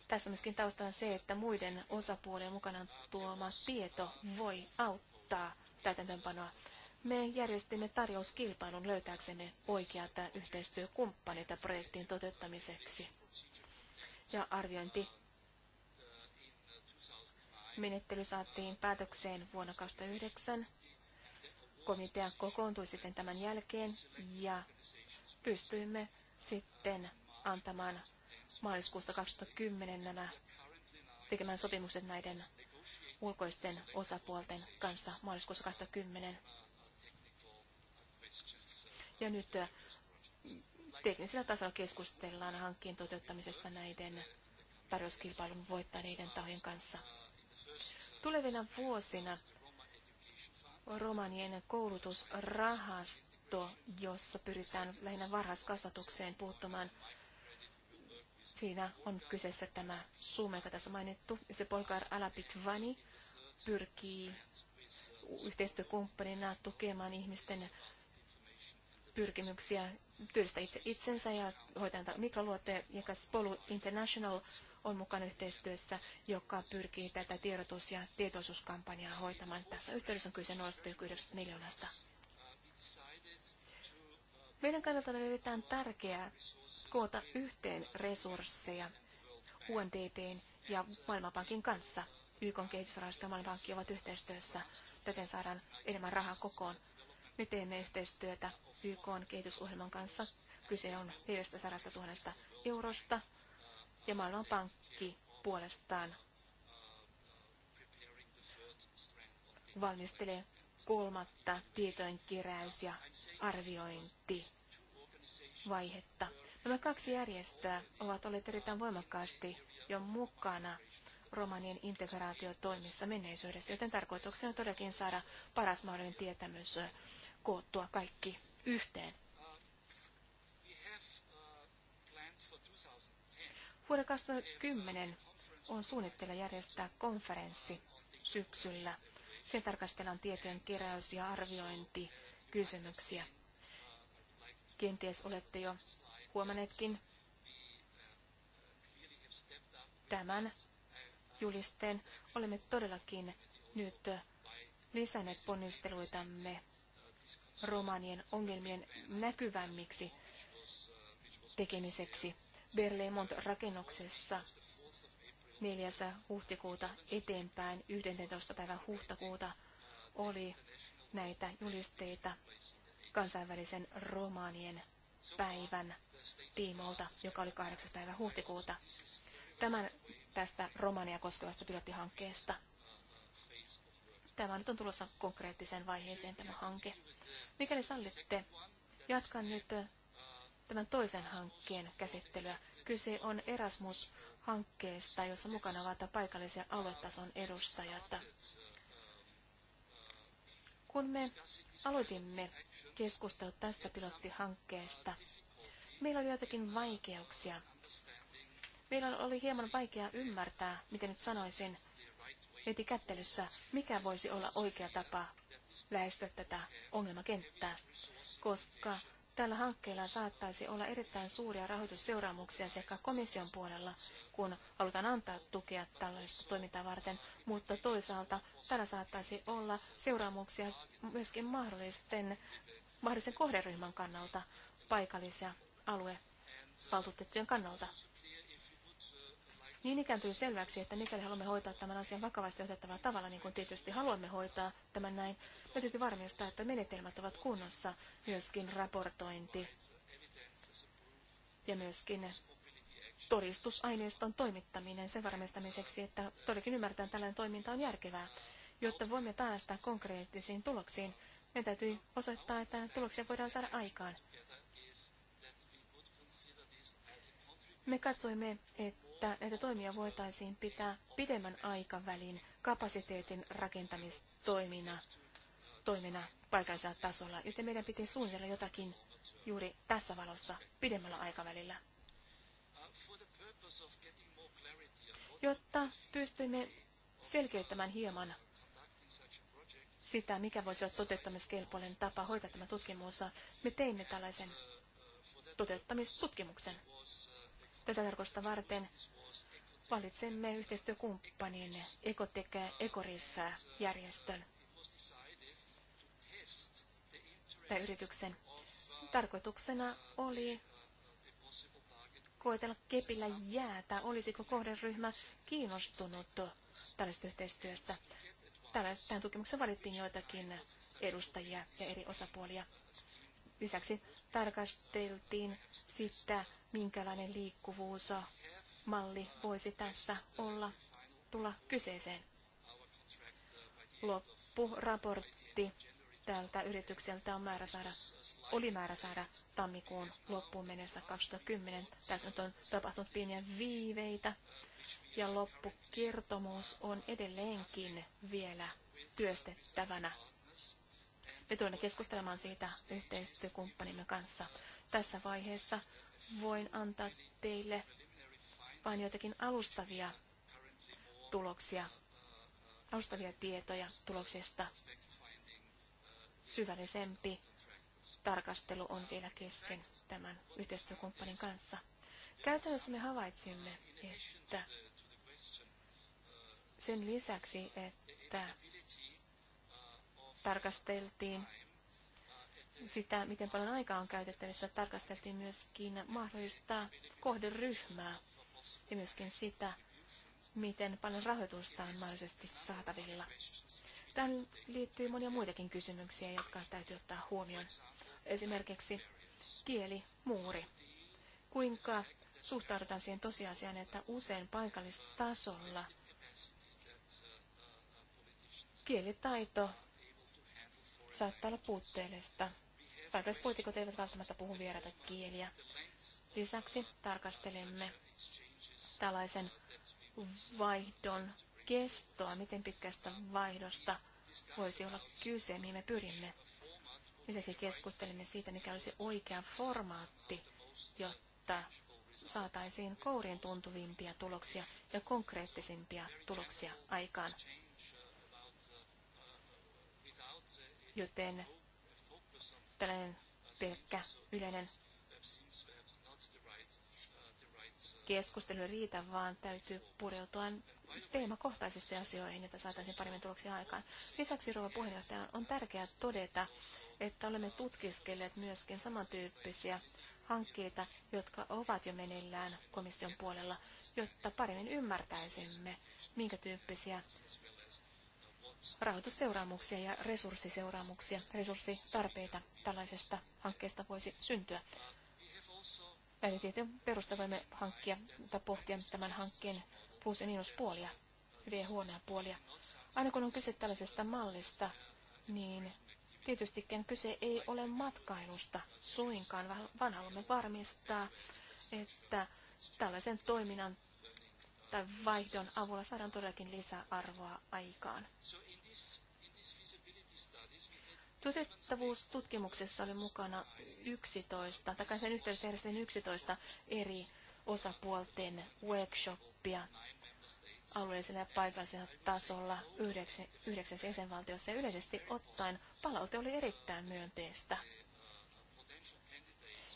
tässä myöskin taustalla se, että muiden osapuolien mukana tuoma tieto voi auttaa täytäntöönpanoa. Me järjestimme tarjouskilpailun löytääksemme oikeata yhteistyökumppanita projektin toteuttamiseksi. Ja arviointi menettely saatiin päätökseen vuonna 2009. Komitea kokoontui sitten tämän jälkeen ja pystyimme sitten antamaan maaliskuusta 2010 nämä tekemään sopimukset näiden ulkoisten osapuolten kanssa maaliskuussa 2010. Ja nyt äh, teknisellä tasolla keskustellaan hankkeen toteuttamisesta näiden tarjouskilpailun voittaneiden tahojen kanssa. Tulevina vuosina romanien koulutusrahasto, jossa pyritään lähinnä varhaiskasvatukseen puuttumaan. Siinä on kyseessä tämä summa, joka tässä mainittu. Se Polkar Alapitvani pyrkii yhteistyökumppanina tukemaan ihmisten pyrkimyksiä työllistä itse itsensä ja hoitajan mikroluotteja. Ja Spolu International on mukana yhteistyössä, joka pyrkii tätä tiedotus- ja tietoisuuskampanjaa hoitamaan. Tässä yhteydessä on kyse 0,9 miljoonasta. Meidän kannalta on erittäin tärkeää koota yhteen resursseja UNDPn ja Maailmanpankin kanssa – YK kehitysrahasto ja maailmanpankki ovat yhteistyössä, täten saadaan enemmän rahaa kokoon. Me teemme yhteistyötä YK kehitysohjelman kanssa. Kyse on 400 000 eurosta ja maailmanpankki puolestaan valmistelee kolmatta tietojenkeräys- ja arviointivaihetta. Nämä kaksi järjestöä ovat olleet erittäin voimakkaasti jo mukana romanien integraatiotoimissa menneisyydessä, joten tarkoituksena on todellakin saada paras mahdollinen tietämys koottua kaikki yhteen. Vuoden 2010 on suunnitteilla järjestää konferenssi syksyllä. Sen tarkastellaan tietojen keräys- ja arviointikysymyksiä. Kenties olette jo huomanneetkin tämän julisteen. Olemme todellakin nyt lisänneet ponnisteluitamme romanien ongelmien näkyvämmiksi tekemiseksi. Berlemont-rakennuksessa 4. huhtikuuta eteenpäin 11. päivän huhtikuuta oli näitä julisteita kansainvälisen romaanien päivän tiimolta, joka oli 8. päivä huhtikuuta. Tämän tästä Romania koskevasta pilottihankkeesta. Tämä nyt on tulossa konkreettiseen vaiheeseen tämä hanke. Mikäli sallitte, jatkan nyt tämän toisen hankkeen käsittelyä. Kyse on Erasmus-hankkeesta, jossa mukana ovat paikallisia aluetason edustajat. Kun me aloitimme keskustelua tästä pilottihankkeesta, Meillä oli jotakin vaikeuksia. Meillä oli hieman vaikea ymmärtää, miten nyt sanoisin, heti kättelyssä, mikä voisi olla oikea tapa lähestyä tätä ongelmakenttää, koska tällä hankkeella saattaisi olla erittäin suuria rahoitusseuraamuksia sekä komission puolella, kun halutaan antaa tukea tällaista toimintaa varten, mutta toisaalta tällä saattaisi olla seuraamuksia myöskin mahdollisten, mahdollisen kohderyhmän kannalta paikallisia alue, valtuutettujen kannalta. Niin ikään tuli selväksi, että mikäli haluamme hoitaa tämän asian vakavasti otettavalla tavalla, niin kuin tietysti haluamme hoitaa tämän näin, me täytyy varmistaa, että menetelmät ovat kunnossa, myöskin raportointi ja myöskin todistusaineiston toimittaminen sen varmistamiseksi, että todellakin ymmärtää, että tällainen toiminta on järkevää. Jotta voimme päästä konkreettisiin tuloksiin, meidän täytyy osoittaa, että tuloksia voidaan saada aikaan. Me katsoimme, että näitä toimia voitaisiin pitää pidemmän aikavälin kapasiteetin rakentamistoimina toimina paikallisella tasolla, joten meidän piti suunnitella jotakin juuri tässä valossa pidemmällä aikavälillä. Jotta pystyimme selkeyttämään hieman sitä, mikä voisi olla toteuttamiskelpoinen tapa hoitaa tämä tutkimus, me teimme tällaisen toteuttamistutkimuksen. Tätä tarkoista varten valitsemme yhteistyökumppanin Ekotek Ekorissa järjestön tai yrityksen. Tarkoituksena oli koetella kepillä jäätä, olisiko kohderyhmä kiinnostunut tällaista yhteistyöstä. Tällaisen tutkimuksen valittiin joitakin edustajia ja eri osapuolia. Lisäksi tarkasteltiin sitä, minkälainen liikkuvuus malli voisi tässä olla tulla kyseeseen. Loppuraportti tältä yritykseltä on määrä saada, oli määrä saada tammikuun loppuun mennessä 2010. Tässä nyt on tapahtunut pieniä viiveitä ja loppukertomus on edelleenkin vielä työstettävänä. Me tulemme keskustelemaan siitä yhteistyökumppanimme kanssa. Tässä vaiheessa voin antaa teille vain joitakin alustavia tuloksia, alustavia tietoja tuloksesta. Syvällisempi tarkastelu on vielä kesken tämän yhteistyökumppanin kanssa. Käytännössä me havaitsimme, että sen lisäksi, että tarkasteltiin sitä, miten paljon aikaa on käytettävissä, tarkasteltiin myöskin mahdollista kohderyhmää ja myöskin sitä, miten paljon rahoitusta on mahdollisesti saatavilla. Tähän liittyy monia muitakin kysymyksiä, jotka täytyy ottaa huomioon. Esimerkiksi kielimuuri. Kuinka suhtaudutaan siihen tosiasiaan, että usein paikallistasolla kielitaito saattaa olla puutteellista Paikallispoliitikot eivät välttämättä puhu vieraita kieliä. Lisäksi tarkastelemme tällaisen vaihdon kestoa, miten pitkästä vaihdosta voisi olla kyse, mihin me pyrimme. Lisäksi keskustelimme siitä, mikä olisi oikea formaatti, jotta saataisiin kourien tuntuvimpia tuloksia ja konkreettisimpia tuloksia aikaan. Joten tällainen pelkkä yleinen keskustelu riitä, vaan täytyy pureutua teemakohtaisesti asioihin, että saataisiin paremmin tuloksia aikaan. Lisäksi, rouva puheenjohtaja, on tärkeää todeta, että olemme tutkiskelleet myöskin samantyyppisiä hankkeita, jotka ovat jo meneillään komission puolella, jotta paremmin ymmärtäisimme, minkä tyyppisiä rahoitusseuraamuksia ja resurssiseuraamuksia, resurssitarpeita tällaisesta hankkeesta voisi syntyä. Näiden tietojen perusta voimme hankkia tai pohtia tämän hankkeen plus- ja miinuspuolia, hyviä ja huonoja puolia. Aina kun on kyse tällaisesta mallista, niin tietystikin kyse ei ole matkailusta suinkaan, vaan haluamme varmistaa, että tällaisen toiminnan tai vaihdon avulla saadaan todellakin lisää arvoa aikaan. Tutettavuustutkimuksessa oli mukana 11, tai sen yhteydessä järjestettiin 11 eri osapuolten workshoppia alueellisella ja paikallisella tasolla yhdeksän, yhdeksässä jäsenvaltiossa ja yleisesti ottaen palaute oli erittäin myönteistä.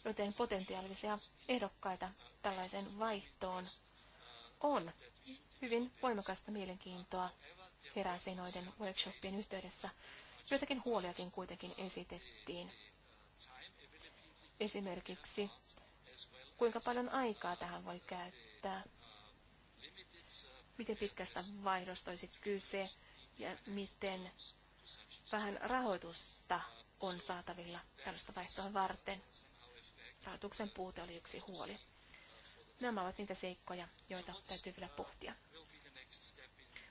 Joten potentiaalisia ehdokkaita tällaisen vaihtoon on hyvin voimakasta mielenkiintoa heräsi noiden workshopien yhteydessä. Joitakin huoliakin kuitenkin esitettiin. Esimerkiksi, kuinka paljon aikaa tähän voi käyttää, miten pitkästä vaihdosta olisi kyse ja miten vähän rahoitusta on saatavilla tällaista vaihtoa varten. Rahoituksen puute oli yksi huoli. Nämä ovat niitä seikkoja, joita täytyy vielä pohtia.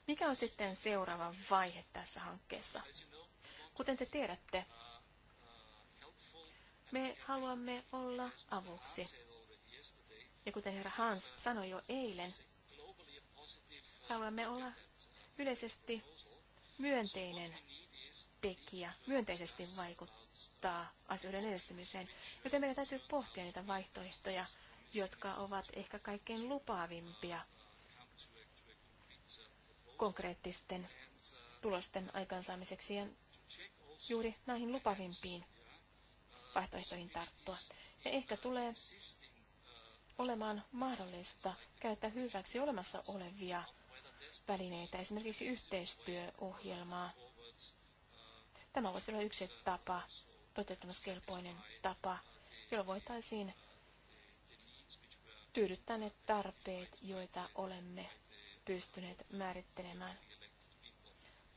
Mikä on sitten seuraava vaihe tässä hankkeessa? Kuten te tiedätte, me haluamme olla avuksi. Ja kuten herra Hans sanoi jo eilen, haluamme olla yleisesti myönteinen tekijä, myönteisesti vaikuttaa asioiden edistymiseen, joten meidän täytyy pohtia niitä vaihtoehtoja, jotka ovat ehkä kaikkein lupaavimpia konkreettisten tulosten aikaansaamiseksi ja juuri näihin lupavimpiin vaihtoehtoihin tarttua. Ja ehkä tulee olemaan mahdollista käyttää hyväksi olemassa olevia välineitä, esimerkiksi yhteistyöohjelmaa. Tämä voisi olla yksi tapa, toteuttamiskelpoinen tapa, jolla voitaisiin tyydyttäneet tarpeet, joita olemme pystyneet määrittelemään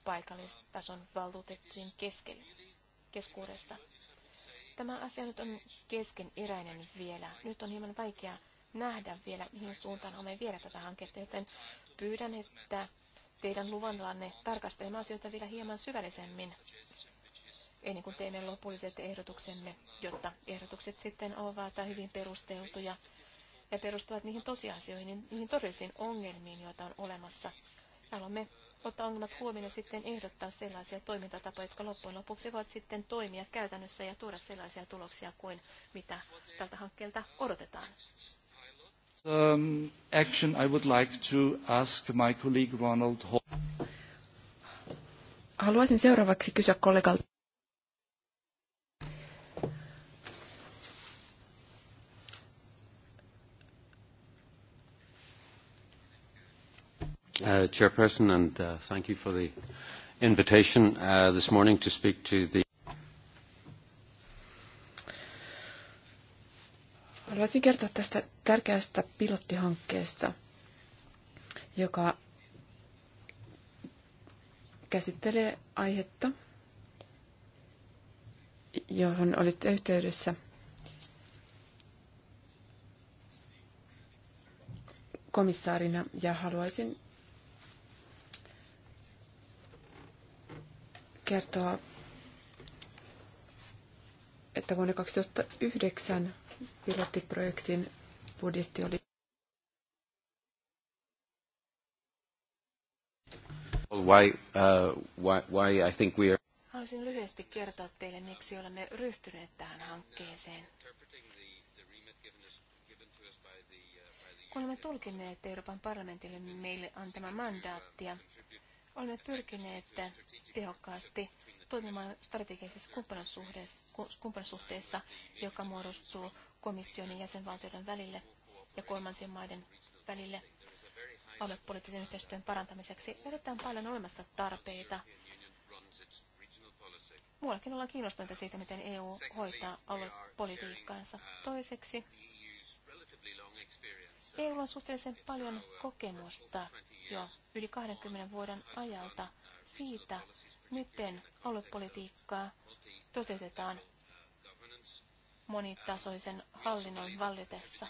paikallistason valtuutettujen keskellä, keskuudessa. Tämä asia nyt on keskeneräinen vielä. Nyt on hieman vaikea nähdä vielä, mihin suuntaan olemme vielä tätä hanketta, joten pyydän, että teidän luvallanne tarkastelemaan asioita vielä hieman syvällisemmin ennen kuin teemme lopulliset ehdotuksemme, jotta ehdotukset sitten ovat hyvin perusteltuja ja perustuvat niihin tosiasioihin, niihin todellisiin ongelmiin, joita on olemassa. Haluamme ottaa ongelmat huomioon ja sitten ehdottaa sellaisia toimintatapoja, jotka loppujen lopuksi voivat sitten toimia käytännössä ja tuoda sellaisia tuloksia kuin mitä tältä hankkeelta odotetaan. Um, action I would like to ask my colleague Ronald Hall. Haluaisin seuraavaksi kysyä kollegalta Uh, Chairperson, and uh, thank you for the invitation uh, this morning to speak to the Haluaisin kertoa tästä tärkeästä pilottihankkeesta, joka käsittelee aihetta, johon olit yhteydessä komissaarina ja haluaisin kertoa, että vuonna 2009 pilottiprojektin budjetti oli Why, uh, why, why I think we are... Haluaisin lyhyesti kertoa teille, miksi olemme ryhtyneet tähän hankkeeseen. Kun olemme tulkineet Euroopan parlamentille meille antama mandaattia, Olemme pyrkineet tehokkaasti toimimaan strategisessa kumppanisuhteessa, joka muodostuu komission ja jäsenvaltioiden välille ja kolmansien maiden välille aluepoliittisen yhteistyön parantamiseksi. Erittäin paljon olemassa tarpeita. Muuallakin ollaan kiinnostuneita siitä, miten EU hoitaa aluepolitiikkaansa. Toiseksi, EU on suhteellisen paljon kokemusta jo yli 20 vuoden ajalta siitä, miten aluepolitiikkaa toteutetaan monitasoisen hallinnon vallitessa.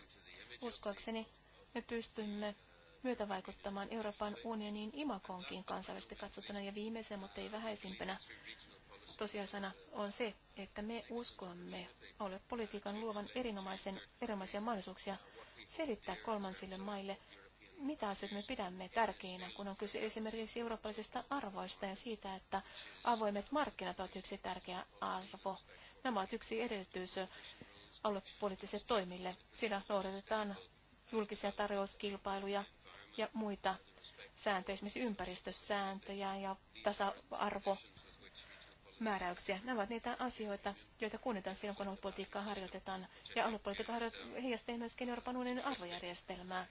Uskoakseni me pystymme myötävaikuttamaan Euroopan unionin imakonkin kansainvälisesti katsottuna ja viimeisenä, mutta ei vähäisimpänä tosiasana on se, että me uskomme aluepolitiikan luovan erinomaisen, erinomaisia mahdollisuuksia selittää kolmansille maille, mitä asioita me pidämme tärkeinä, kun on kyse esimerkiksi eurooppalaisista arvoista ja siitä, että avoimet markkinat ovat yksi tärkeä arvo. Nämä ovat yksi edellytys aluepoliittisille toimille. Siinä noudatetaan julkisia tarjouskilpailuja ja muita sääntöjä, esimerkiksi ympäristösääntöjä ja tasa-arvo määräyksiä. Nämä ovat niitä asioita, joita kuunnetaan silloin, kun aluepolitiikkaa harjoitetaan. Ja aluepolitiikka harjo- heijastelee myöskin Euroopan unionin arvojärjestelmää.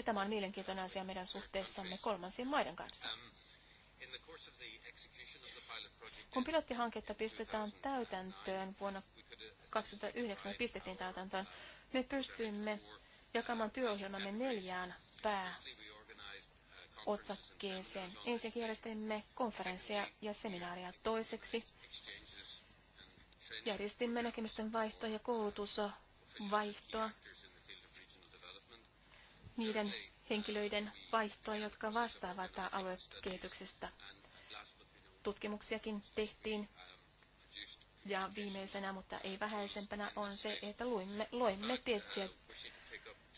Ja tämä on mielenkiintoinen asia meidän suhteessamme kolmansien maiden kanssa. Um, Kun pilottihanketta pistetään täytäntöön vuonna 2009 pistettiin täytäntöön, me pystyimme jakamaan työohjelmamme neljään pääotsakkeeseen. Uh, Ensin järjestimme konferensseja ja seminaaria toiseksi. Järjestimme näkemysten vaihtoa ja koulutusvaihtoa niiden henkilöiden vaihtoa, jotka vastaavat aluekehityksestä. Tutkimuksiakin tehtiin. Ja viimeisenä, mutta ei vähäisempänä, on se, että luimme, luimme tiettyjä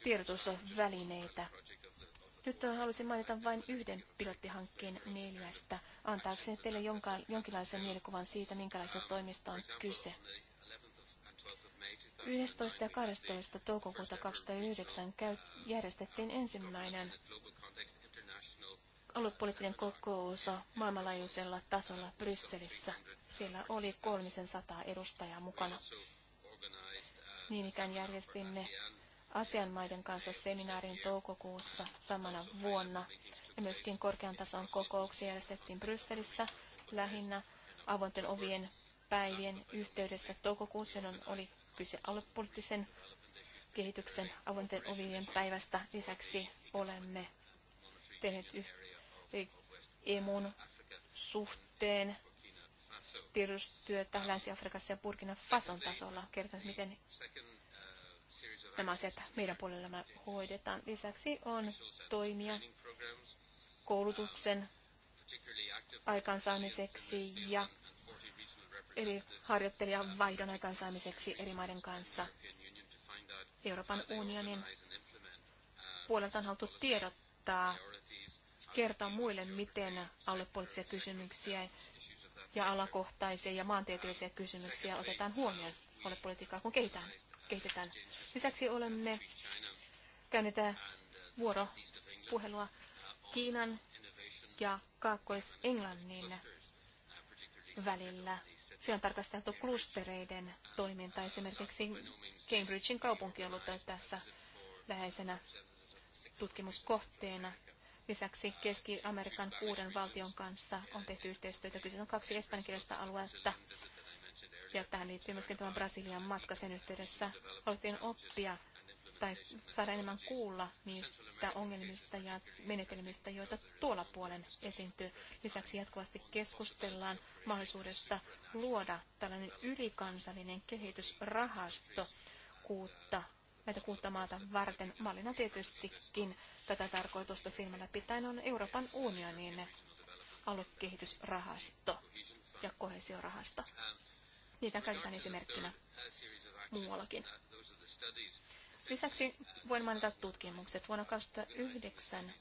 tiedotusvälineitä. Nyt haluaisin mainita vain yhden pilottihankkeen neljästä, antaakseni teille jonkinlaisen mielikuvan siitä, minkälaisesta toimista on kyse. 11. ja 12. toukokuuta 2009 järjestettiin ensimmäinen aluepoliittinen kokous maailmanlaajuisella tasolla Brysselissä. Siellä oli 300 edustajaa mukana. Niin ikään järjestimme asianmaiden kanssa seminaarin toukokuussa samana vuonna. Ja myöskin korkean tason kokouksia järjestettiin Brysselissä lähinnä avointen ovien päivien yhteydessä toukokuussa, jolloin oli kyse aluepoliittisen kehityksen avointen ovien päivästä. Lisäksi olemme tehneet emun eh, e suhteen tiedotustyötä Länsi-Afrikassa ja Burkina Fason tasolla. Kertoo, miten nämä asiat meidän puolellamme hoidetaan. Lisäksi on toimia koulutuksen aikaansaamiseksi ja eli harjoittelijan vaihdon aikaansaamiseksi eri maiden kanssa. Euroopan unionin puolelta on haluttu tiedottaa, kertoa muille, miten aluepoliittisia kysymyksiä ja alakohtaisia ja maantieteellisiä kysymyksiä otetaan huomioon aluepolitiikkaa, kun kehitetään. kehitetään. Lisäksi olemme käyneet vuoropuhelua Kiinan ja Kaakkois-Englannin välillä. Siellä on tarkasteltu klustereiden toiminta, Esimerkiksi Cambridgein kaupunki on ollut tässä läheisenä tutkimuskohteena. Lisäksi Keski-Amerikan kuuden valtion kanssa on tehty yhteistyötä. Kyse on kaksi espanjankielistä aluetta. Ja tähän liittyy myöskin tämä Brasilian matka sen yhteydessä. Haluttiin oppia tai saada enemmän kuulla niistä ongelmista ja menetelmistä, joita tuolla puolen esiintyy. Lisäksi jatkuvasti keskustellaan mahdollisuudesta luoda tällainen ylikansallinen kehitysrahasto kuutta näitä kuutta maata varten. Mallina tietystikin tätä tarkoitusta silmällä pitäen on Euroopan unionin aluekehitysrahasto ja kohesiorahasto. Niitä käytetään esimerkkinä muuallakin. Lisäksi voin mainita tutkimukset. Vuonna 2009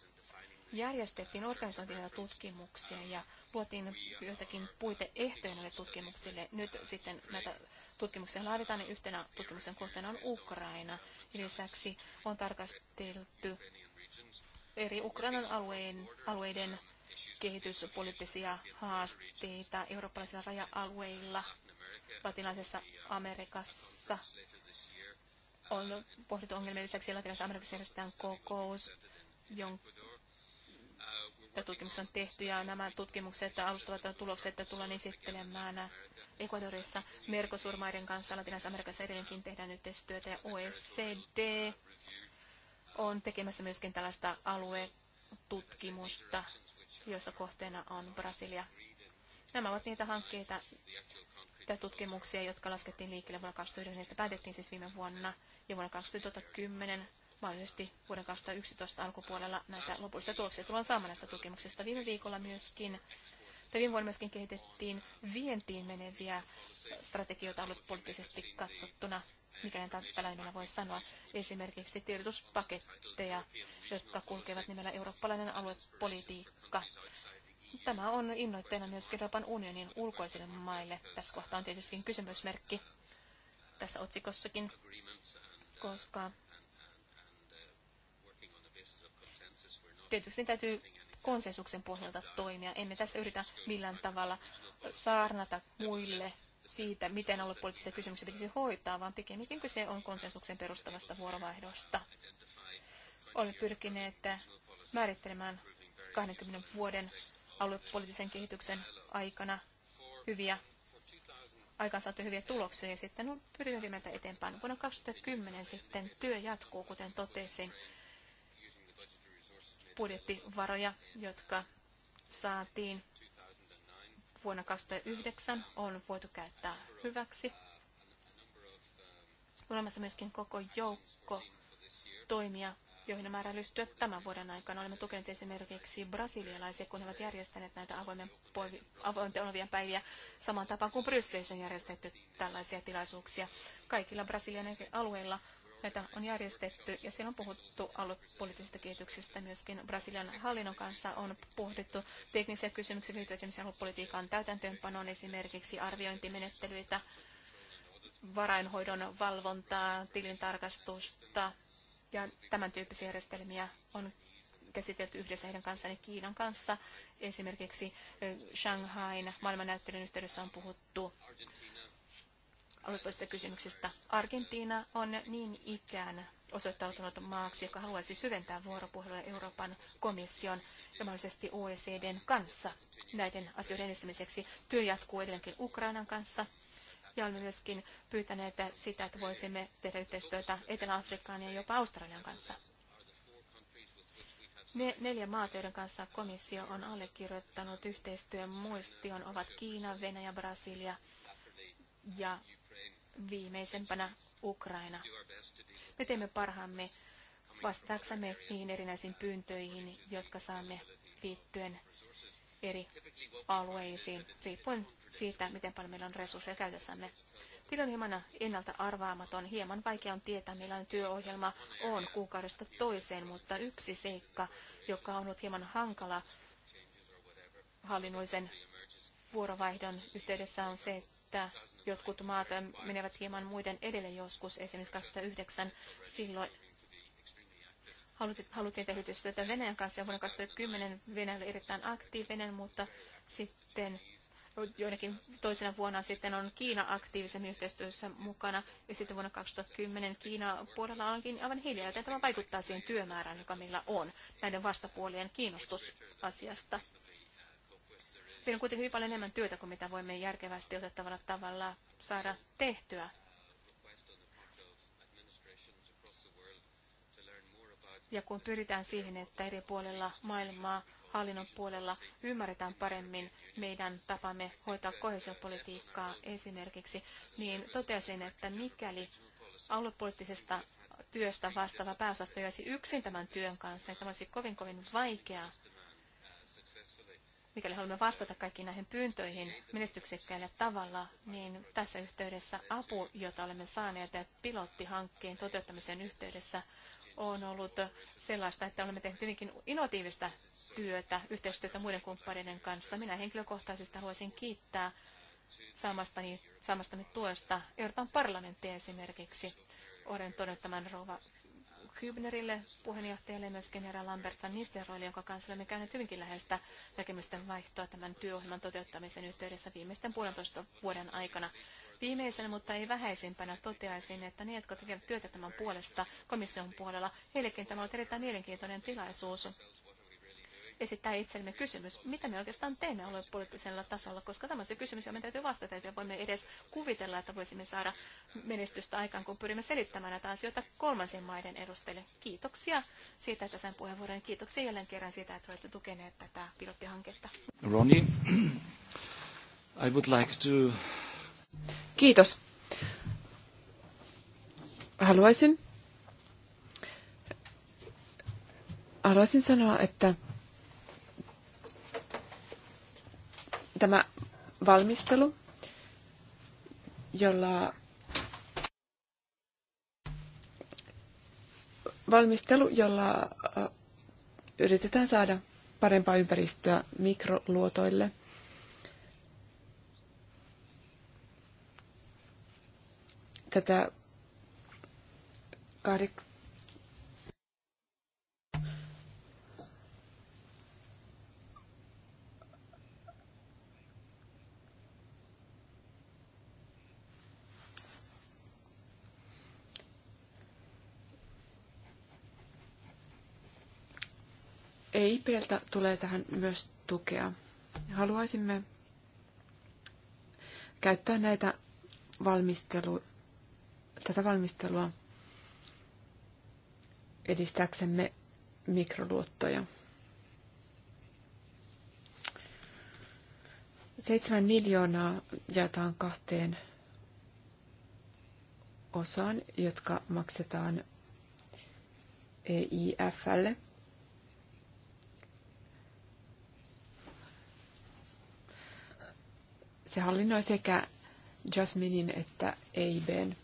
järjestettiin organisointina tutkimuksia ja luotiin joitakin puiteehtoja näille tutkimuksille. Nyt sitten näitä tutkimuksia laaditaan niin yhtenä tutkimuksen kohteena on Ukraina. Lisäksi on tarkasteltu eri Ukrainan alueen, alueiden kehityspoliittisia haasteita eurooppalaisilla raja-alueilla, latinalaisessa Amerikassa on pohdittu ongelmia, lisäksi Latinalaisessa Amerikassa järjestetään kokous, jonka tutkimus on tehty ja nämä tutkimukset ja alustavat tulokset tullaan esittelemään Ecuadorissa Mercosur-maiden kanssa Latinalaisessa Amerikassa edelleenkin tehdään yhteistyötä ja OECD on tekemässä myöskin tällaista aluetutkimusta, jossa kohteena on Brasilia. Nämä ovat niitä hankkeita, tai tutkimuksia, jotka laskettiin liikkeelle vuonna 2009. Niistä päätettiin siis viime vuonna ja vuonna 2010 mahdollisesti vuoden 2011 alkupuolella näitä lopullisia tuloksia tullaan saamaan näistä tutkimuksista. Viime viikolla myöskin tai viime vuonna myöskin kehitettiin vientiin meneviä strategioita poliittisesti katsottuna, mikä en tällä nimellä voi sanoa. Esimerkiksi tiedotuspaketteja, jotka kulkevat nimellä eurooppalainen aluepolitiikka. Tämä on innoitteena myös Euroopan unionin ulkoisille maille. Tässä kohtaa on tietysti kysymysmerkki tässä otsikossakin, koska tietysti täytyy konsensuksen pohjalta toimia. Emme tässä yritä millään tavalla saarnata muille siitä, miten aluepoliittisia kysymyksiä pitäisi hoitaa, vaan pikemminkin kyse on konsensuksen perustavasta vuorovaihdosta. Olemme pyrkineet määrittelemään 20 vuoden aluepoliittisen kehityksen aikana hyviä aikaansaatu hyviä tuloksia ja sitten on pyrimme viemään eteenpäin. Vuonna 2010 sitten työ jatkuu, kuten totesin, budjettivaroja, jotka saatiin vuonna 2009 on voitu käyttää hyväksi. Olemassa myöskin koko joukko toimia, joihin on määrä lystyä tämän vuoden aikana. Olemme tukeneet esimerkiksi brasilialaisia, kun he ovat järjestäneet näitä avoimen, polvi, avointen olevien päiviä saman tapaan kuin Brysselissä on järjestetty tällaisia tilaisuuksia. Kaikilla Brasilian alueilla näitä on järjestetty ja siellä on puhuttu aluepoliittisesta kehityksestä myöskin Brasilian hallinnon kanssa on pohdittu teknisiä kysymyksiä liittyen aluepolitiikan täytäntöönpanoon esimerkiksi arviointimenettelyitä, varainhoidon valvontaa, tilintarkastusta, ja tämän tyyppisiä järjestelmiä on käsitelty yhdessä heidän kanssaan Kiinan kanssa. Esimerkiksi Shanghain maailmannäyttelyn yhteydessä on puhuttu aloittavista kysymyksistä. Argentiina on niin ikään osoittautunut maaksi, joka haluaisi syventää vuoropuhelua Euroopan komission ja mahdollisesti OECDn kanssa näiden asioiden edistämiseksi. Työ jatkuu edelleenkin Ukrainan kanssa ja olemme myöskin pyytäneet sitä, että voisimme tehdä yhteistyötä Etelä-Afrikan ja jopa Australian kanssa. Ne neljä maata, joiden kanssa komissio on allekirjoittanut yhteistyön muistion, ovat Kiina, Venäjä, Brasilia ja viimeisempänä Ukraina. Me teemme parhaamme vastaaksemme niihin erinäisiin pyyntöihin, jotka saamme liittyen eri alueisiin, riippuen siitä, miten paljon meillä on resursseja käytössämme. Tila on hieman ennalta arvaamaton, hieman vaikea on tietää, millainen työohjelma on kuukaudesta toiseen, mutta yksi seikka, joka on ollut hieman hankala hallinnollisen vuorovaihdon yhteydessä on se, että jotkut maat menevät hieman muiden edelle joskus, esimerkiksi 2009 silloin haluttiin tehdä yhteistyötä Venäjän kanssa ja vuonna 2010 Venäjä oli erittäin aktiivinen, mutta sitten joinakin toisena vuonna sitten on Kiina aktiivisemmin yhteistyössä mukana ja sitten vuonna 2010 Kiina puolella onkin aivan hiljaa, joten tämä vaikuttaa siihen työmäärään, joka meillä on näiden vastapuolien kiinnostus asiasta. Siinä on kuitenkin hyvin paljon enemmän työtä kuin mitä voimme järkevästi otettavalla tavalla saada tehtyä. Ja kun pyritään siihen, että eri puolella maailmaa, hallinnon puolella ymmärretään paremmin meidän tapamme hoitaa kohesiopolitiikkaa esimerkiksi, niin totesin, että mikäli aluepoliittisesta työstä vastaava pääosasto jäisi yksin tämän työn kanssa, niin tämä olisi kovin kovin vaikeaa, mikäli haluamme vastata kaikkiin näihin pyyntöihin menestyksekkäällä tavalla, niin tässä yhteydessä apu, jota olemme saaneet pilottihankkeen toteuttamisen yhteydessä, on ollut sellaista, että olemme tehneet hyvinkin innovatiivista työtä, yhteistyötä muiden kumppaneiden kanssa. Minä henkilökohtaisesti haluaisin kiittää saamastani, saamastani tuosta Euroopan parlamenttia esimerkiksi. Olen todennut tämän rouva Hübnerille, puheenjohtajalle ja myöskin herra Lambert van Nistelrooille, jonka kanssa olemme käyneet hyvinkin läheistä näkemysten vaihtoa tämän työohjelman toteuttamisen yhteydessä viimeisten puolentoista vuoden aikana. Viimeisenä, mutta ei vähäisimpänä, toteaisin, että ne, jotka tekevät työtä tämän puolesta komission puolella, heillekin tämä on erittäin mielenkiintoinen tilaisuus esittää itsellemme kysymys, mitä me oikeastaan teemme aluepoliittisella tasolla, koska tämä on se kysymys, johon me täytyy vastata, että voimme edes kuvitella, että voisimme saada menestystä aikaan, kun pyrimme selittämään näitä asioita kolmansien maiden edustajille. Kiitoksia siitä, että sain puheenvuoron. Kiitoksia jälleen kerran siitä, että olette tukeneet tätä pilottihanketta. Ronnie, I would like to Kiitos. Haluaisin, haluaisin sanoa, että tämä valmistelu, jolla valmistelu, jolla yritetään saada parempaa ympäristöä mikroluotoille – tätä ei EIPltä tulee tähän myös tukea. Haluaisimme käyttää näitä valmisteluja tätä valmistelua edistääksemme mikroluottoja. Seitsemän miljoonaa jaetaan kahteen osaan, jotka maksetaan EIFlle. Se hallinnoi sekä Jasminin että EIBn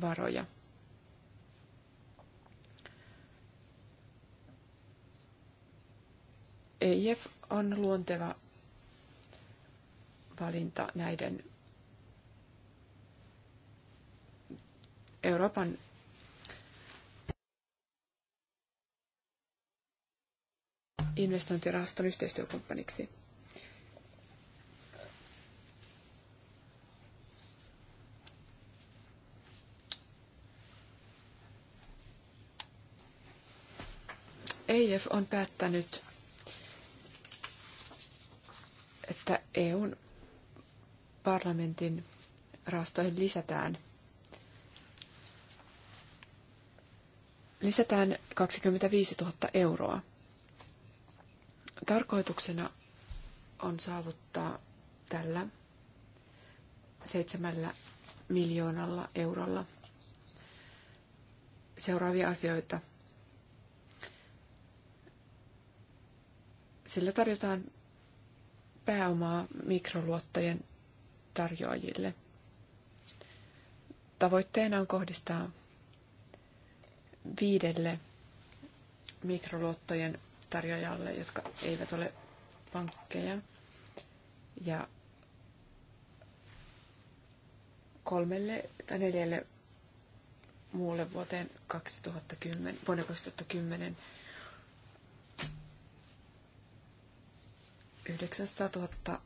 varoja. EIF on luonteva valinta näiden Euroopan investointirahaston yhteistyökumppaniksi. EIF on päättänyt, että EUn parlamentin rahastoihin lisätään lisätään 25 000 euroa. Tarkoituksena on saavuttaa tällä seitsemällä miljoonalla eurolla seuraavia asioita – Sillä tarjotaan pääomaa mikroluottojen tarjoajille. Tavoitteena on kohdistaa viidelle mikroluottojen tarjoajalle, jotka eivät ole pankkeja, ja kolmelle tai neljälle muulle vuoteen 2010, vuonna 2010 900 000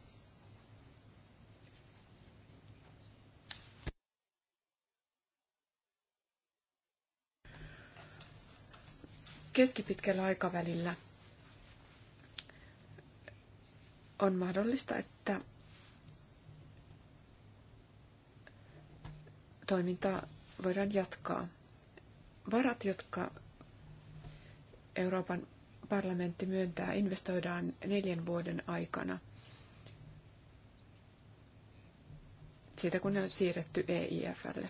keskipitkällä aikavälillä on mahdollista, että toimintaa voidaan jatkaa. Varat, jotka Euroopan parlamentti myöntää, investoidaan neljän vuoden aikana. Siitä kun ne on siirretty EIFlle.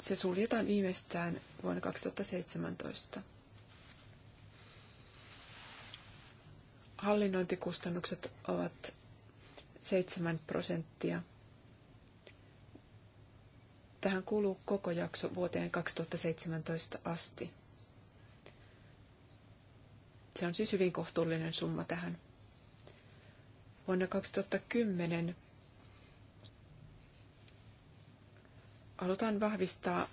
Se suljetaan viimeistään vuonna 2017. Hallinnointikustannukset ovat 7 prosenttia – Tähän kuluu koko jakso vuoteen 2017 asti. Se on siis hyvin kohtuullinen summa tähän. Vuonna 2010 halutaan vahvistaa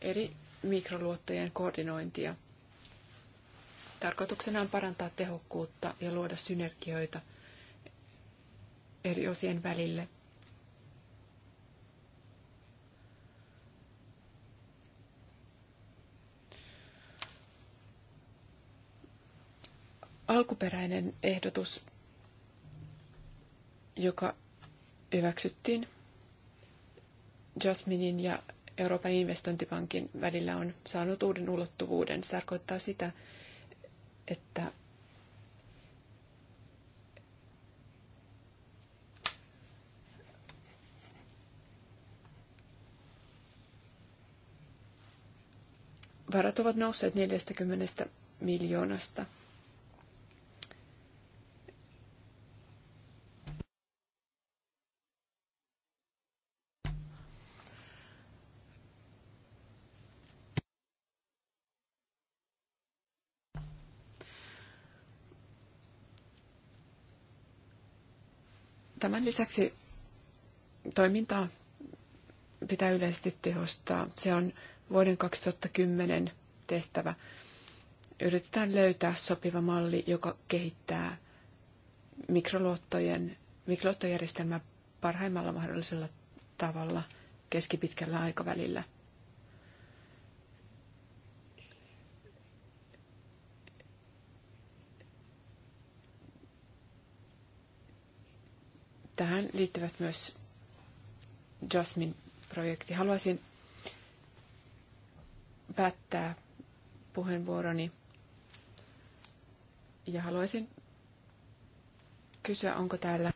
eri mikroluottojen koordinointia. Tarkoituksena on parantaa tehokkuutta ja luoda synergioita eri osien välille – alkuperäinen ehdotus, joka hyväksyttiin Jasminin ja Euroopan investointipankin välillä on saanut uuden ulottuvuuden. Se tarkoittaa sitä, että varat ovat nousseet 40 miljoonasta – Tämän lisäksi toimintaa pitää yleisesti tehostaa. Se on vuoden 2010 tehtävä. Yritetään löytää sopiva malli, joka kehittää mikroluottojen, mikroluottojärjestelmää parhaimmalla mahdollisella tavalla keskipitkällä aikavälillä – Tähän liittyvät myös Jasmine-projekti. Haluaisin päättää puheenvuoroni ja haluaisin kysyä, onko täällä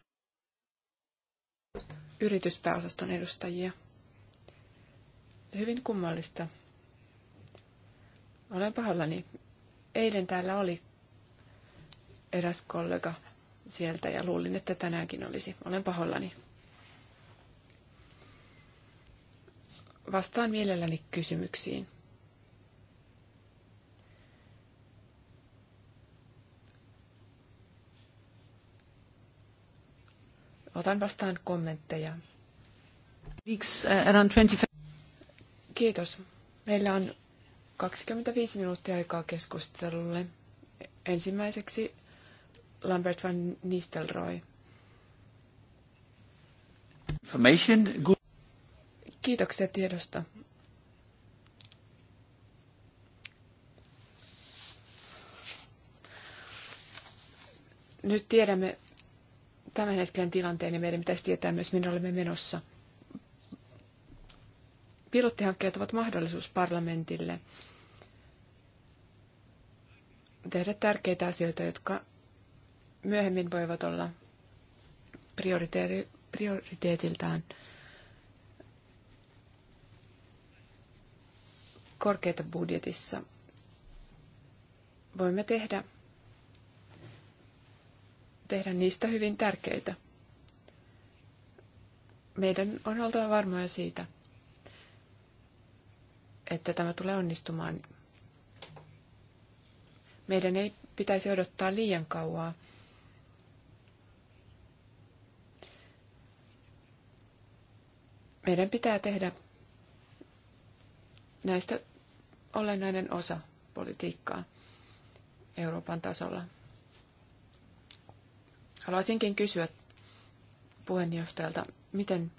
yrityspääosaston edustajia. Hyvin kummallista. Olen pahallani. Eilen täällä oli eräs kollega sieltä ja luulin, että tänäänkin olisi. Olen pahollani. Vastaan mielelläni kysymyksiin. Otan vastaan kommentteja. Uh, Kiitos. Meillä on 25 minuuttia aikaa keskustelulle. Ensimmäiseksi Lambert van Nistelrooy. Information. Good. Kiitoksia tiedosta. Nyt tiedämme tämän hetken tilanteen ja meidän pitäisi tietää myös, minne olemme menossa. Pilottihankkeet ovat mahdollisuus parlamentille tehdä tärkeitä asioita, jotka myöhemmin voivat olla prioriteetiltaan korkeita budjetissa. Voimme tehdä, tehdä niistä hyvin tärkeitä. Meidän on oltava varmoja siitä, että tämä tulee onnistumaan. Meidän ei pitäisi odottaa liian kauaa meidän pitää tehdä näistä olennainen osa politiikkaa Euroopan tasolla. Haluaisinkin kysyä puheenjohtajalta, miten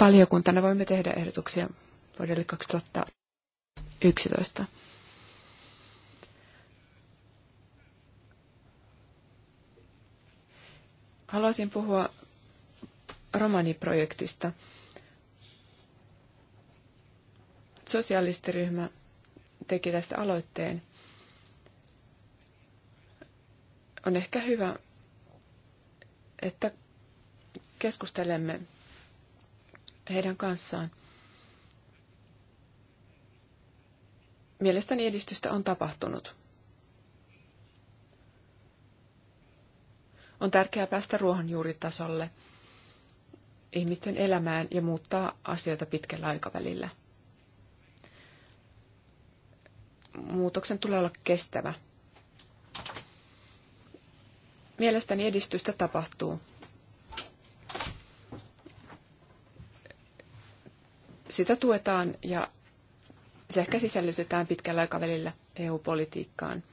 valiokuntana voimme tehdä ehdotuksia vuodelle 2011. Haluaisin puhua romaniprojektista. Sosialistiryhmä teki tästä aloitteen. On ehkä hyvä, että keskustelemme heidän kanssaan. Mielestäni edistystä on tapahtunut. On tärkeää päästä ruohonjuuritasolle ihmisten elämään ja muuttaa asioita pitkällä aikavälillä. Muutoksen tulee olla kestävä. Mielestäni edistystä tapahtuu. Sitä tuetaan ja se ehkä sisällytetään pitkällä aikavälillä EU-politiikkaan –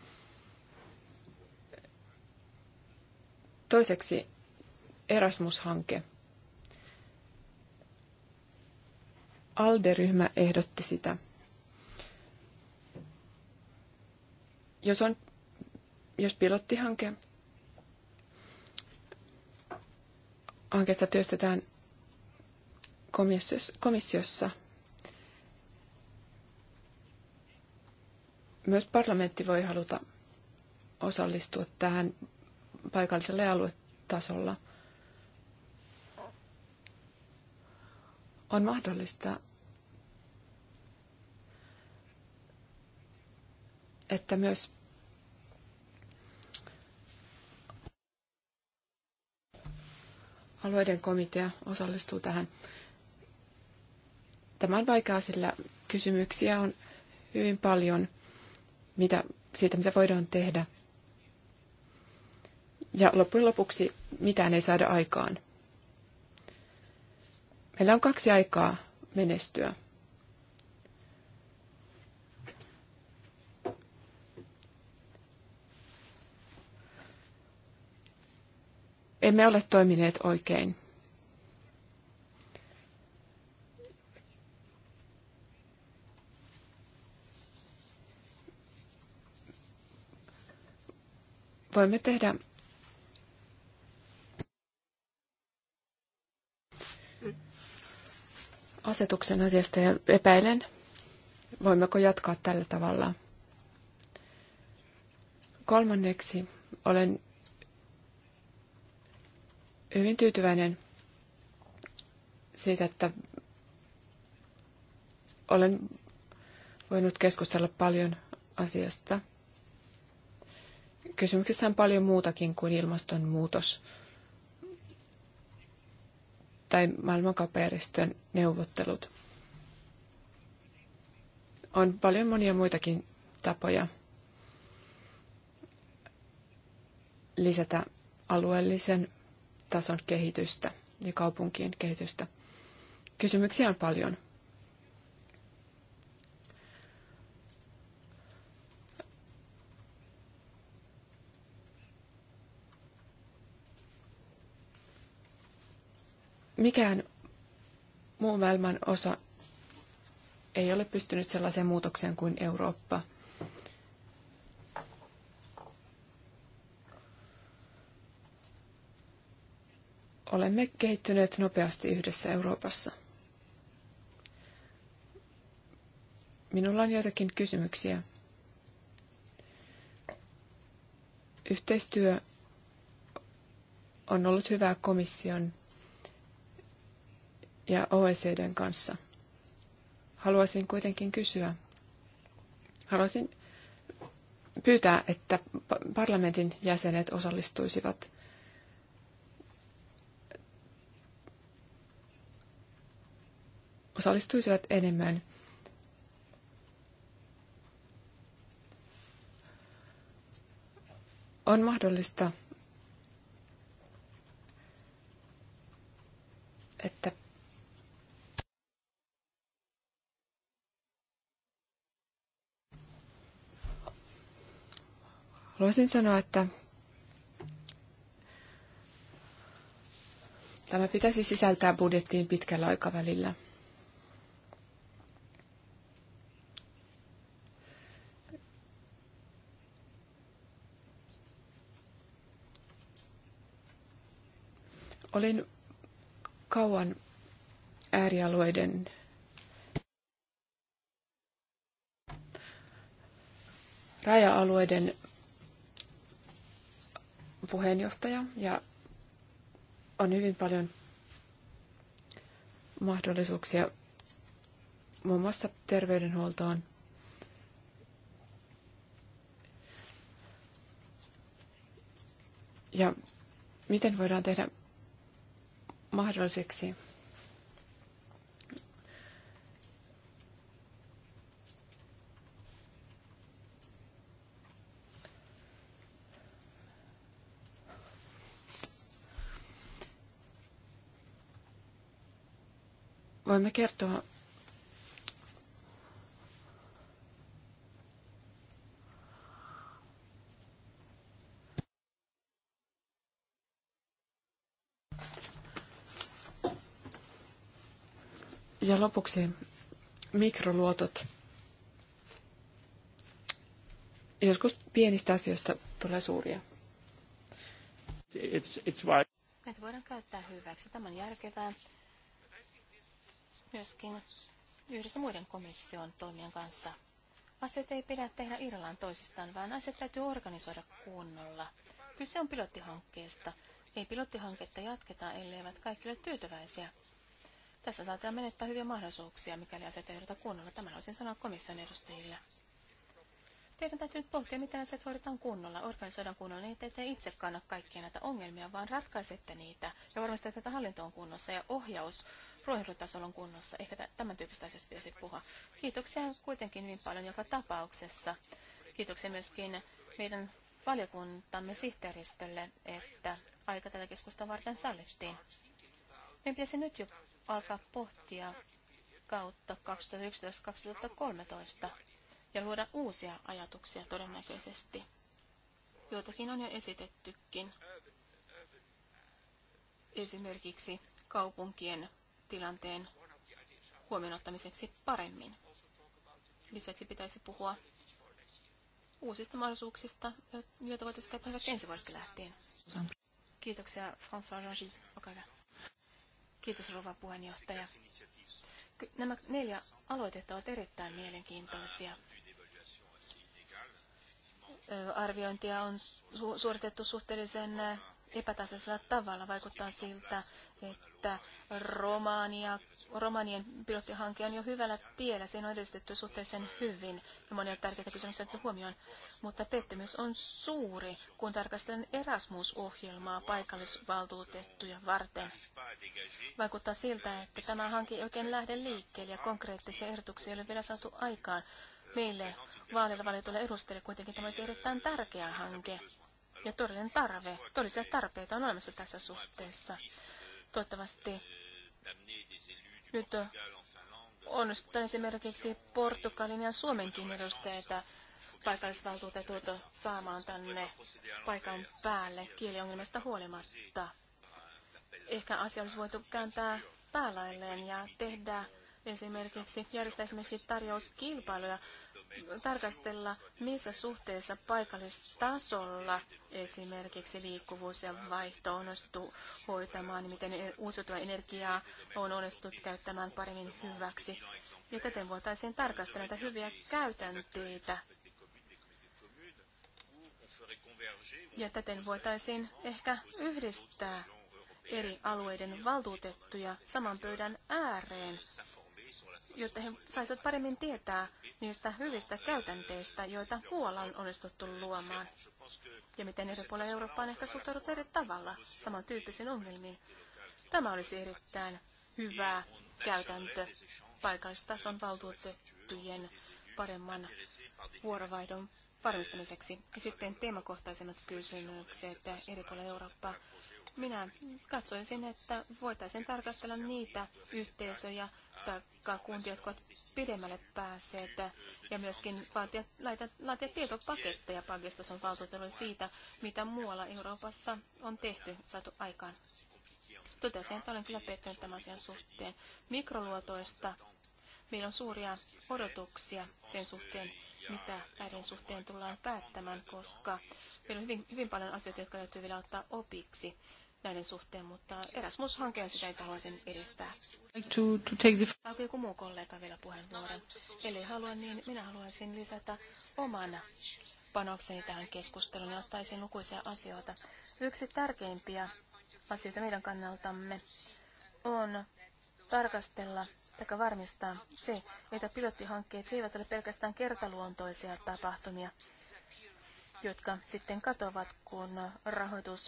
Toiseksi Erasmus-hanke. ALDE-ryhmä ehdotti sitä. Jos on jos pilottihanke hanketta työstetään komissiossa, myös parlamentti voi haluta osallistua tähän paikallisella ja aluetasolla. On mahdollista, että myös alueiden komitea osallistuu tähän. Tämä on vaikeaa, sillä kysymyksiä on hyvin paljon mitä, siitä, mitä voidaan tehdä – ja loppujen lopuksi mitään ei saada aikaan. Meillä on kaksi aikaa menestyä. Emme ole toimineet oikein. Voimme tehdä asetuksen asiasta ja epäilen, voimmeko jatkaa tällä tavalla. Kolmanneksi olen hyvin tyytyväinen siitä, että olen voinut keskustella paljon asiasta. Kysymyksessä on paljon muutakin kuin ilmastonmuutos tai maailmankauppajärjestön neuvottelut. On paljon monia muitakin tapoja lisätä alueellisen tason kehitystä ja kaupunkien kehitystä. Kysymyksiä on paljon. mikään muun maailman osa ei ole pystynyt sellaiseen muutokseen kuin Eurooppa. Olemme kehittyneet nopeasti yhdessä Euroopassa. Minulla on joitakin kysymyksiä. Yhteistyö on ollut hyvää komission ja OECDn kanssa. Haluaisin kuitenkin kysyä, haluaisin pyytää, että parlamentin jäsenet osallistuisivat osallistuisivat enemmän on mahdollista, että Haluaisin sanoa, että tämä pitäisi sisältää budjettiin pitkällä aikavälillä. Olin kauan äärialueiden raja-alueiden puheenjohtaja ja on hyvin paljon mahdollisuuksia muun muassa terveydenhuoltoon. Ja miten voidaan tehdä mahdolliseksi voimme kertoa Ja lopuksi mikroluotot. Joskus pienistä asioista tulee suuria. It's, it's Näitä voidaan käyttää hyväksi. Tämä on järkevää myöskin yhdessä muiden komission toimien kanssa. Asiat ei pidä tehdä irrallaan toisistaan, vaan asiat täytyy organisoida kunnolla. Kyse on pilottihankkeesta. Ei pilottihanketta jatketa, elleivät kaikki ole tyytyväisiä. Tässä saattaa menettää hyviä mahdollisuuksia, mikäli asiat ei kunnolla. Tämän olisin sanoa komission edustajille. Teidän täytyy nyt pohtia, miten asiat hoidetaan kunnolla, organisoidaan kunnolla, niin ettei te itse kanna kaikkia näitä ongelmia, vaan ratkaisette niitä ja varmistatte, että hallinto on kunnossa ja ohjaus ruohonjuuritasolla on kunnossa. Ehkä tämän tyyppistä asiasta pitäisi puhua. Kiitoksia kuitenkin hyvin niin paljon joka tapauksessa. Kiitoksia myöskin meidän valiokuntamme sihteeristölle, että aika tätä keskustelua varten sallittiin. Meidän pitäisi nyt jo alkaa pohtia kautta 2011-2013 ja luoda uusia ajatuksia todennäköisesti. Joitakin on jo esitettykin. Esimerkiksi kaupunkien tilanteen huomioon ottamiseksi paremmin. Lisäksi pitäisi puhua uusista mahdollisuuksista, joita voitaisiin käyttää ensi vuodesta lähtien. Kiitoksia François jean olkaa hyvä. Kiitos rouva puheenjohtaja. Nämä neljä aloitetta ovat erittäin mielenkiintoisia. Arviointia on suoritettu suhteellisen epätasaisella tavalla. Vaikuttaa siltä, että Romania, Romanien pilottihanke on jo hyvällä tiellä. Siinä on edistetty suhteellisen hyvin ja monia tärkeitä kysymyksiä on huomioon. Mutta pettymys on suuri, kun tarkastelen Erasmus-ohjelmaa paikallisvaltuutettuja varten. Vaikuttaa siltä, että tämä hanke ei oikein lähde liikkeelle ja konkreettisia ehdotuksia ei ole vielä saatu aikaan. Meille vaalilla valitulle edustajille kuitenkin tämä olisi erittäin tärkeä hanke ja todellinen tarve, todellisia tarpeita on olemassa tässä suhteessa. Toivottavasti nyt on esimerkiksi Portugalin ja Suomenkin edustajia paikallisvaltuutetut saamaan tänne paikan päälle kieliongelmasta huolimatta. Ehkä asia olisi voitu kääntää päälailleen ja tehdä esimerkiksi, järjestää esimerkiksi tarjouskilpailuja tarkastella, missä suhteessa paikallistasolla esimerkiksi liikkuvuus ja vaihto on onnistu hoitamaan, niin miten uusiutuvaa energiaa on onnistuttu käyttämään paremmin hyväksi. Ja täten voitaisiin tarkastella näitä hyviä käytänteitä. Ja täten voitaisiin ehkä yhdistää eri alueiden valtuutettuja saman pöydän ääreen jotta he saisivat paremmin tietää niistä hyvistä käytänteistä, joita Puola on onnistuttu luomaan. Ja miten eri puolilla Eurooppaan ehkä suhtaudut eri tavalla samantyyppisiin ongelmiin. Tämä olisi erittäin hyvä käytäntö paikallistason valtuutettujen paremman vuorovaihdon varmistamiseksi. Ja sitten teemakohtaisemmat kysymykset eri puolilla Eurooppaa. Minä katsoisin, että voitaisiin tarkastella niitä yhteisöjä, laittakaa kuntia, jotka ovat pidemmälle päässeet, ja myöskin laittaa tietopaketteja Pagiston valtuutelulle siitä, mitä muualla Euroopassa on tehty, saatu aikaan. Totesin, että olen kyllä pettynyt tämän asian suhteen. Mikroluotoista meillä on suuria odotuksia sen suhteen, mitä näiden suhteen tullaan päättämään, koska meillä on hyvin, hyvin paljon asioita, jotka täytyy vielä ottaa opiksi näiden suhteen, mutta Erasmus-hanke on sitä, että haluaisin edistää. To, Onko joku muu kollega vielä puheenvuoron? Eli haluan, niin minä haluaisin lisätä oman panokseni tähän keskusteluun ja ottaisin lukuisia asioita. Yksi tärkeimpiä asioita meidän kannaltamme on tarkastella tai varmistaa se, että pilottihankkeet eivät ole pelkästään kertaluontoisia tapahtumia, jotka sitten katoavat, kun rahoitus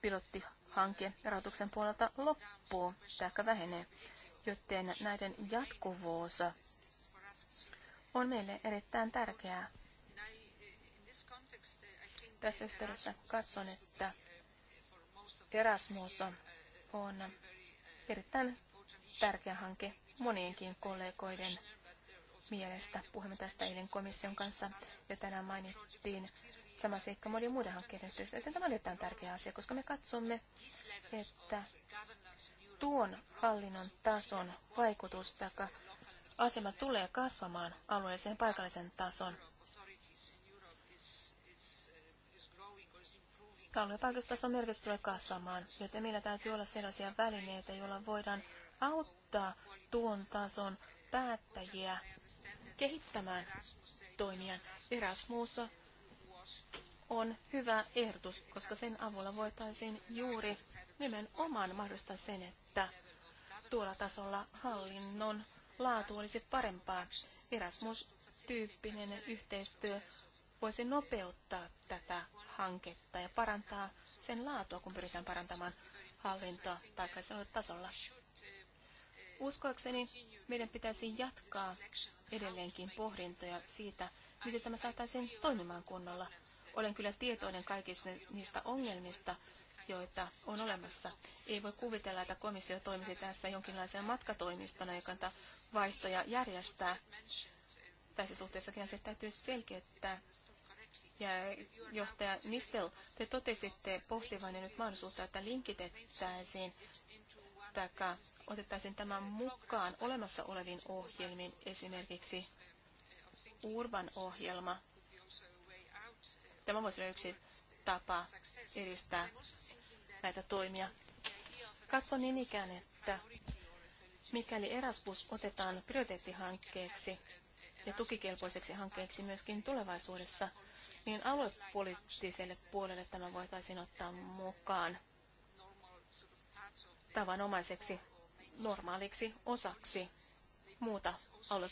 pilottihankkeet hanke rahoituksen puolelta loppuu tai vähenee, joten näiden jatkuvuus on meille erittäin tärkeää. Tässä yhteydessä katson, että Erasmus on erittäin tärkeä hanke monienkin kollegoiden mielestä. Puhumme tästä eilen komission kanssa ja tänään mainittiin Sama seikka monien muiden hankkeiden yhteydessä. Joten tämä on erittäin tärkeä asia, koska me katsomme, että tuon hallinnon tason vaikutus tai asema tulee kasvamaan alueelliseen paikallisen tason. Alueen paikallistason merkitys tulee kasvamaan, joten meillä täytyy olla sellaisia välineitä, joilla voidaan auttaa tuon tason päättäjiä kehittämään toimia. Erasmus on hyvä ehdotus, koska sen avulla voitaisiin juuri nimenomaan mahdollistaa sen, että tuolla tasolla hallinnon laatu olisi parempaa. Erasmus-tyyppinen yhteistyö voisi nopeuttaa tätä hanketta ja parantaa sen laatua, kun pyritään parantamaan hallintoa paikallisella tasolla. Uskoakseni meidän pitäisi jatkaa edelleenkin pohdintoja siitä, miten tämä saataisiin toimimaan kunnolla. Olen kyllä tietoinen kaikista niistä ongelmista, joita on olemassa. Ei voi kuvitella, että komissio toimisi tässä jonkinlaisena matkatoimistona, joka antaa vaihtoja järjestää. Tässä suhteessa se täytyy selkeyttää. Ja johtaja Nistel, te totesitte pohtivanne nyt mahdollisuutta, että linkitettäisiin tai otettaisiin tämän mukaan olemassa oleviin ohjelmiin, esimerkiksi Urban ohjelma. Tämä voisi olla yksi tapa edistää näitä toimia. Katson niin ikään, että mikäli Erasmus otetaan prioriteettihankkeeksi ja tukikelpoiseksi hankkeeksi myöskin tulevaisuudessa, niin aluepoliittiselle puolelle tämä voitaisiin ottaa mukaan tavanomaiseksi, normaaliksi osaksi muuta alue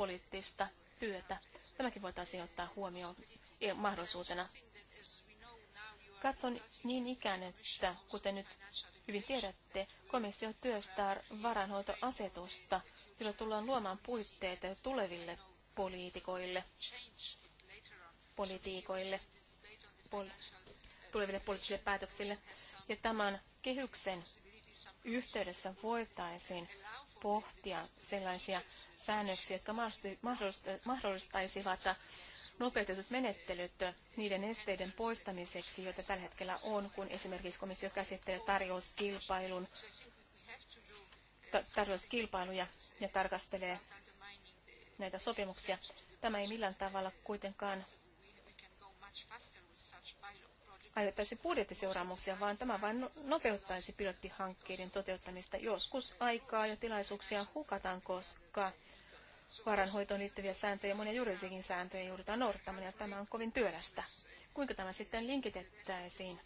poliittista työtä. Tämäkin voitaisiin ottaa huomioon e- mahdollisuutena. Katson niin ikään, että kuten nyt hyvin tiedätte, komissio työstää varainhoitoasetusta, jolla tullaan luomaan puitteita tuleville poliitikoille, politiikoille, pol, tuleville poliittisille päätöksille. Ja tämän kehyksen yhteydessä voitaisiin pohtia sellaisia säännöksiä, jotka mahdollistaisivat nopeutetut menettelyt niiden esteiden poistamiseksi, joita tällä hetkellä on, kun esimerkiksi komissio käsittelee tarjouskilpailun, tarjouskilpailuja ja tarkastelee näitä sopimuksia. Tämä ei millään tavalla kuitenkaan aiheuttaisi budjettiseuraamuksia, vaan tämä vain no- nopeuttaisi pilottihankkeiden toteuttamista. Joskus aikaa ja tilaisuuksia hukataan, koska varanhoitoon liittyviä sääntöjä ja monia juridisikin sääntöjä joudutaan noudattamaan, ja tämä on kovin työlästä. Kuinka tämä sitten linkitettäisiin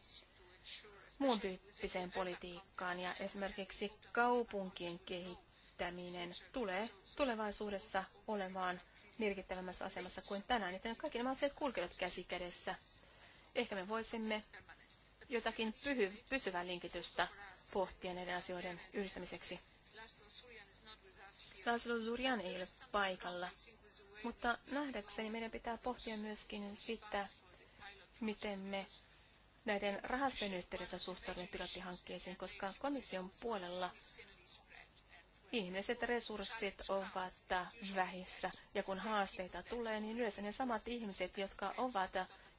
muun tyyppiseen politiikkaan, ja esimerkiksi kaupunkien kehittäminen tulee tulevaisuudessa olemaan merkittävämmässä asemassa kuin tänään, joten kaikki nämä asiat kulkevat käsi kädessä. Ehkä me voisimme jotakin pyhy, pysyvää linkitystä pohtia näiden asioiden yhdistämiseksi. Laszlo Zurian ei ole paikalla, mutta nähdäkseni meidän pitää pohtia myöskin sitä, miten me näiden rahastojen yhteydessä suhtaudumme pilottihankkeisiin, koska komission puolella ihmiset resurssit ovat vähissä. Ja kun haasteita tulee, niin yleensä ne samat ihmiset, jotka ovat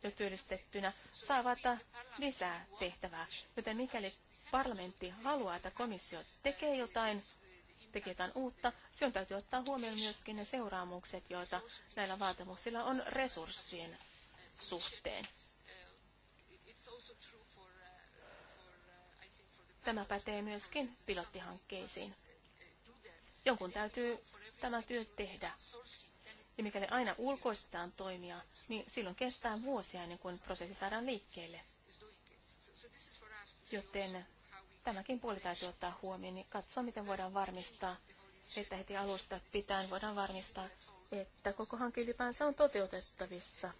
jo työllistettynä saavat lisää tehtävää. Joten mikäli parlamentti haluaa, että komissio tekee jotain, tekee jotain uutta, silloin täytyy ottaa huomioon myöskin ne seuraamukset, joita näillä vaatimuksilla on resurssien suhteen. Tämä pätee myöskin pilottihankkeisiin. Jonkun täytyy tämä työ tehdä. Ja mikäli aina ulkoistetaan toimia, niin silloin kestää vuosia ennen kuin prosessi saadaan liikkeelle. Joten tämäkin puoli täytyy ottaa huomioon, niin katsoa, miten voidaan varmistaa, että heti alusta pitäen voidaan varmistaa, että koko hanke ylipäänsä on toteutettavissa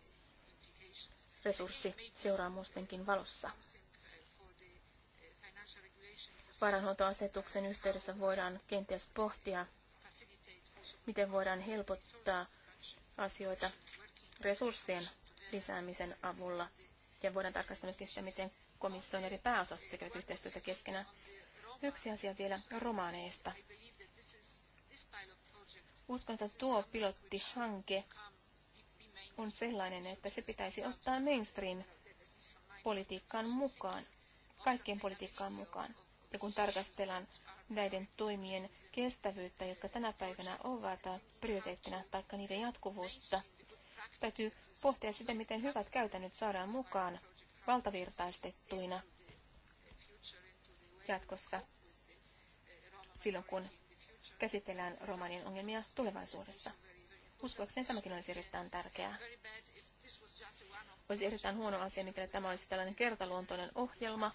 resurssiseuraamustenkin valossa. Varanhoitoasetuksen yhteydessä voidaan kenties pohtia, miten voidaan helpottaa asioita resurssien lisäämisen avulla. Ja voidaan tarkastella myöskin sitä, miten komission eri pääosat tekevät yhteistyötä keskenään. Yksi asia vielä romaaneista. Uskon, että tuo pilottihanke on sellainen, että se pitäisi ottaa mainstream politiikkaan mukaan, kaikkien politiikkaan mukaan. Ja kun tarkastellaan näiden toimien kestävyyttä, jotka tänä päivänä ovat prioriteettina, taikka niiden jatkuvuutta. Täytyy pohtia sitä, miten hyvät käytännöt saadaan mukaan valtavirtaistettuina jatkossa silloin, kun käsitellään romanien ongelmia tulevaisuudessa. Uskoakseni tämäkin olisi erittäin tärkeää. Olisi erittäin huono asia, mikäli tämä olisi tällainen kertaluontoinen ohjelma,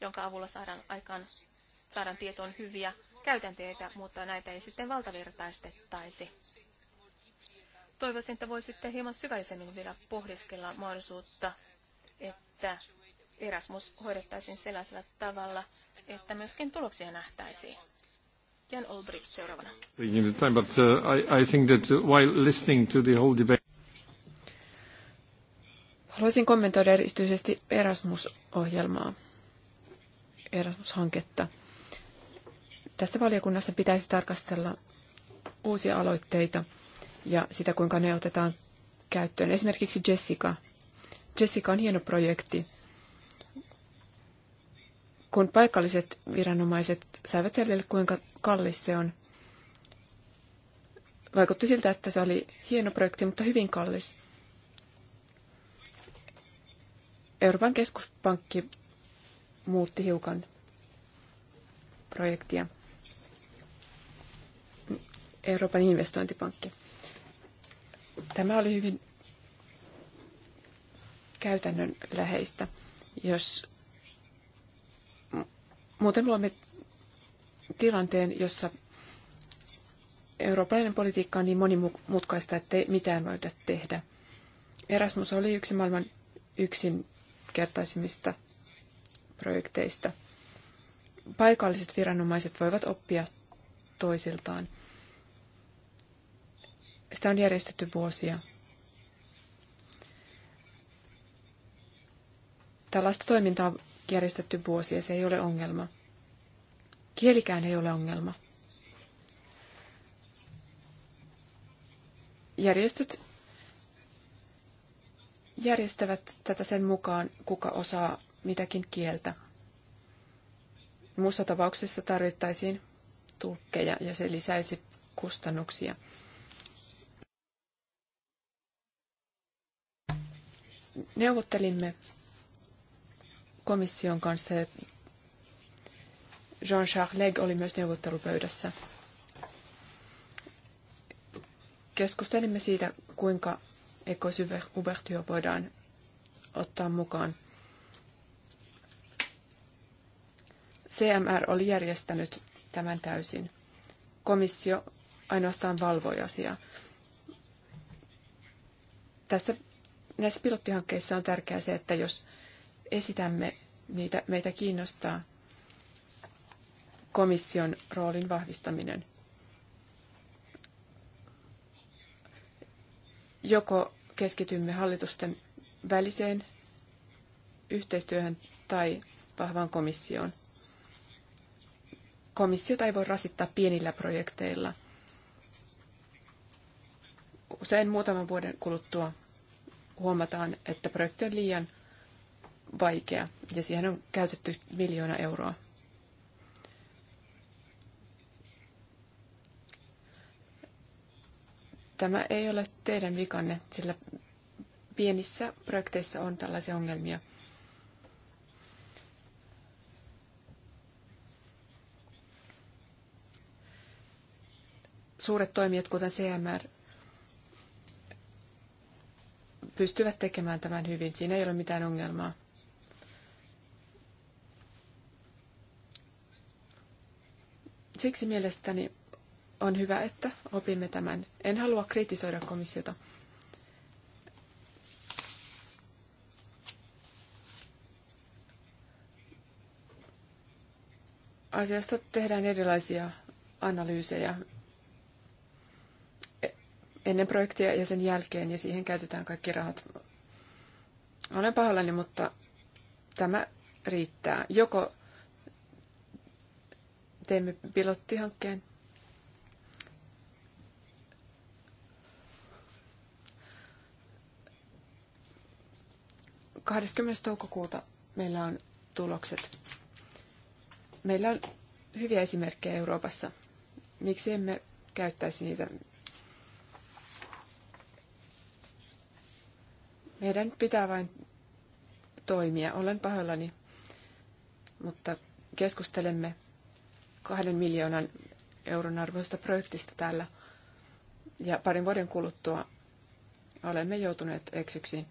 jonka avulla saadaan aikaan saadaan tietoon hyviä käytänteitä, mutta näitä ei sitten valtavirtaistettaisi. Toivoisin, että voisitte hieman syvällisemmin vielä pohdiskella mahdollisuutta, että Erasmus hoidettaisiin sellaisella tavalla, että myöskin tuloksia nähtäisiin. Jan Olbrich seuraavana. Uh, Haluaisin kommentoida erityisesti Erasmus-ohjelmaa, Erasmus-hanketta tässä valiokunnassa pitäisi tarkastella uusia aloitteita ja sitä, kuinka ne otetaan käyttöön. Esimerkiksi Jessica. Jessica on hieno projekti. Kun paikalliset viranomaiset saivat selville, kuinka kallis se on, vaikutti siltä, että se oli hieno projekti, mutta hyvin kallis. Euroopan keskuspankki muutti hiukan projektia. Euroopan investointipankki. Tämä oli hyvin käytännön läheistä, jos muuten luomme tilanteen, jossa eurooppalainen politiikka on niin monimutkaista, että mitään voida tehdä. Erasmus oli yksi maailman yksinkertaisimmista projekteista. Paikalliset viranomaiset voivat oppia toisiltaan. Sitä on järjestetty vuosia. Tällaista toimintaa on järjestetty vuosia, se ei ole ongelma. Kielikään ei ole ongelma. Järjestöt järjestävät tätä sen mukaan, kuka osaa mitäkin kieltä. Muussa tapauksessa tarvittaisiin tulkkeja ja se lisäisi kustannuksia. neuvottelimme komission kanssa. Jean-Charles Legge oli myös neuvottelupöydässä. Keskustelimme siitä, kuinka ekosyvertyö voidaan ottaa mukaan. CMR oli järjestänyt tämän täysin. Komissio ainoastaan valvoi asiaa. Tässä näissä pilottihankkeissa on tärkeää se, että jos esitämme niitä, meitä kiinnostaa komission roolin vahvistaminen. Joko keskitymme hallitusten väliseen yhteistyöhön tai vahvaan komissioon. Komissiota ei voi rasittaa pienillä projekteilla. Usein muutaman vuoden kuluttua huomataan, että projekti on liian vaikea ja siihen on käytetty miljoona euroa. Tämä ei ole teidän vikanne, sillä pienissä projekteissa on tällaisia ongelmia. Suuret toimijat, kuten CMR, pystyvät tekemään tämän hyvin. Siinä ei ole mitään ongelmaa. Siksi mielestäni on hyvä, että opimme tämän. En halua kritisoida komissiota. Asiasta tehdään erilaisia analyysejä ennen projektia ja sen jälkeen, ja siihen käytetään kaikki rahat. Olen pahoillani, mutta tämä riittää. Joko teemme pilottihankkeen kahdeskymmenes toukokuuta meillä on tulokset. Meillä on hyviä esimerkkejä Euroopassa. Miksi emme käyttäisi niitä Meidän pitää vain toimia. Olen pahoillani, mutta keskustelemme kahden miljoonan euron arvoista projektista täällä. Ja parin vuoden kuluttua olemme joutuneet eksyksiin.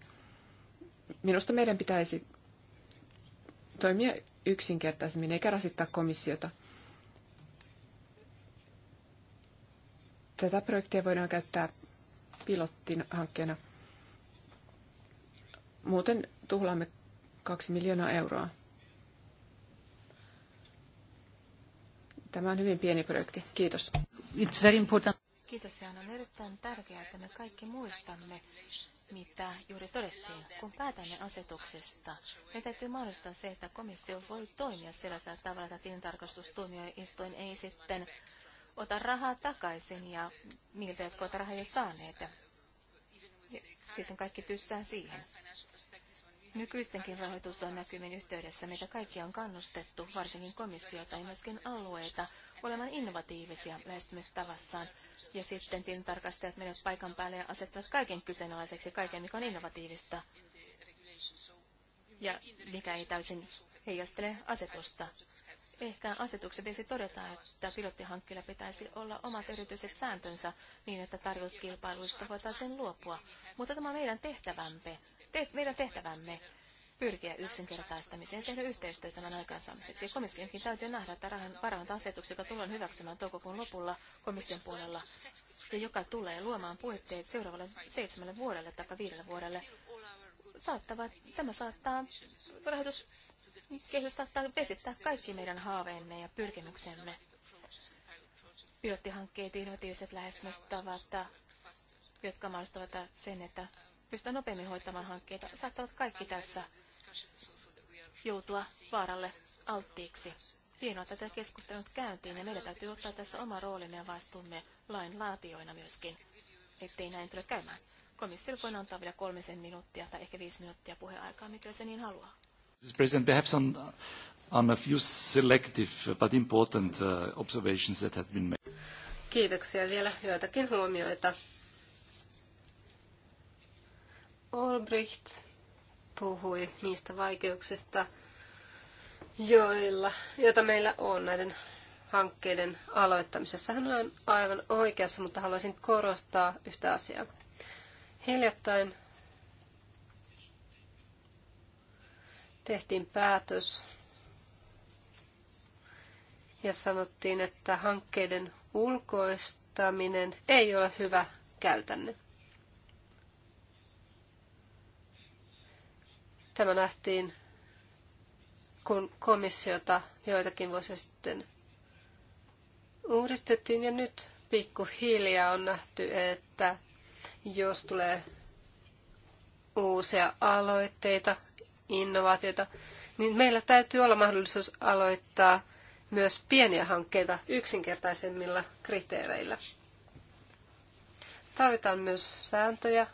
Minusta meidän pitäisi toimia yksinkertaisemmin eikä rasittaa komissiota. Tätä projektia voidaan käyttää pilottihankkeena hankkeena Muuten tuhlaamme kaksi miljoonaa euroa. Tämä on hyvin pieni projekti. Kiitos. It's very important. Kiitos. Sehän on erittäin tärkeää, että me kaikki muistamme, mitä juuri todettiin. Kun päätämme asetuksesta, me täytyy mahdollistaa se, että komissio voi toimia sellaisella tavalla, että tilintarkastustuomioistuin ei sitten ota rahaa takaisin ja miltä, jotka ovat rahaa jo saaneet. Ja sitten kaikki tyssään siihen. Nykyistenkin rahoitusnäkymin yhteydessä meitä kaikkia on kannustettu, varsinkin komissiota ja myöskin alueita, olemaan innovatiivisia lähestymistavassaan. Ja sitten tilintarkastajat menevät paikan päälle ja asettavat kaiken kyseenalaiseksi, kaiken mikä on innovatiivista ja mikä ei täysin heijastele asetusta. Ehkä asetuksen pitäisi todeta, että pilottihankkeilla pitäisi olla omat erityiset sääntönsä niin, että tarjouskilpailuista voitaisiin luopua. Mutta tämä on meidän tehtävämme te, meidän tehtävämme pyrkiä yksinkertaistamiseen ja tehdä yhteistyötä tämän aikaansaamiseksi. Komissionkin täytyy nähdä, että parhaat asetukset, joka tullaan hyväksymään toukokuun lopulla komission puolella, ja joka tulee luomaan puitteet seuraavalle seitsemälle vuodelle tai viidelle vuodelle, saattavat, tämä saattaa, rahoituskehys saattaa vesittää kaikki meidän haaveemme ja pyrkimyksemme. Pilottihankkeet, innovatiiviset lähestymistavat, jotka mahdollistavat sen, että pystyä nopeammin hoitamaan hankkeita, saattavat kaikki tässä joutua vaaralle alttiiksi. Hienoa, tätä keskustelua käyntiin ja meidän täytyy ottaa tässä oma roolimme ja vastuumme lain laatioina myöskin, ettei näin tule käymään. Komissio voi antaa vielä kolmisen minuuttia tai ehkä viisi minuuttia puheaikaa, mitä se niin haluaa. President, perhaps on, on a few selective but important uh, observations that have been made. Kiitoksia vielä joitakin huomioita Olbricht puhui niistä vaikeuksista, joilla, joita meillä on näiden hankkeiden aloittamisessa. Hän on aivan oikeassa, mutta haluaisin korostaa yhtä asiaa. Hiljattain tehtiin päätös ja sanottiin, että hankkeiden ulkoistaminen ei ole hyvä käytännön. Tämä nähtiin, kun komissiota joitakin vuosia sitten uudistettiin ja nyt pikkuhiljaa on nähty, että jos tulee uusia aloitteita, innovaatioita, niin meillä täytyy olla mahdollisuus aloittaa myös pieniä hankkeita yksinkertaisemmilla kriteereillä. Tarvitaan myös sääntöjä,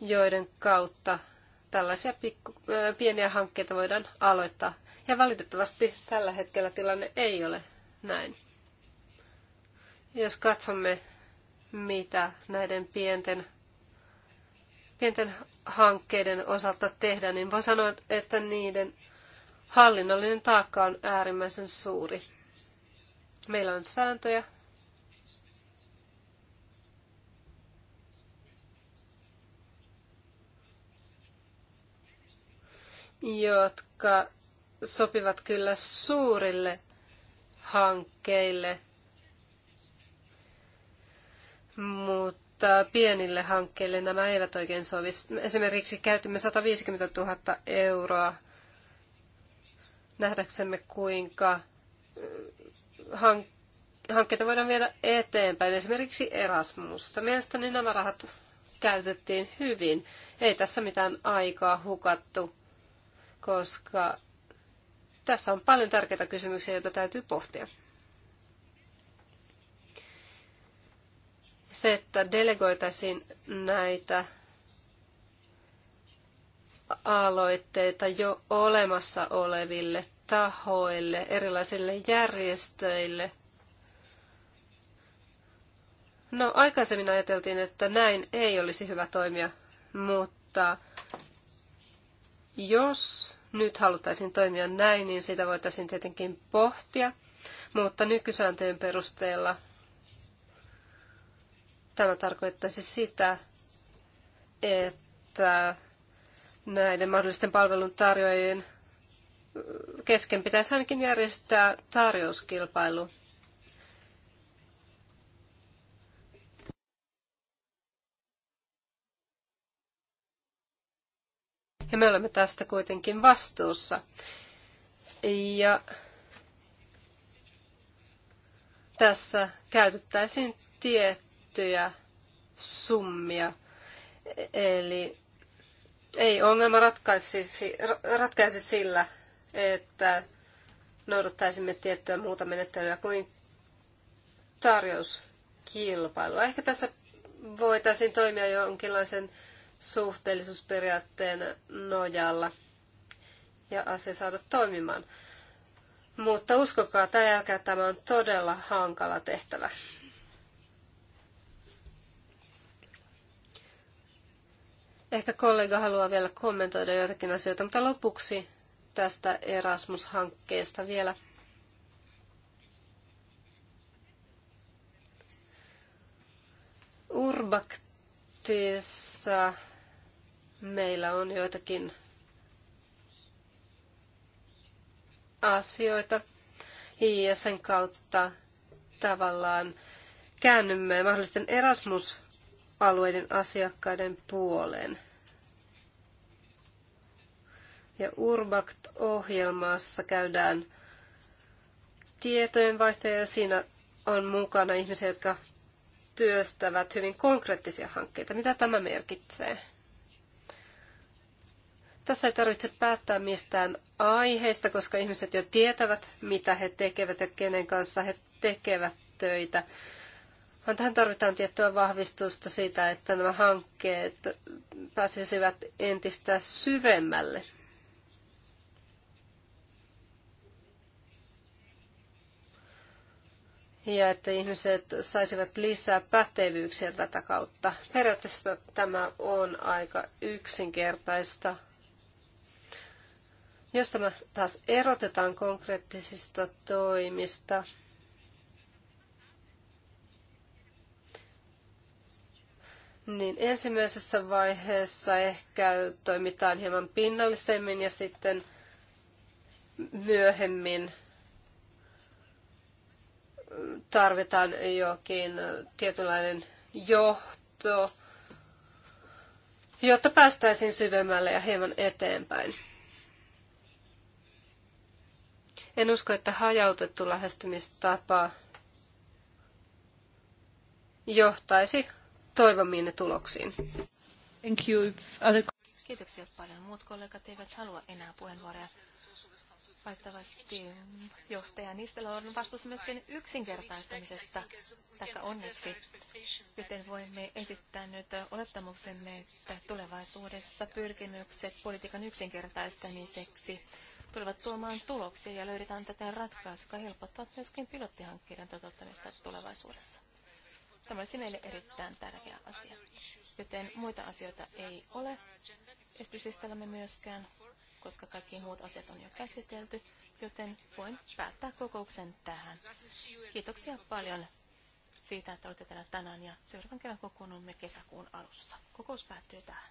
joiden kautta tällaisia pikku, pieniä hankkeita voidaan aloittaa. Ja valitettavasti tällä hetkellä tilanne ei ole näin. Jos katsomme, mitä näiden pienten, pienten hankkeiden osalta tehdään, niin voi sanoa, että niiden hallinnollinen taakka on äärimmäisen suuri. Meillä on sääntöjä, jotka sopivat kyllä suurille hankkeille, mutta pienille hankkeille nämä eivät oikein sovi. Esimerkiksi käytimme 150 000 euroa nähdäksemme, kuinka äh, hankkeita voidaan viedä eteenpäin, esimerkiksi Erasmusta. Mielestäni nämä rahat käytettiin hyvin. Ei tässä mitään aikaa hukattu koska tässä on paljon tärkeitä kysymyksiä, joita täytyy pohtia. Se, että delegoitaisiin näitä aloitteita jo olemassa oleville tahoille, erilaisille järjestöille. No aikaisemmin ajateltiin, että näin ei olisi hyvä toimia, mutta jos nyt haluttaisiin toimia näin, niin sitä voitaisiin tietenkin pohtia, mutta nykysääntöjen perusteella tämä tarkoittaisi sitä, että näiden mahdollisten palveluntarjoajien kesken pitäisi ainakin järjestää tarjouskilpailu. Ja me olemme tästä kuitenkin vastuussa. Ja tässä käytettäisiin tiettyjä summia. Eli ei ongelma ratkaisisi, ratkaisi sillä, että noudattaisimme tiettyä muuta menettelyä kuin tarjouskilpailua. Ehkä tässä voitaisiin toimia jonkinlaisen suhteellisuusperiaatteen nojalla ja asia saada toimimaan. Mutta uskokaa tämän jälkeen tämä on todella hankala tehtävä. Ehkä kollega haluaa vielä kommentoida joitakin asioita, mutta lopuksi tästä Erasmus-hankkeesta vielä. Urbaktissa Meillä on joitakin asioita ja sen kautta tavallaan käännymme mahdollisten Erasmus-alueiden asiakkaiden puoleen. Ja Urbact-ohjelmassa käydään tietojenvaihtoja ja siinä on mukana ihmisiä, jotka työstävät hyvin konkreettisia hankkeita. Mitä tämä merkitsee? Tässä ei tarvitse päättää mistään aiheesta, koska ihmiset jo tietävät, mitä he tekevät ja kenen kanssa he tekevät töitä. Vaan tähän tarvitaan tiettyä vahvistusta siitä, että nämä hankkeet pääsisivät entistä syvemmälle. ja että ihmiset saisivat lisää pätevyyksiä tätä kautta. Periaatteessa tämä on aika yksinkertaista jos tämä taas erotetaan konkreettisista toimista, niin ensimmäisessä vaiheessa ehkä toimitaan hieman pinnallisemmin ja sitten myöhemmin tarvitaan jokin tietynlainen johto, jotta päästäisiin syvemmälle ja hieman eteenpäin. En usko, että hajautettu lähestymistapa johtaisi toivomiin tuloksiin. Thank you. Kiitoksia paljon. Muut kollegat eivät halua enää puheenvuoroja. Vaihtavasti johtaja Nistelä on vastuussa myöskin yksinkertaistamisesta, taikka onneksi, joten voimme esittää nyt olettamuksemme, että tulevaisuudessa pyrkimykset politiikan yksinkertaistamiseksi tulevat tuomaan tuloksia ja löydetään tätä ratkaisua, joka helpottaa myöskin pilottihankkeiden toteuttamista tulevaisuudessa. Tämä olisi meille erittäin tärkeä asia, joten muita asioita ei ole esityslistallamme myöskään, koska kaikki muut asiat on jo käsitelty, joten voin päättää kokouksen tähän. Kiitoksia paljon siitä, että olette täällä tänään ja seuraavan kerran kokoonnumme kesäkuun alussa. Kokous päättyy tähän.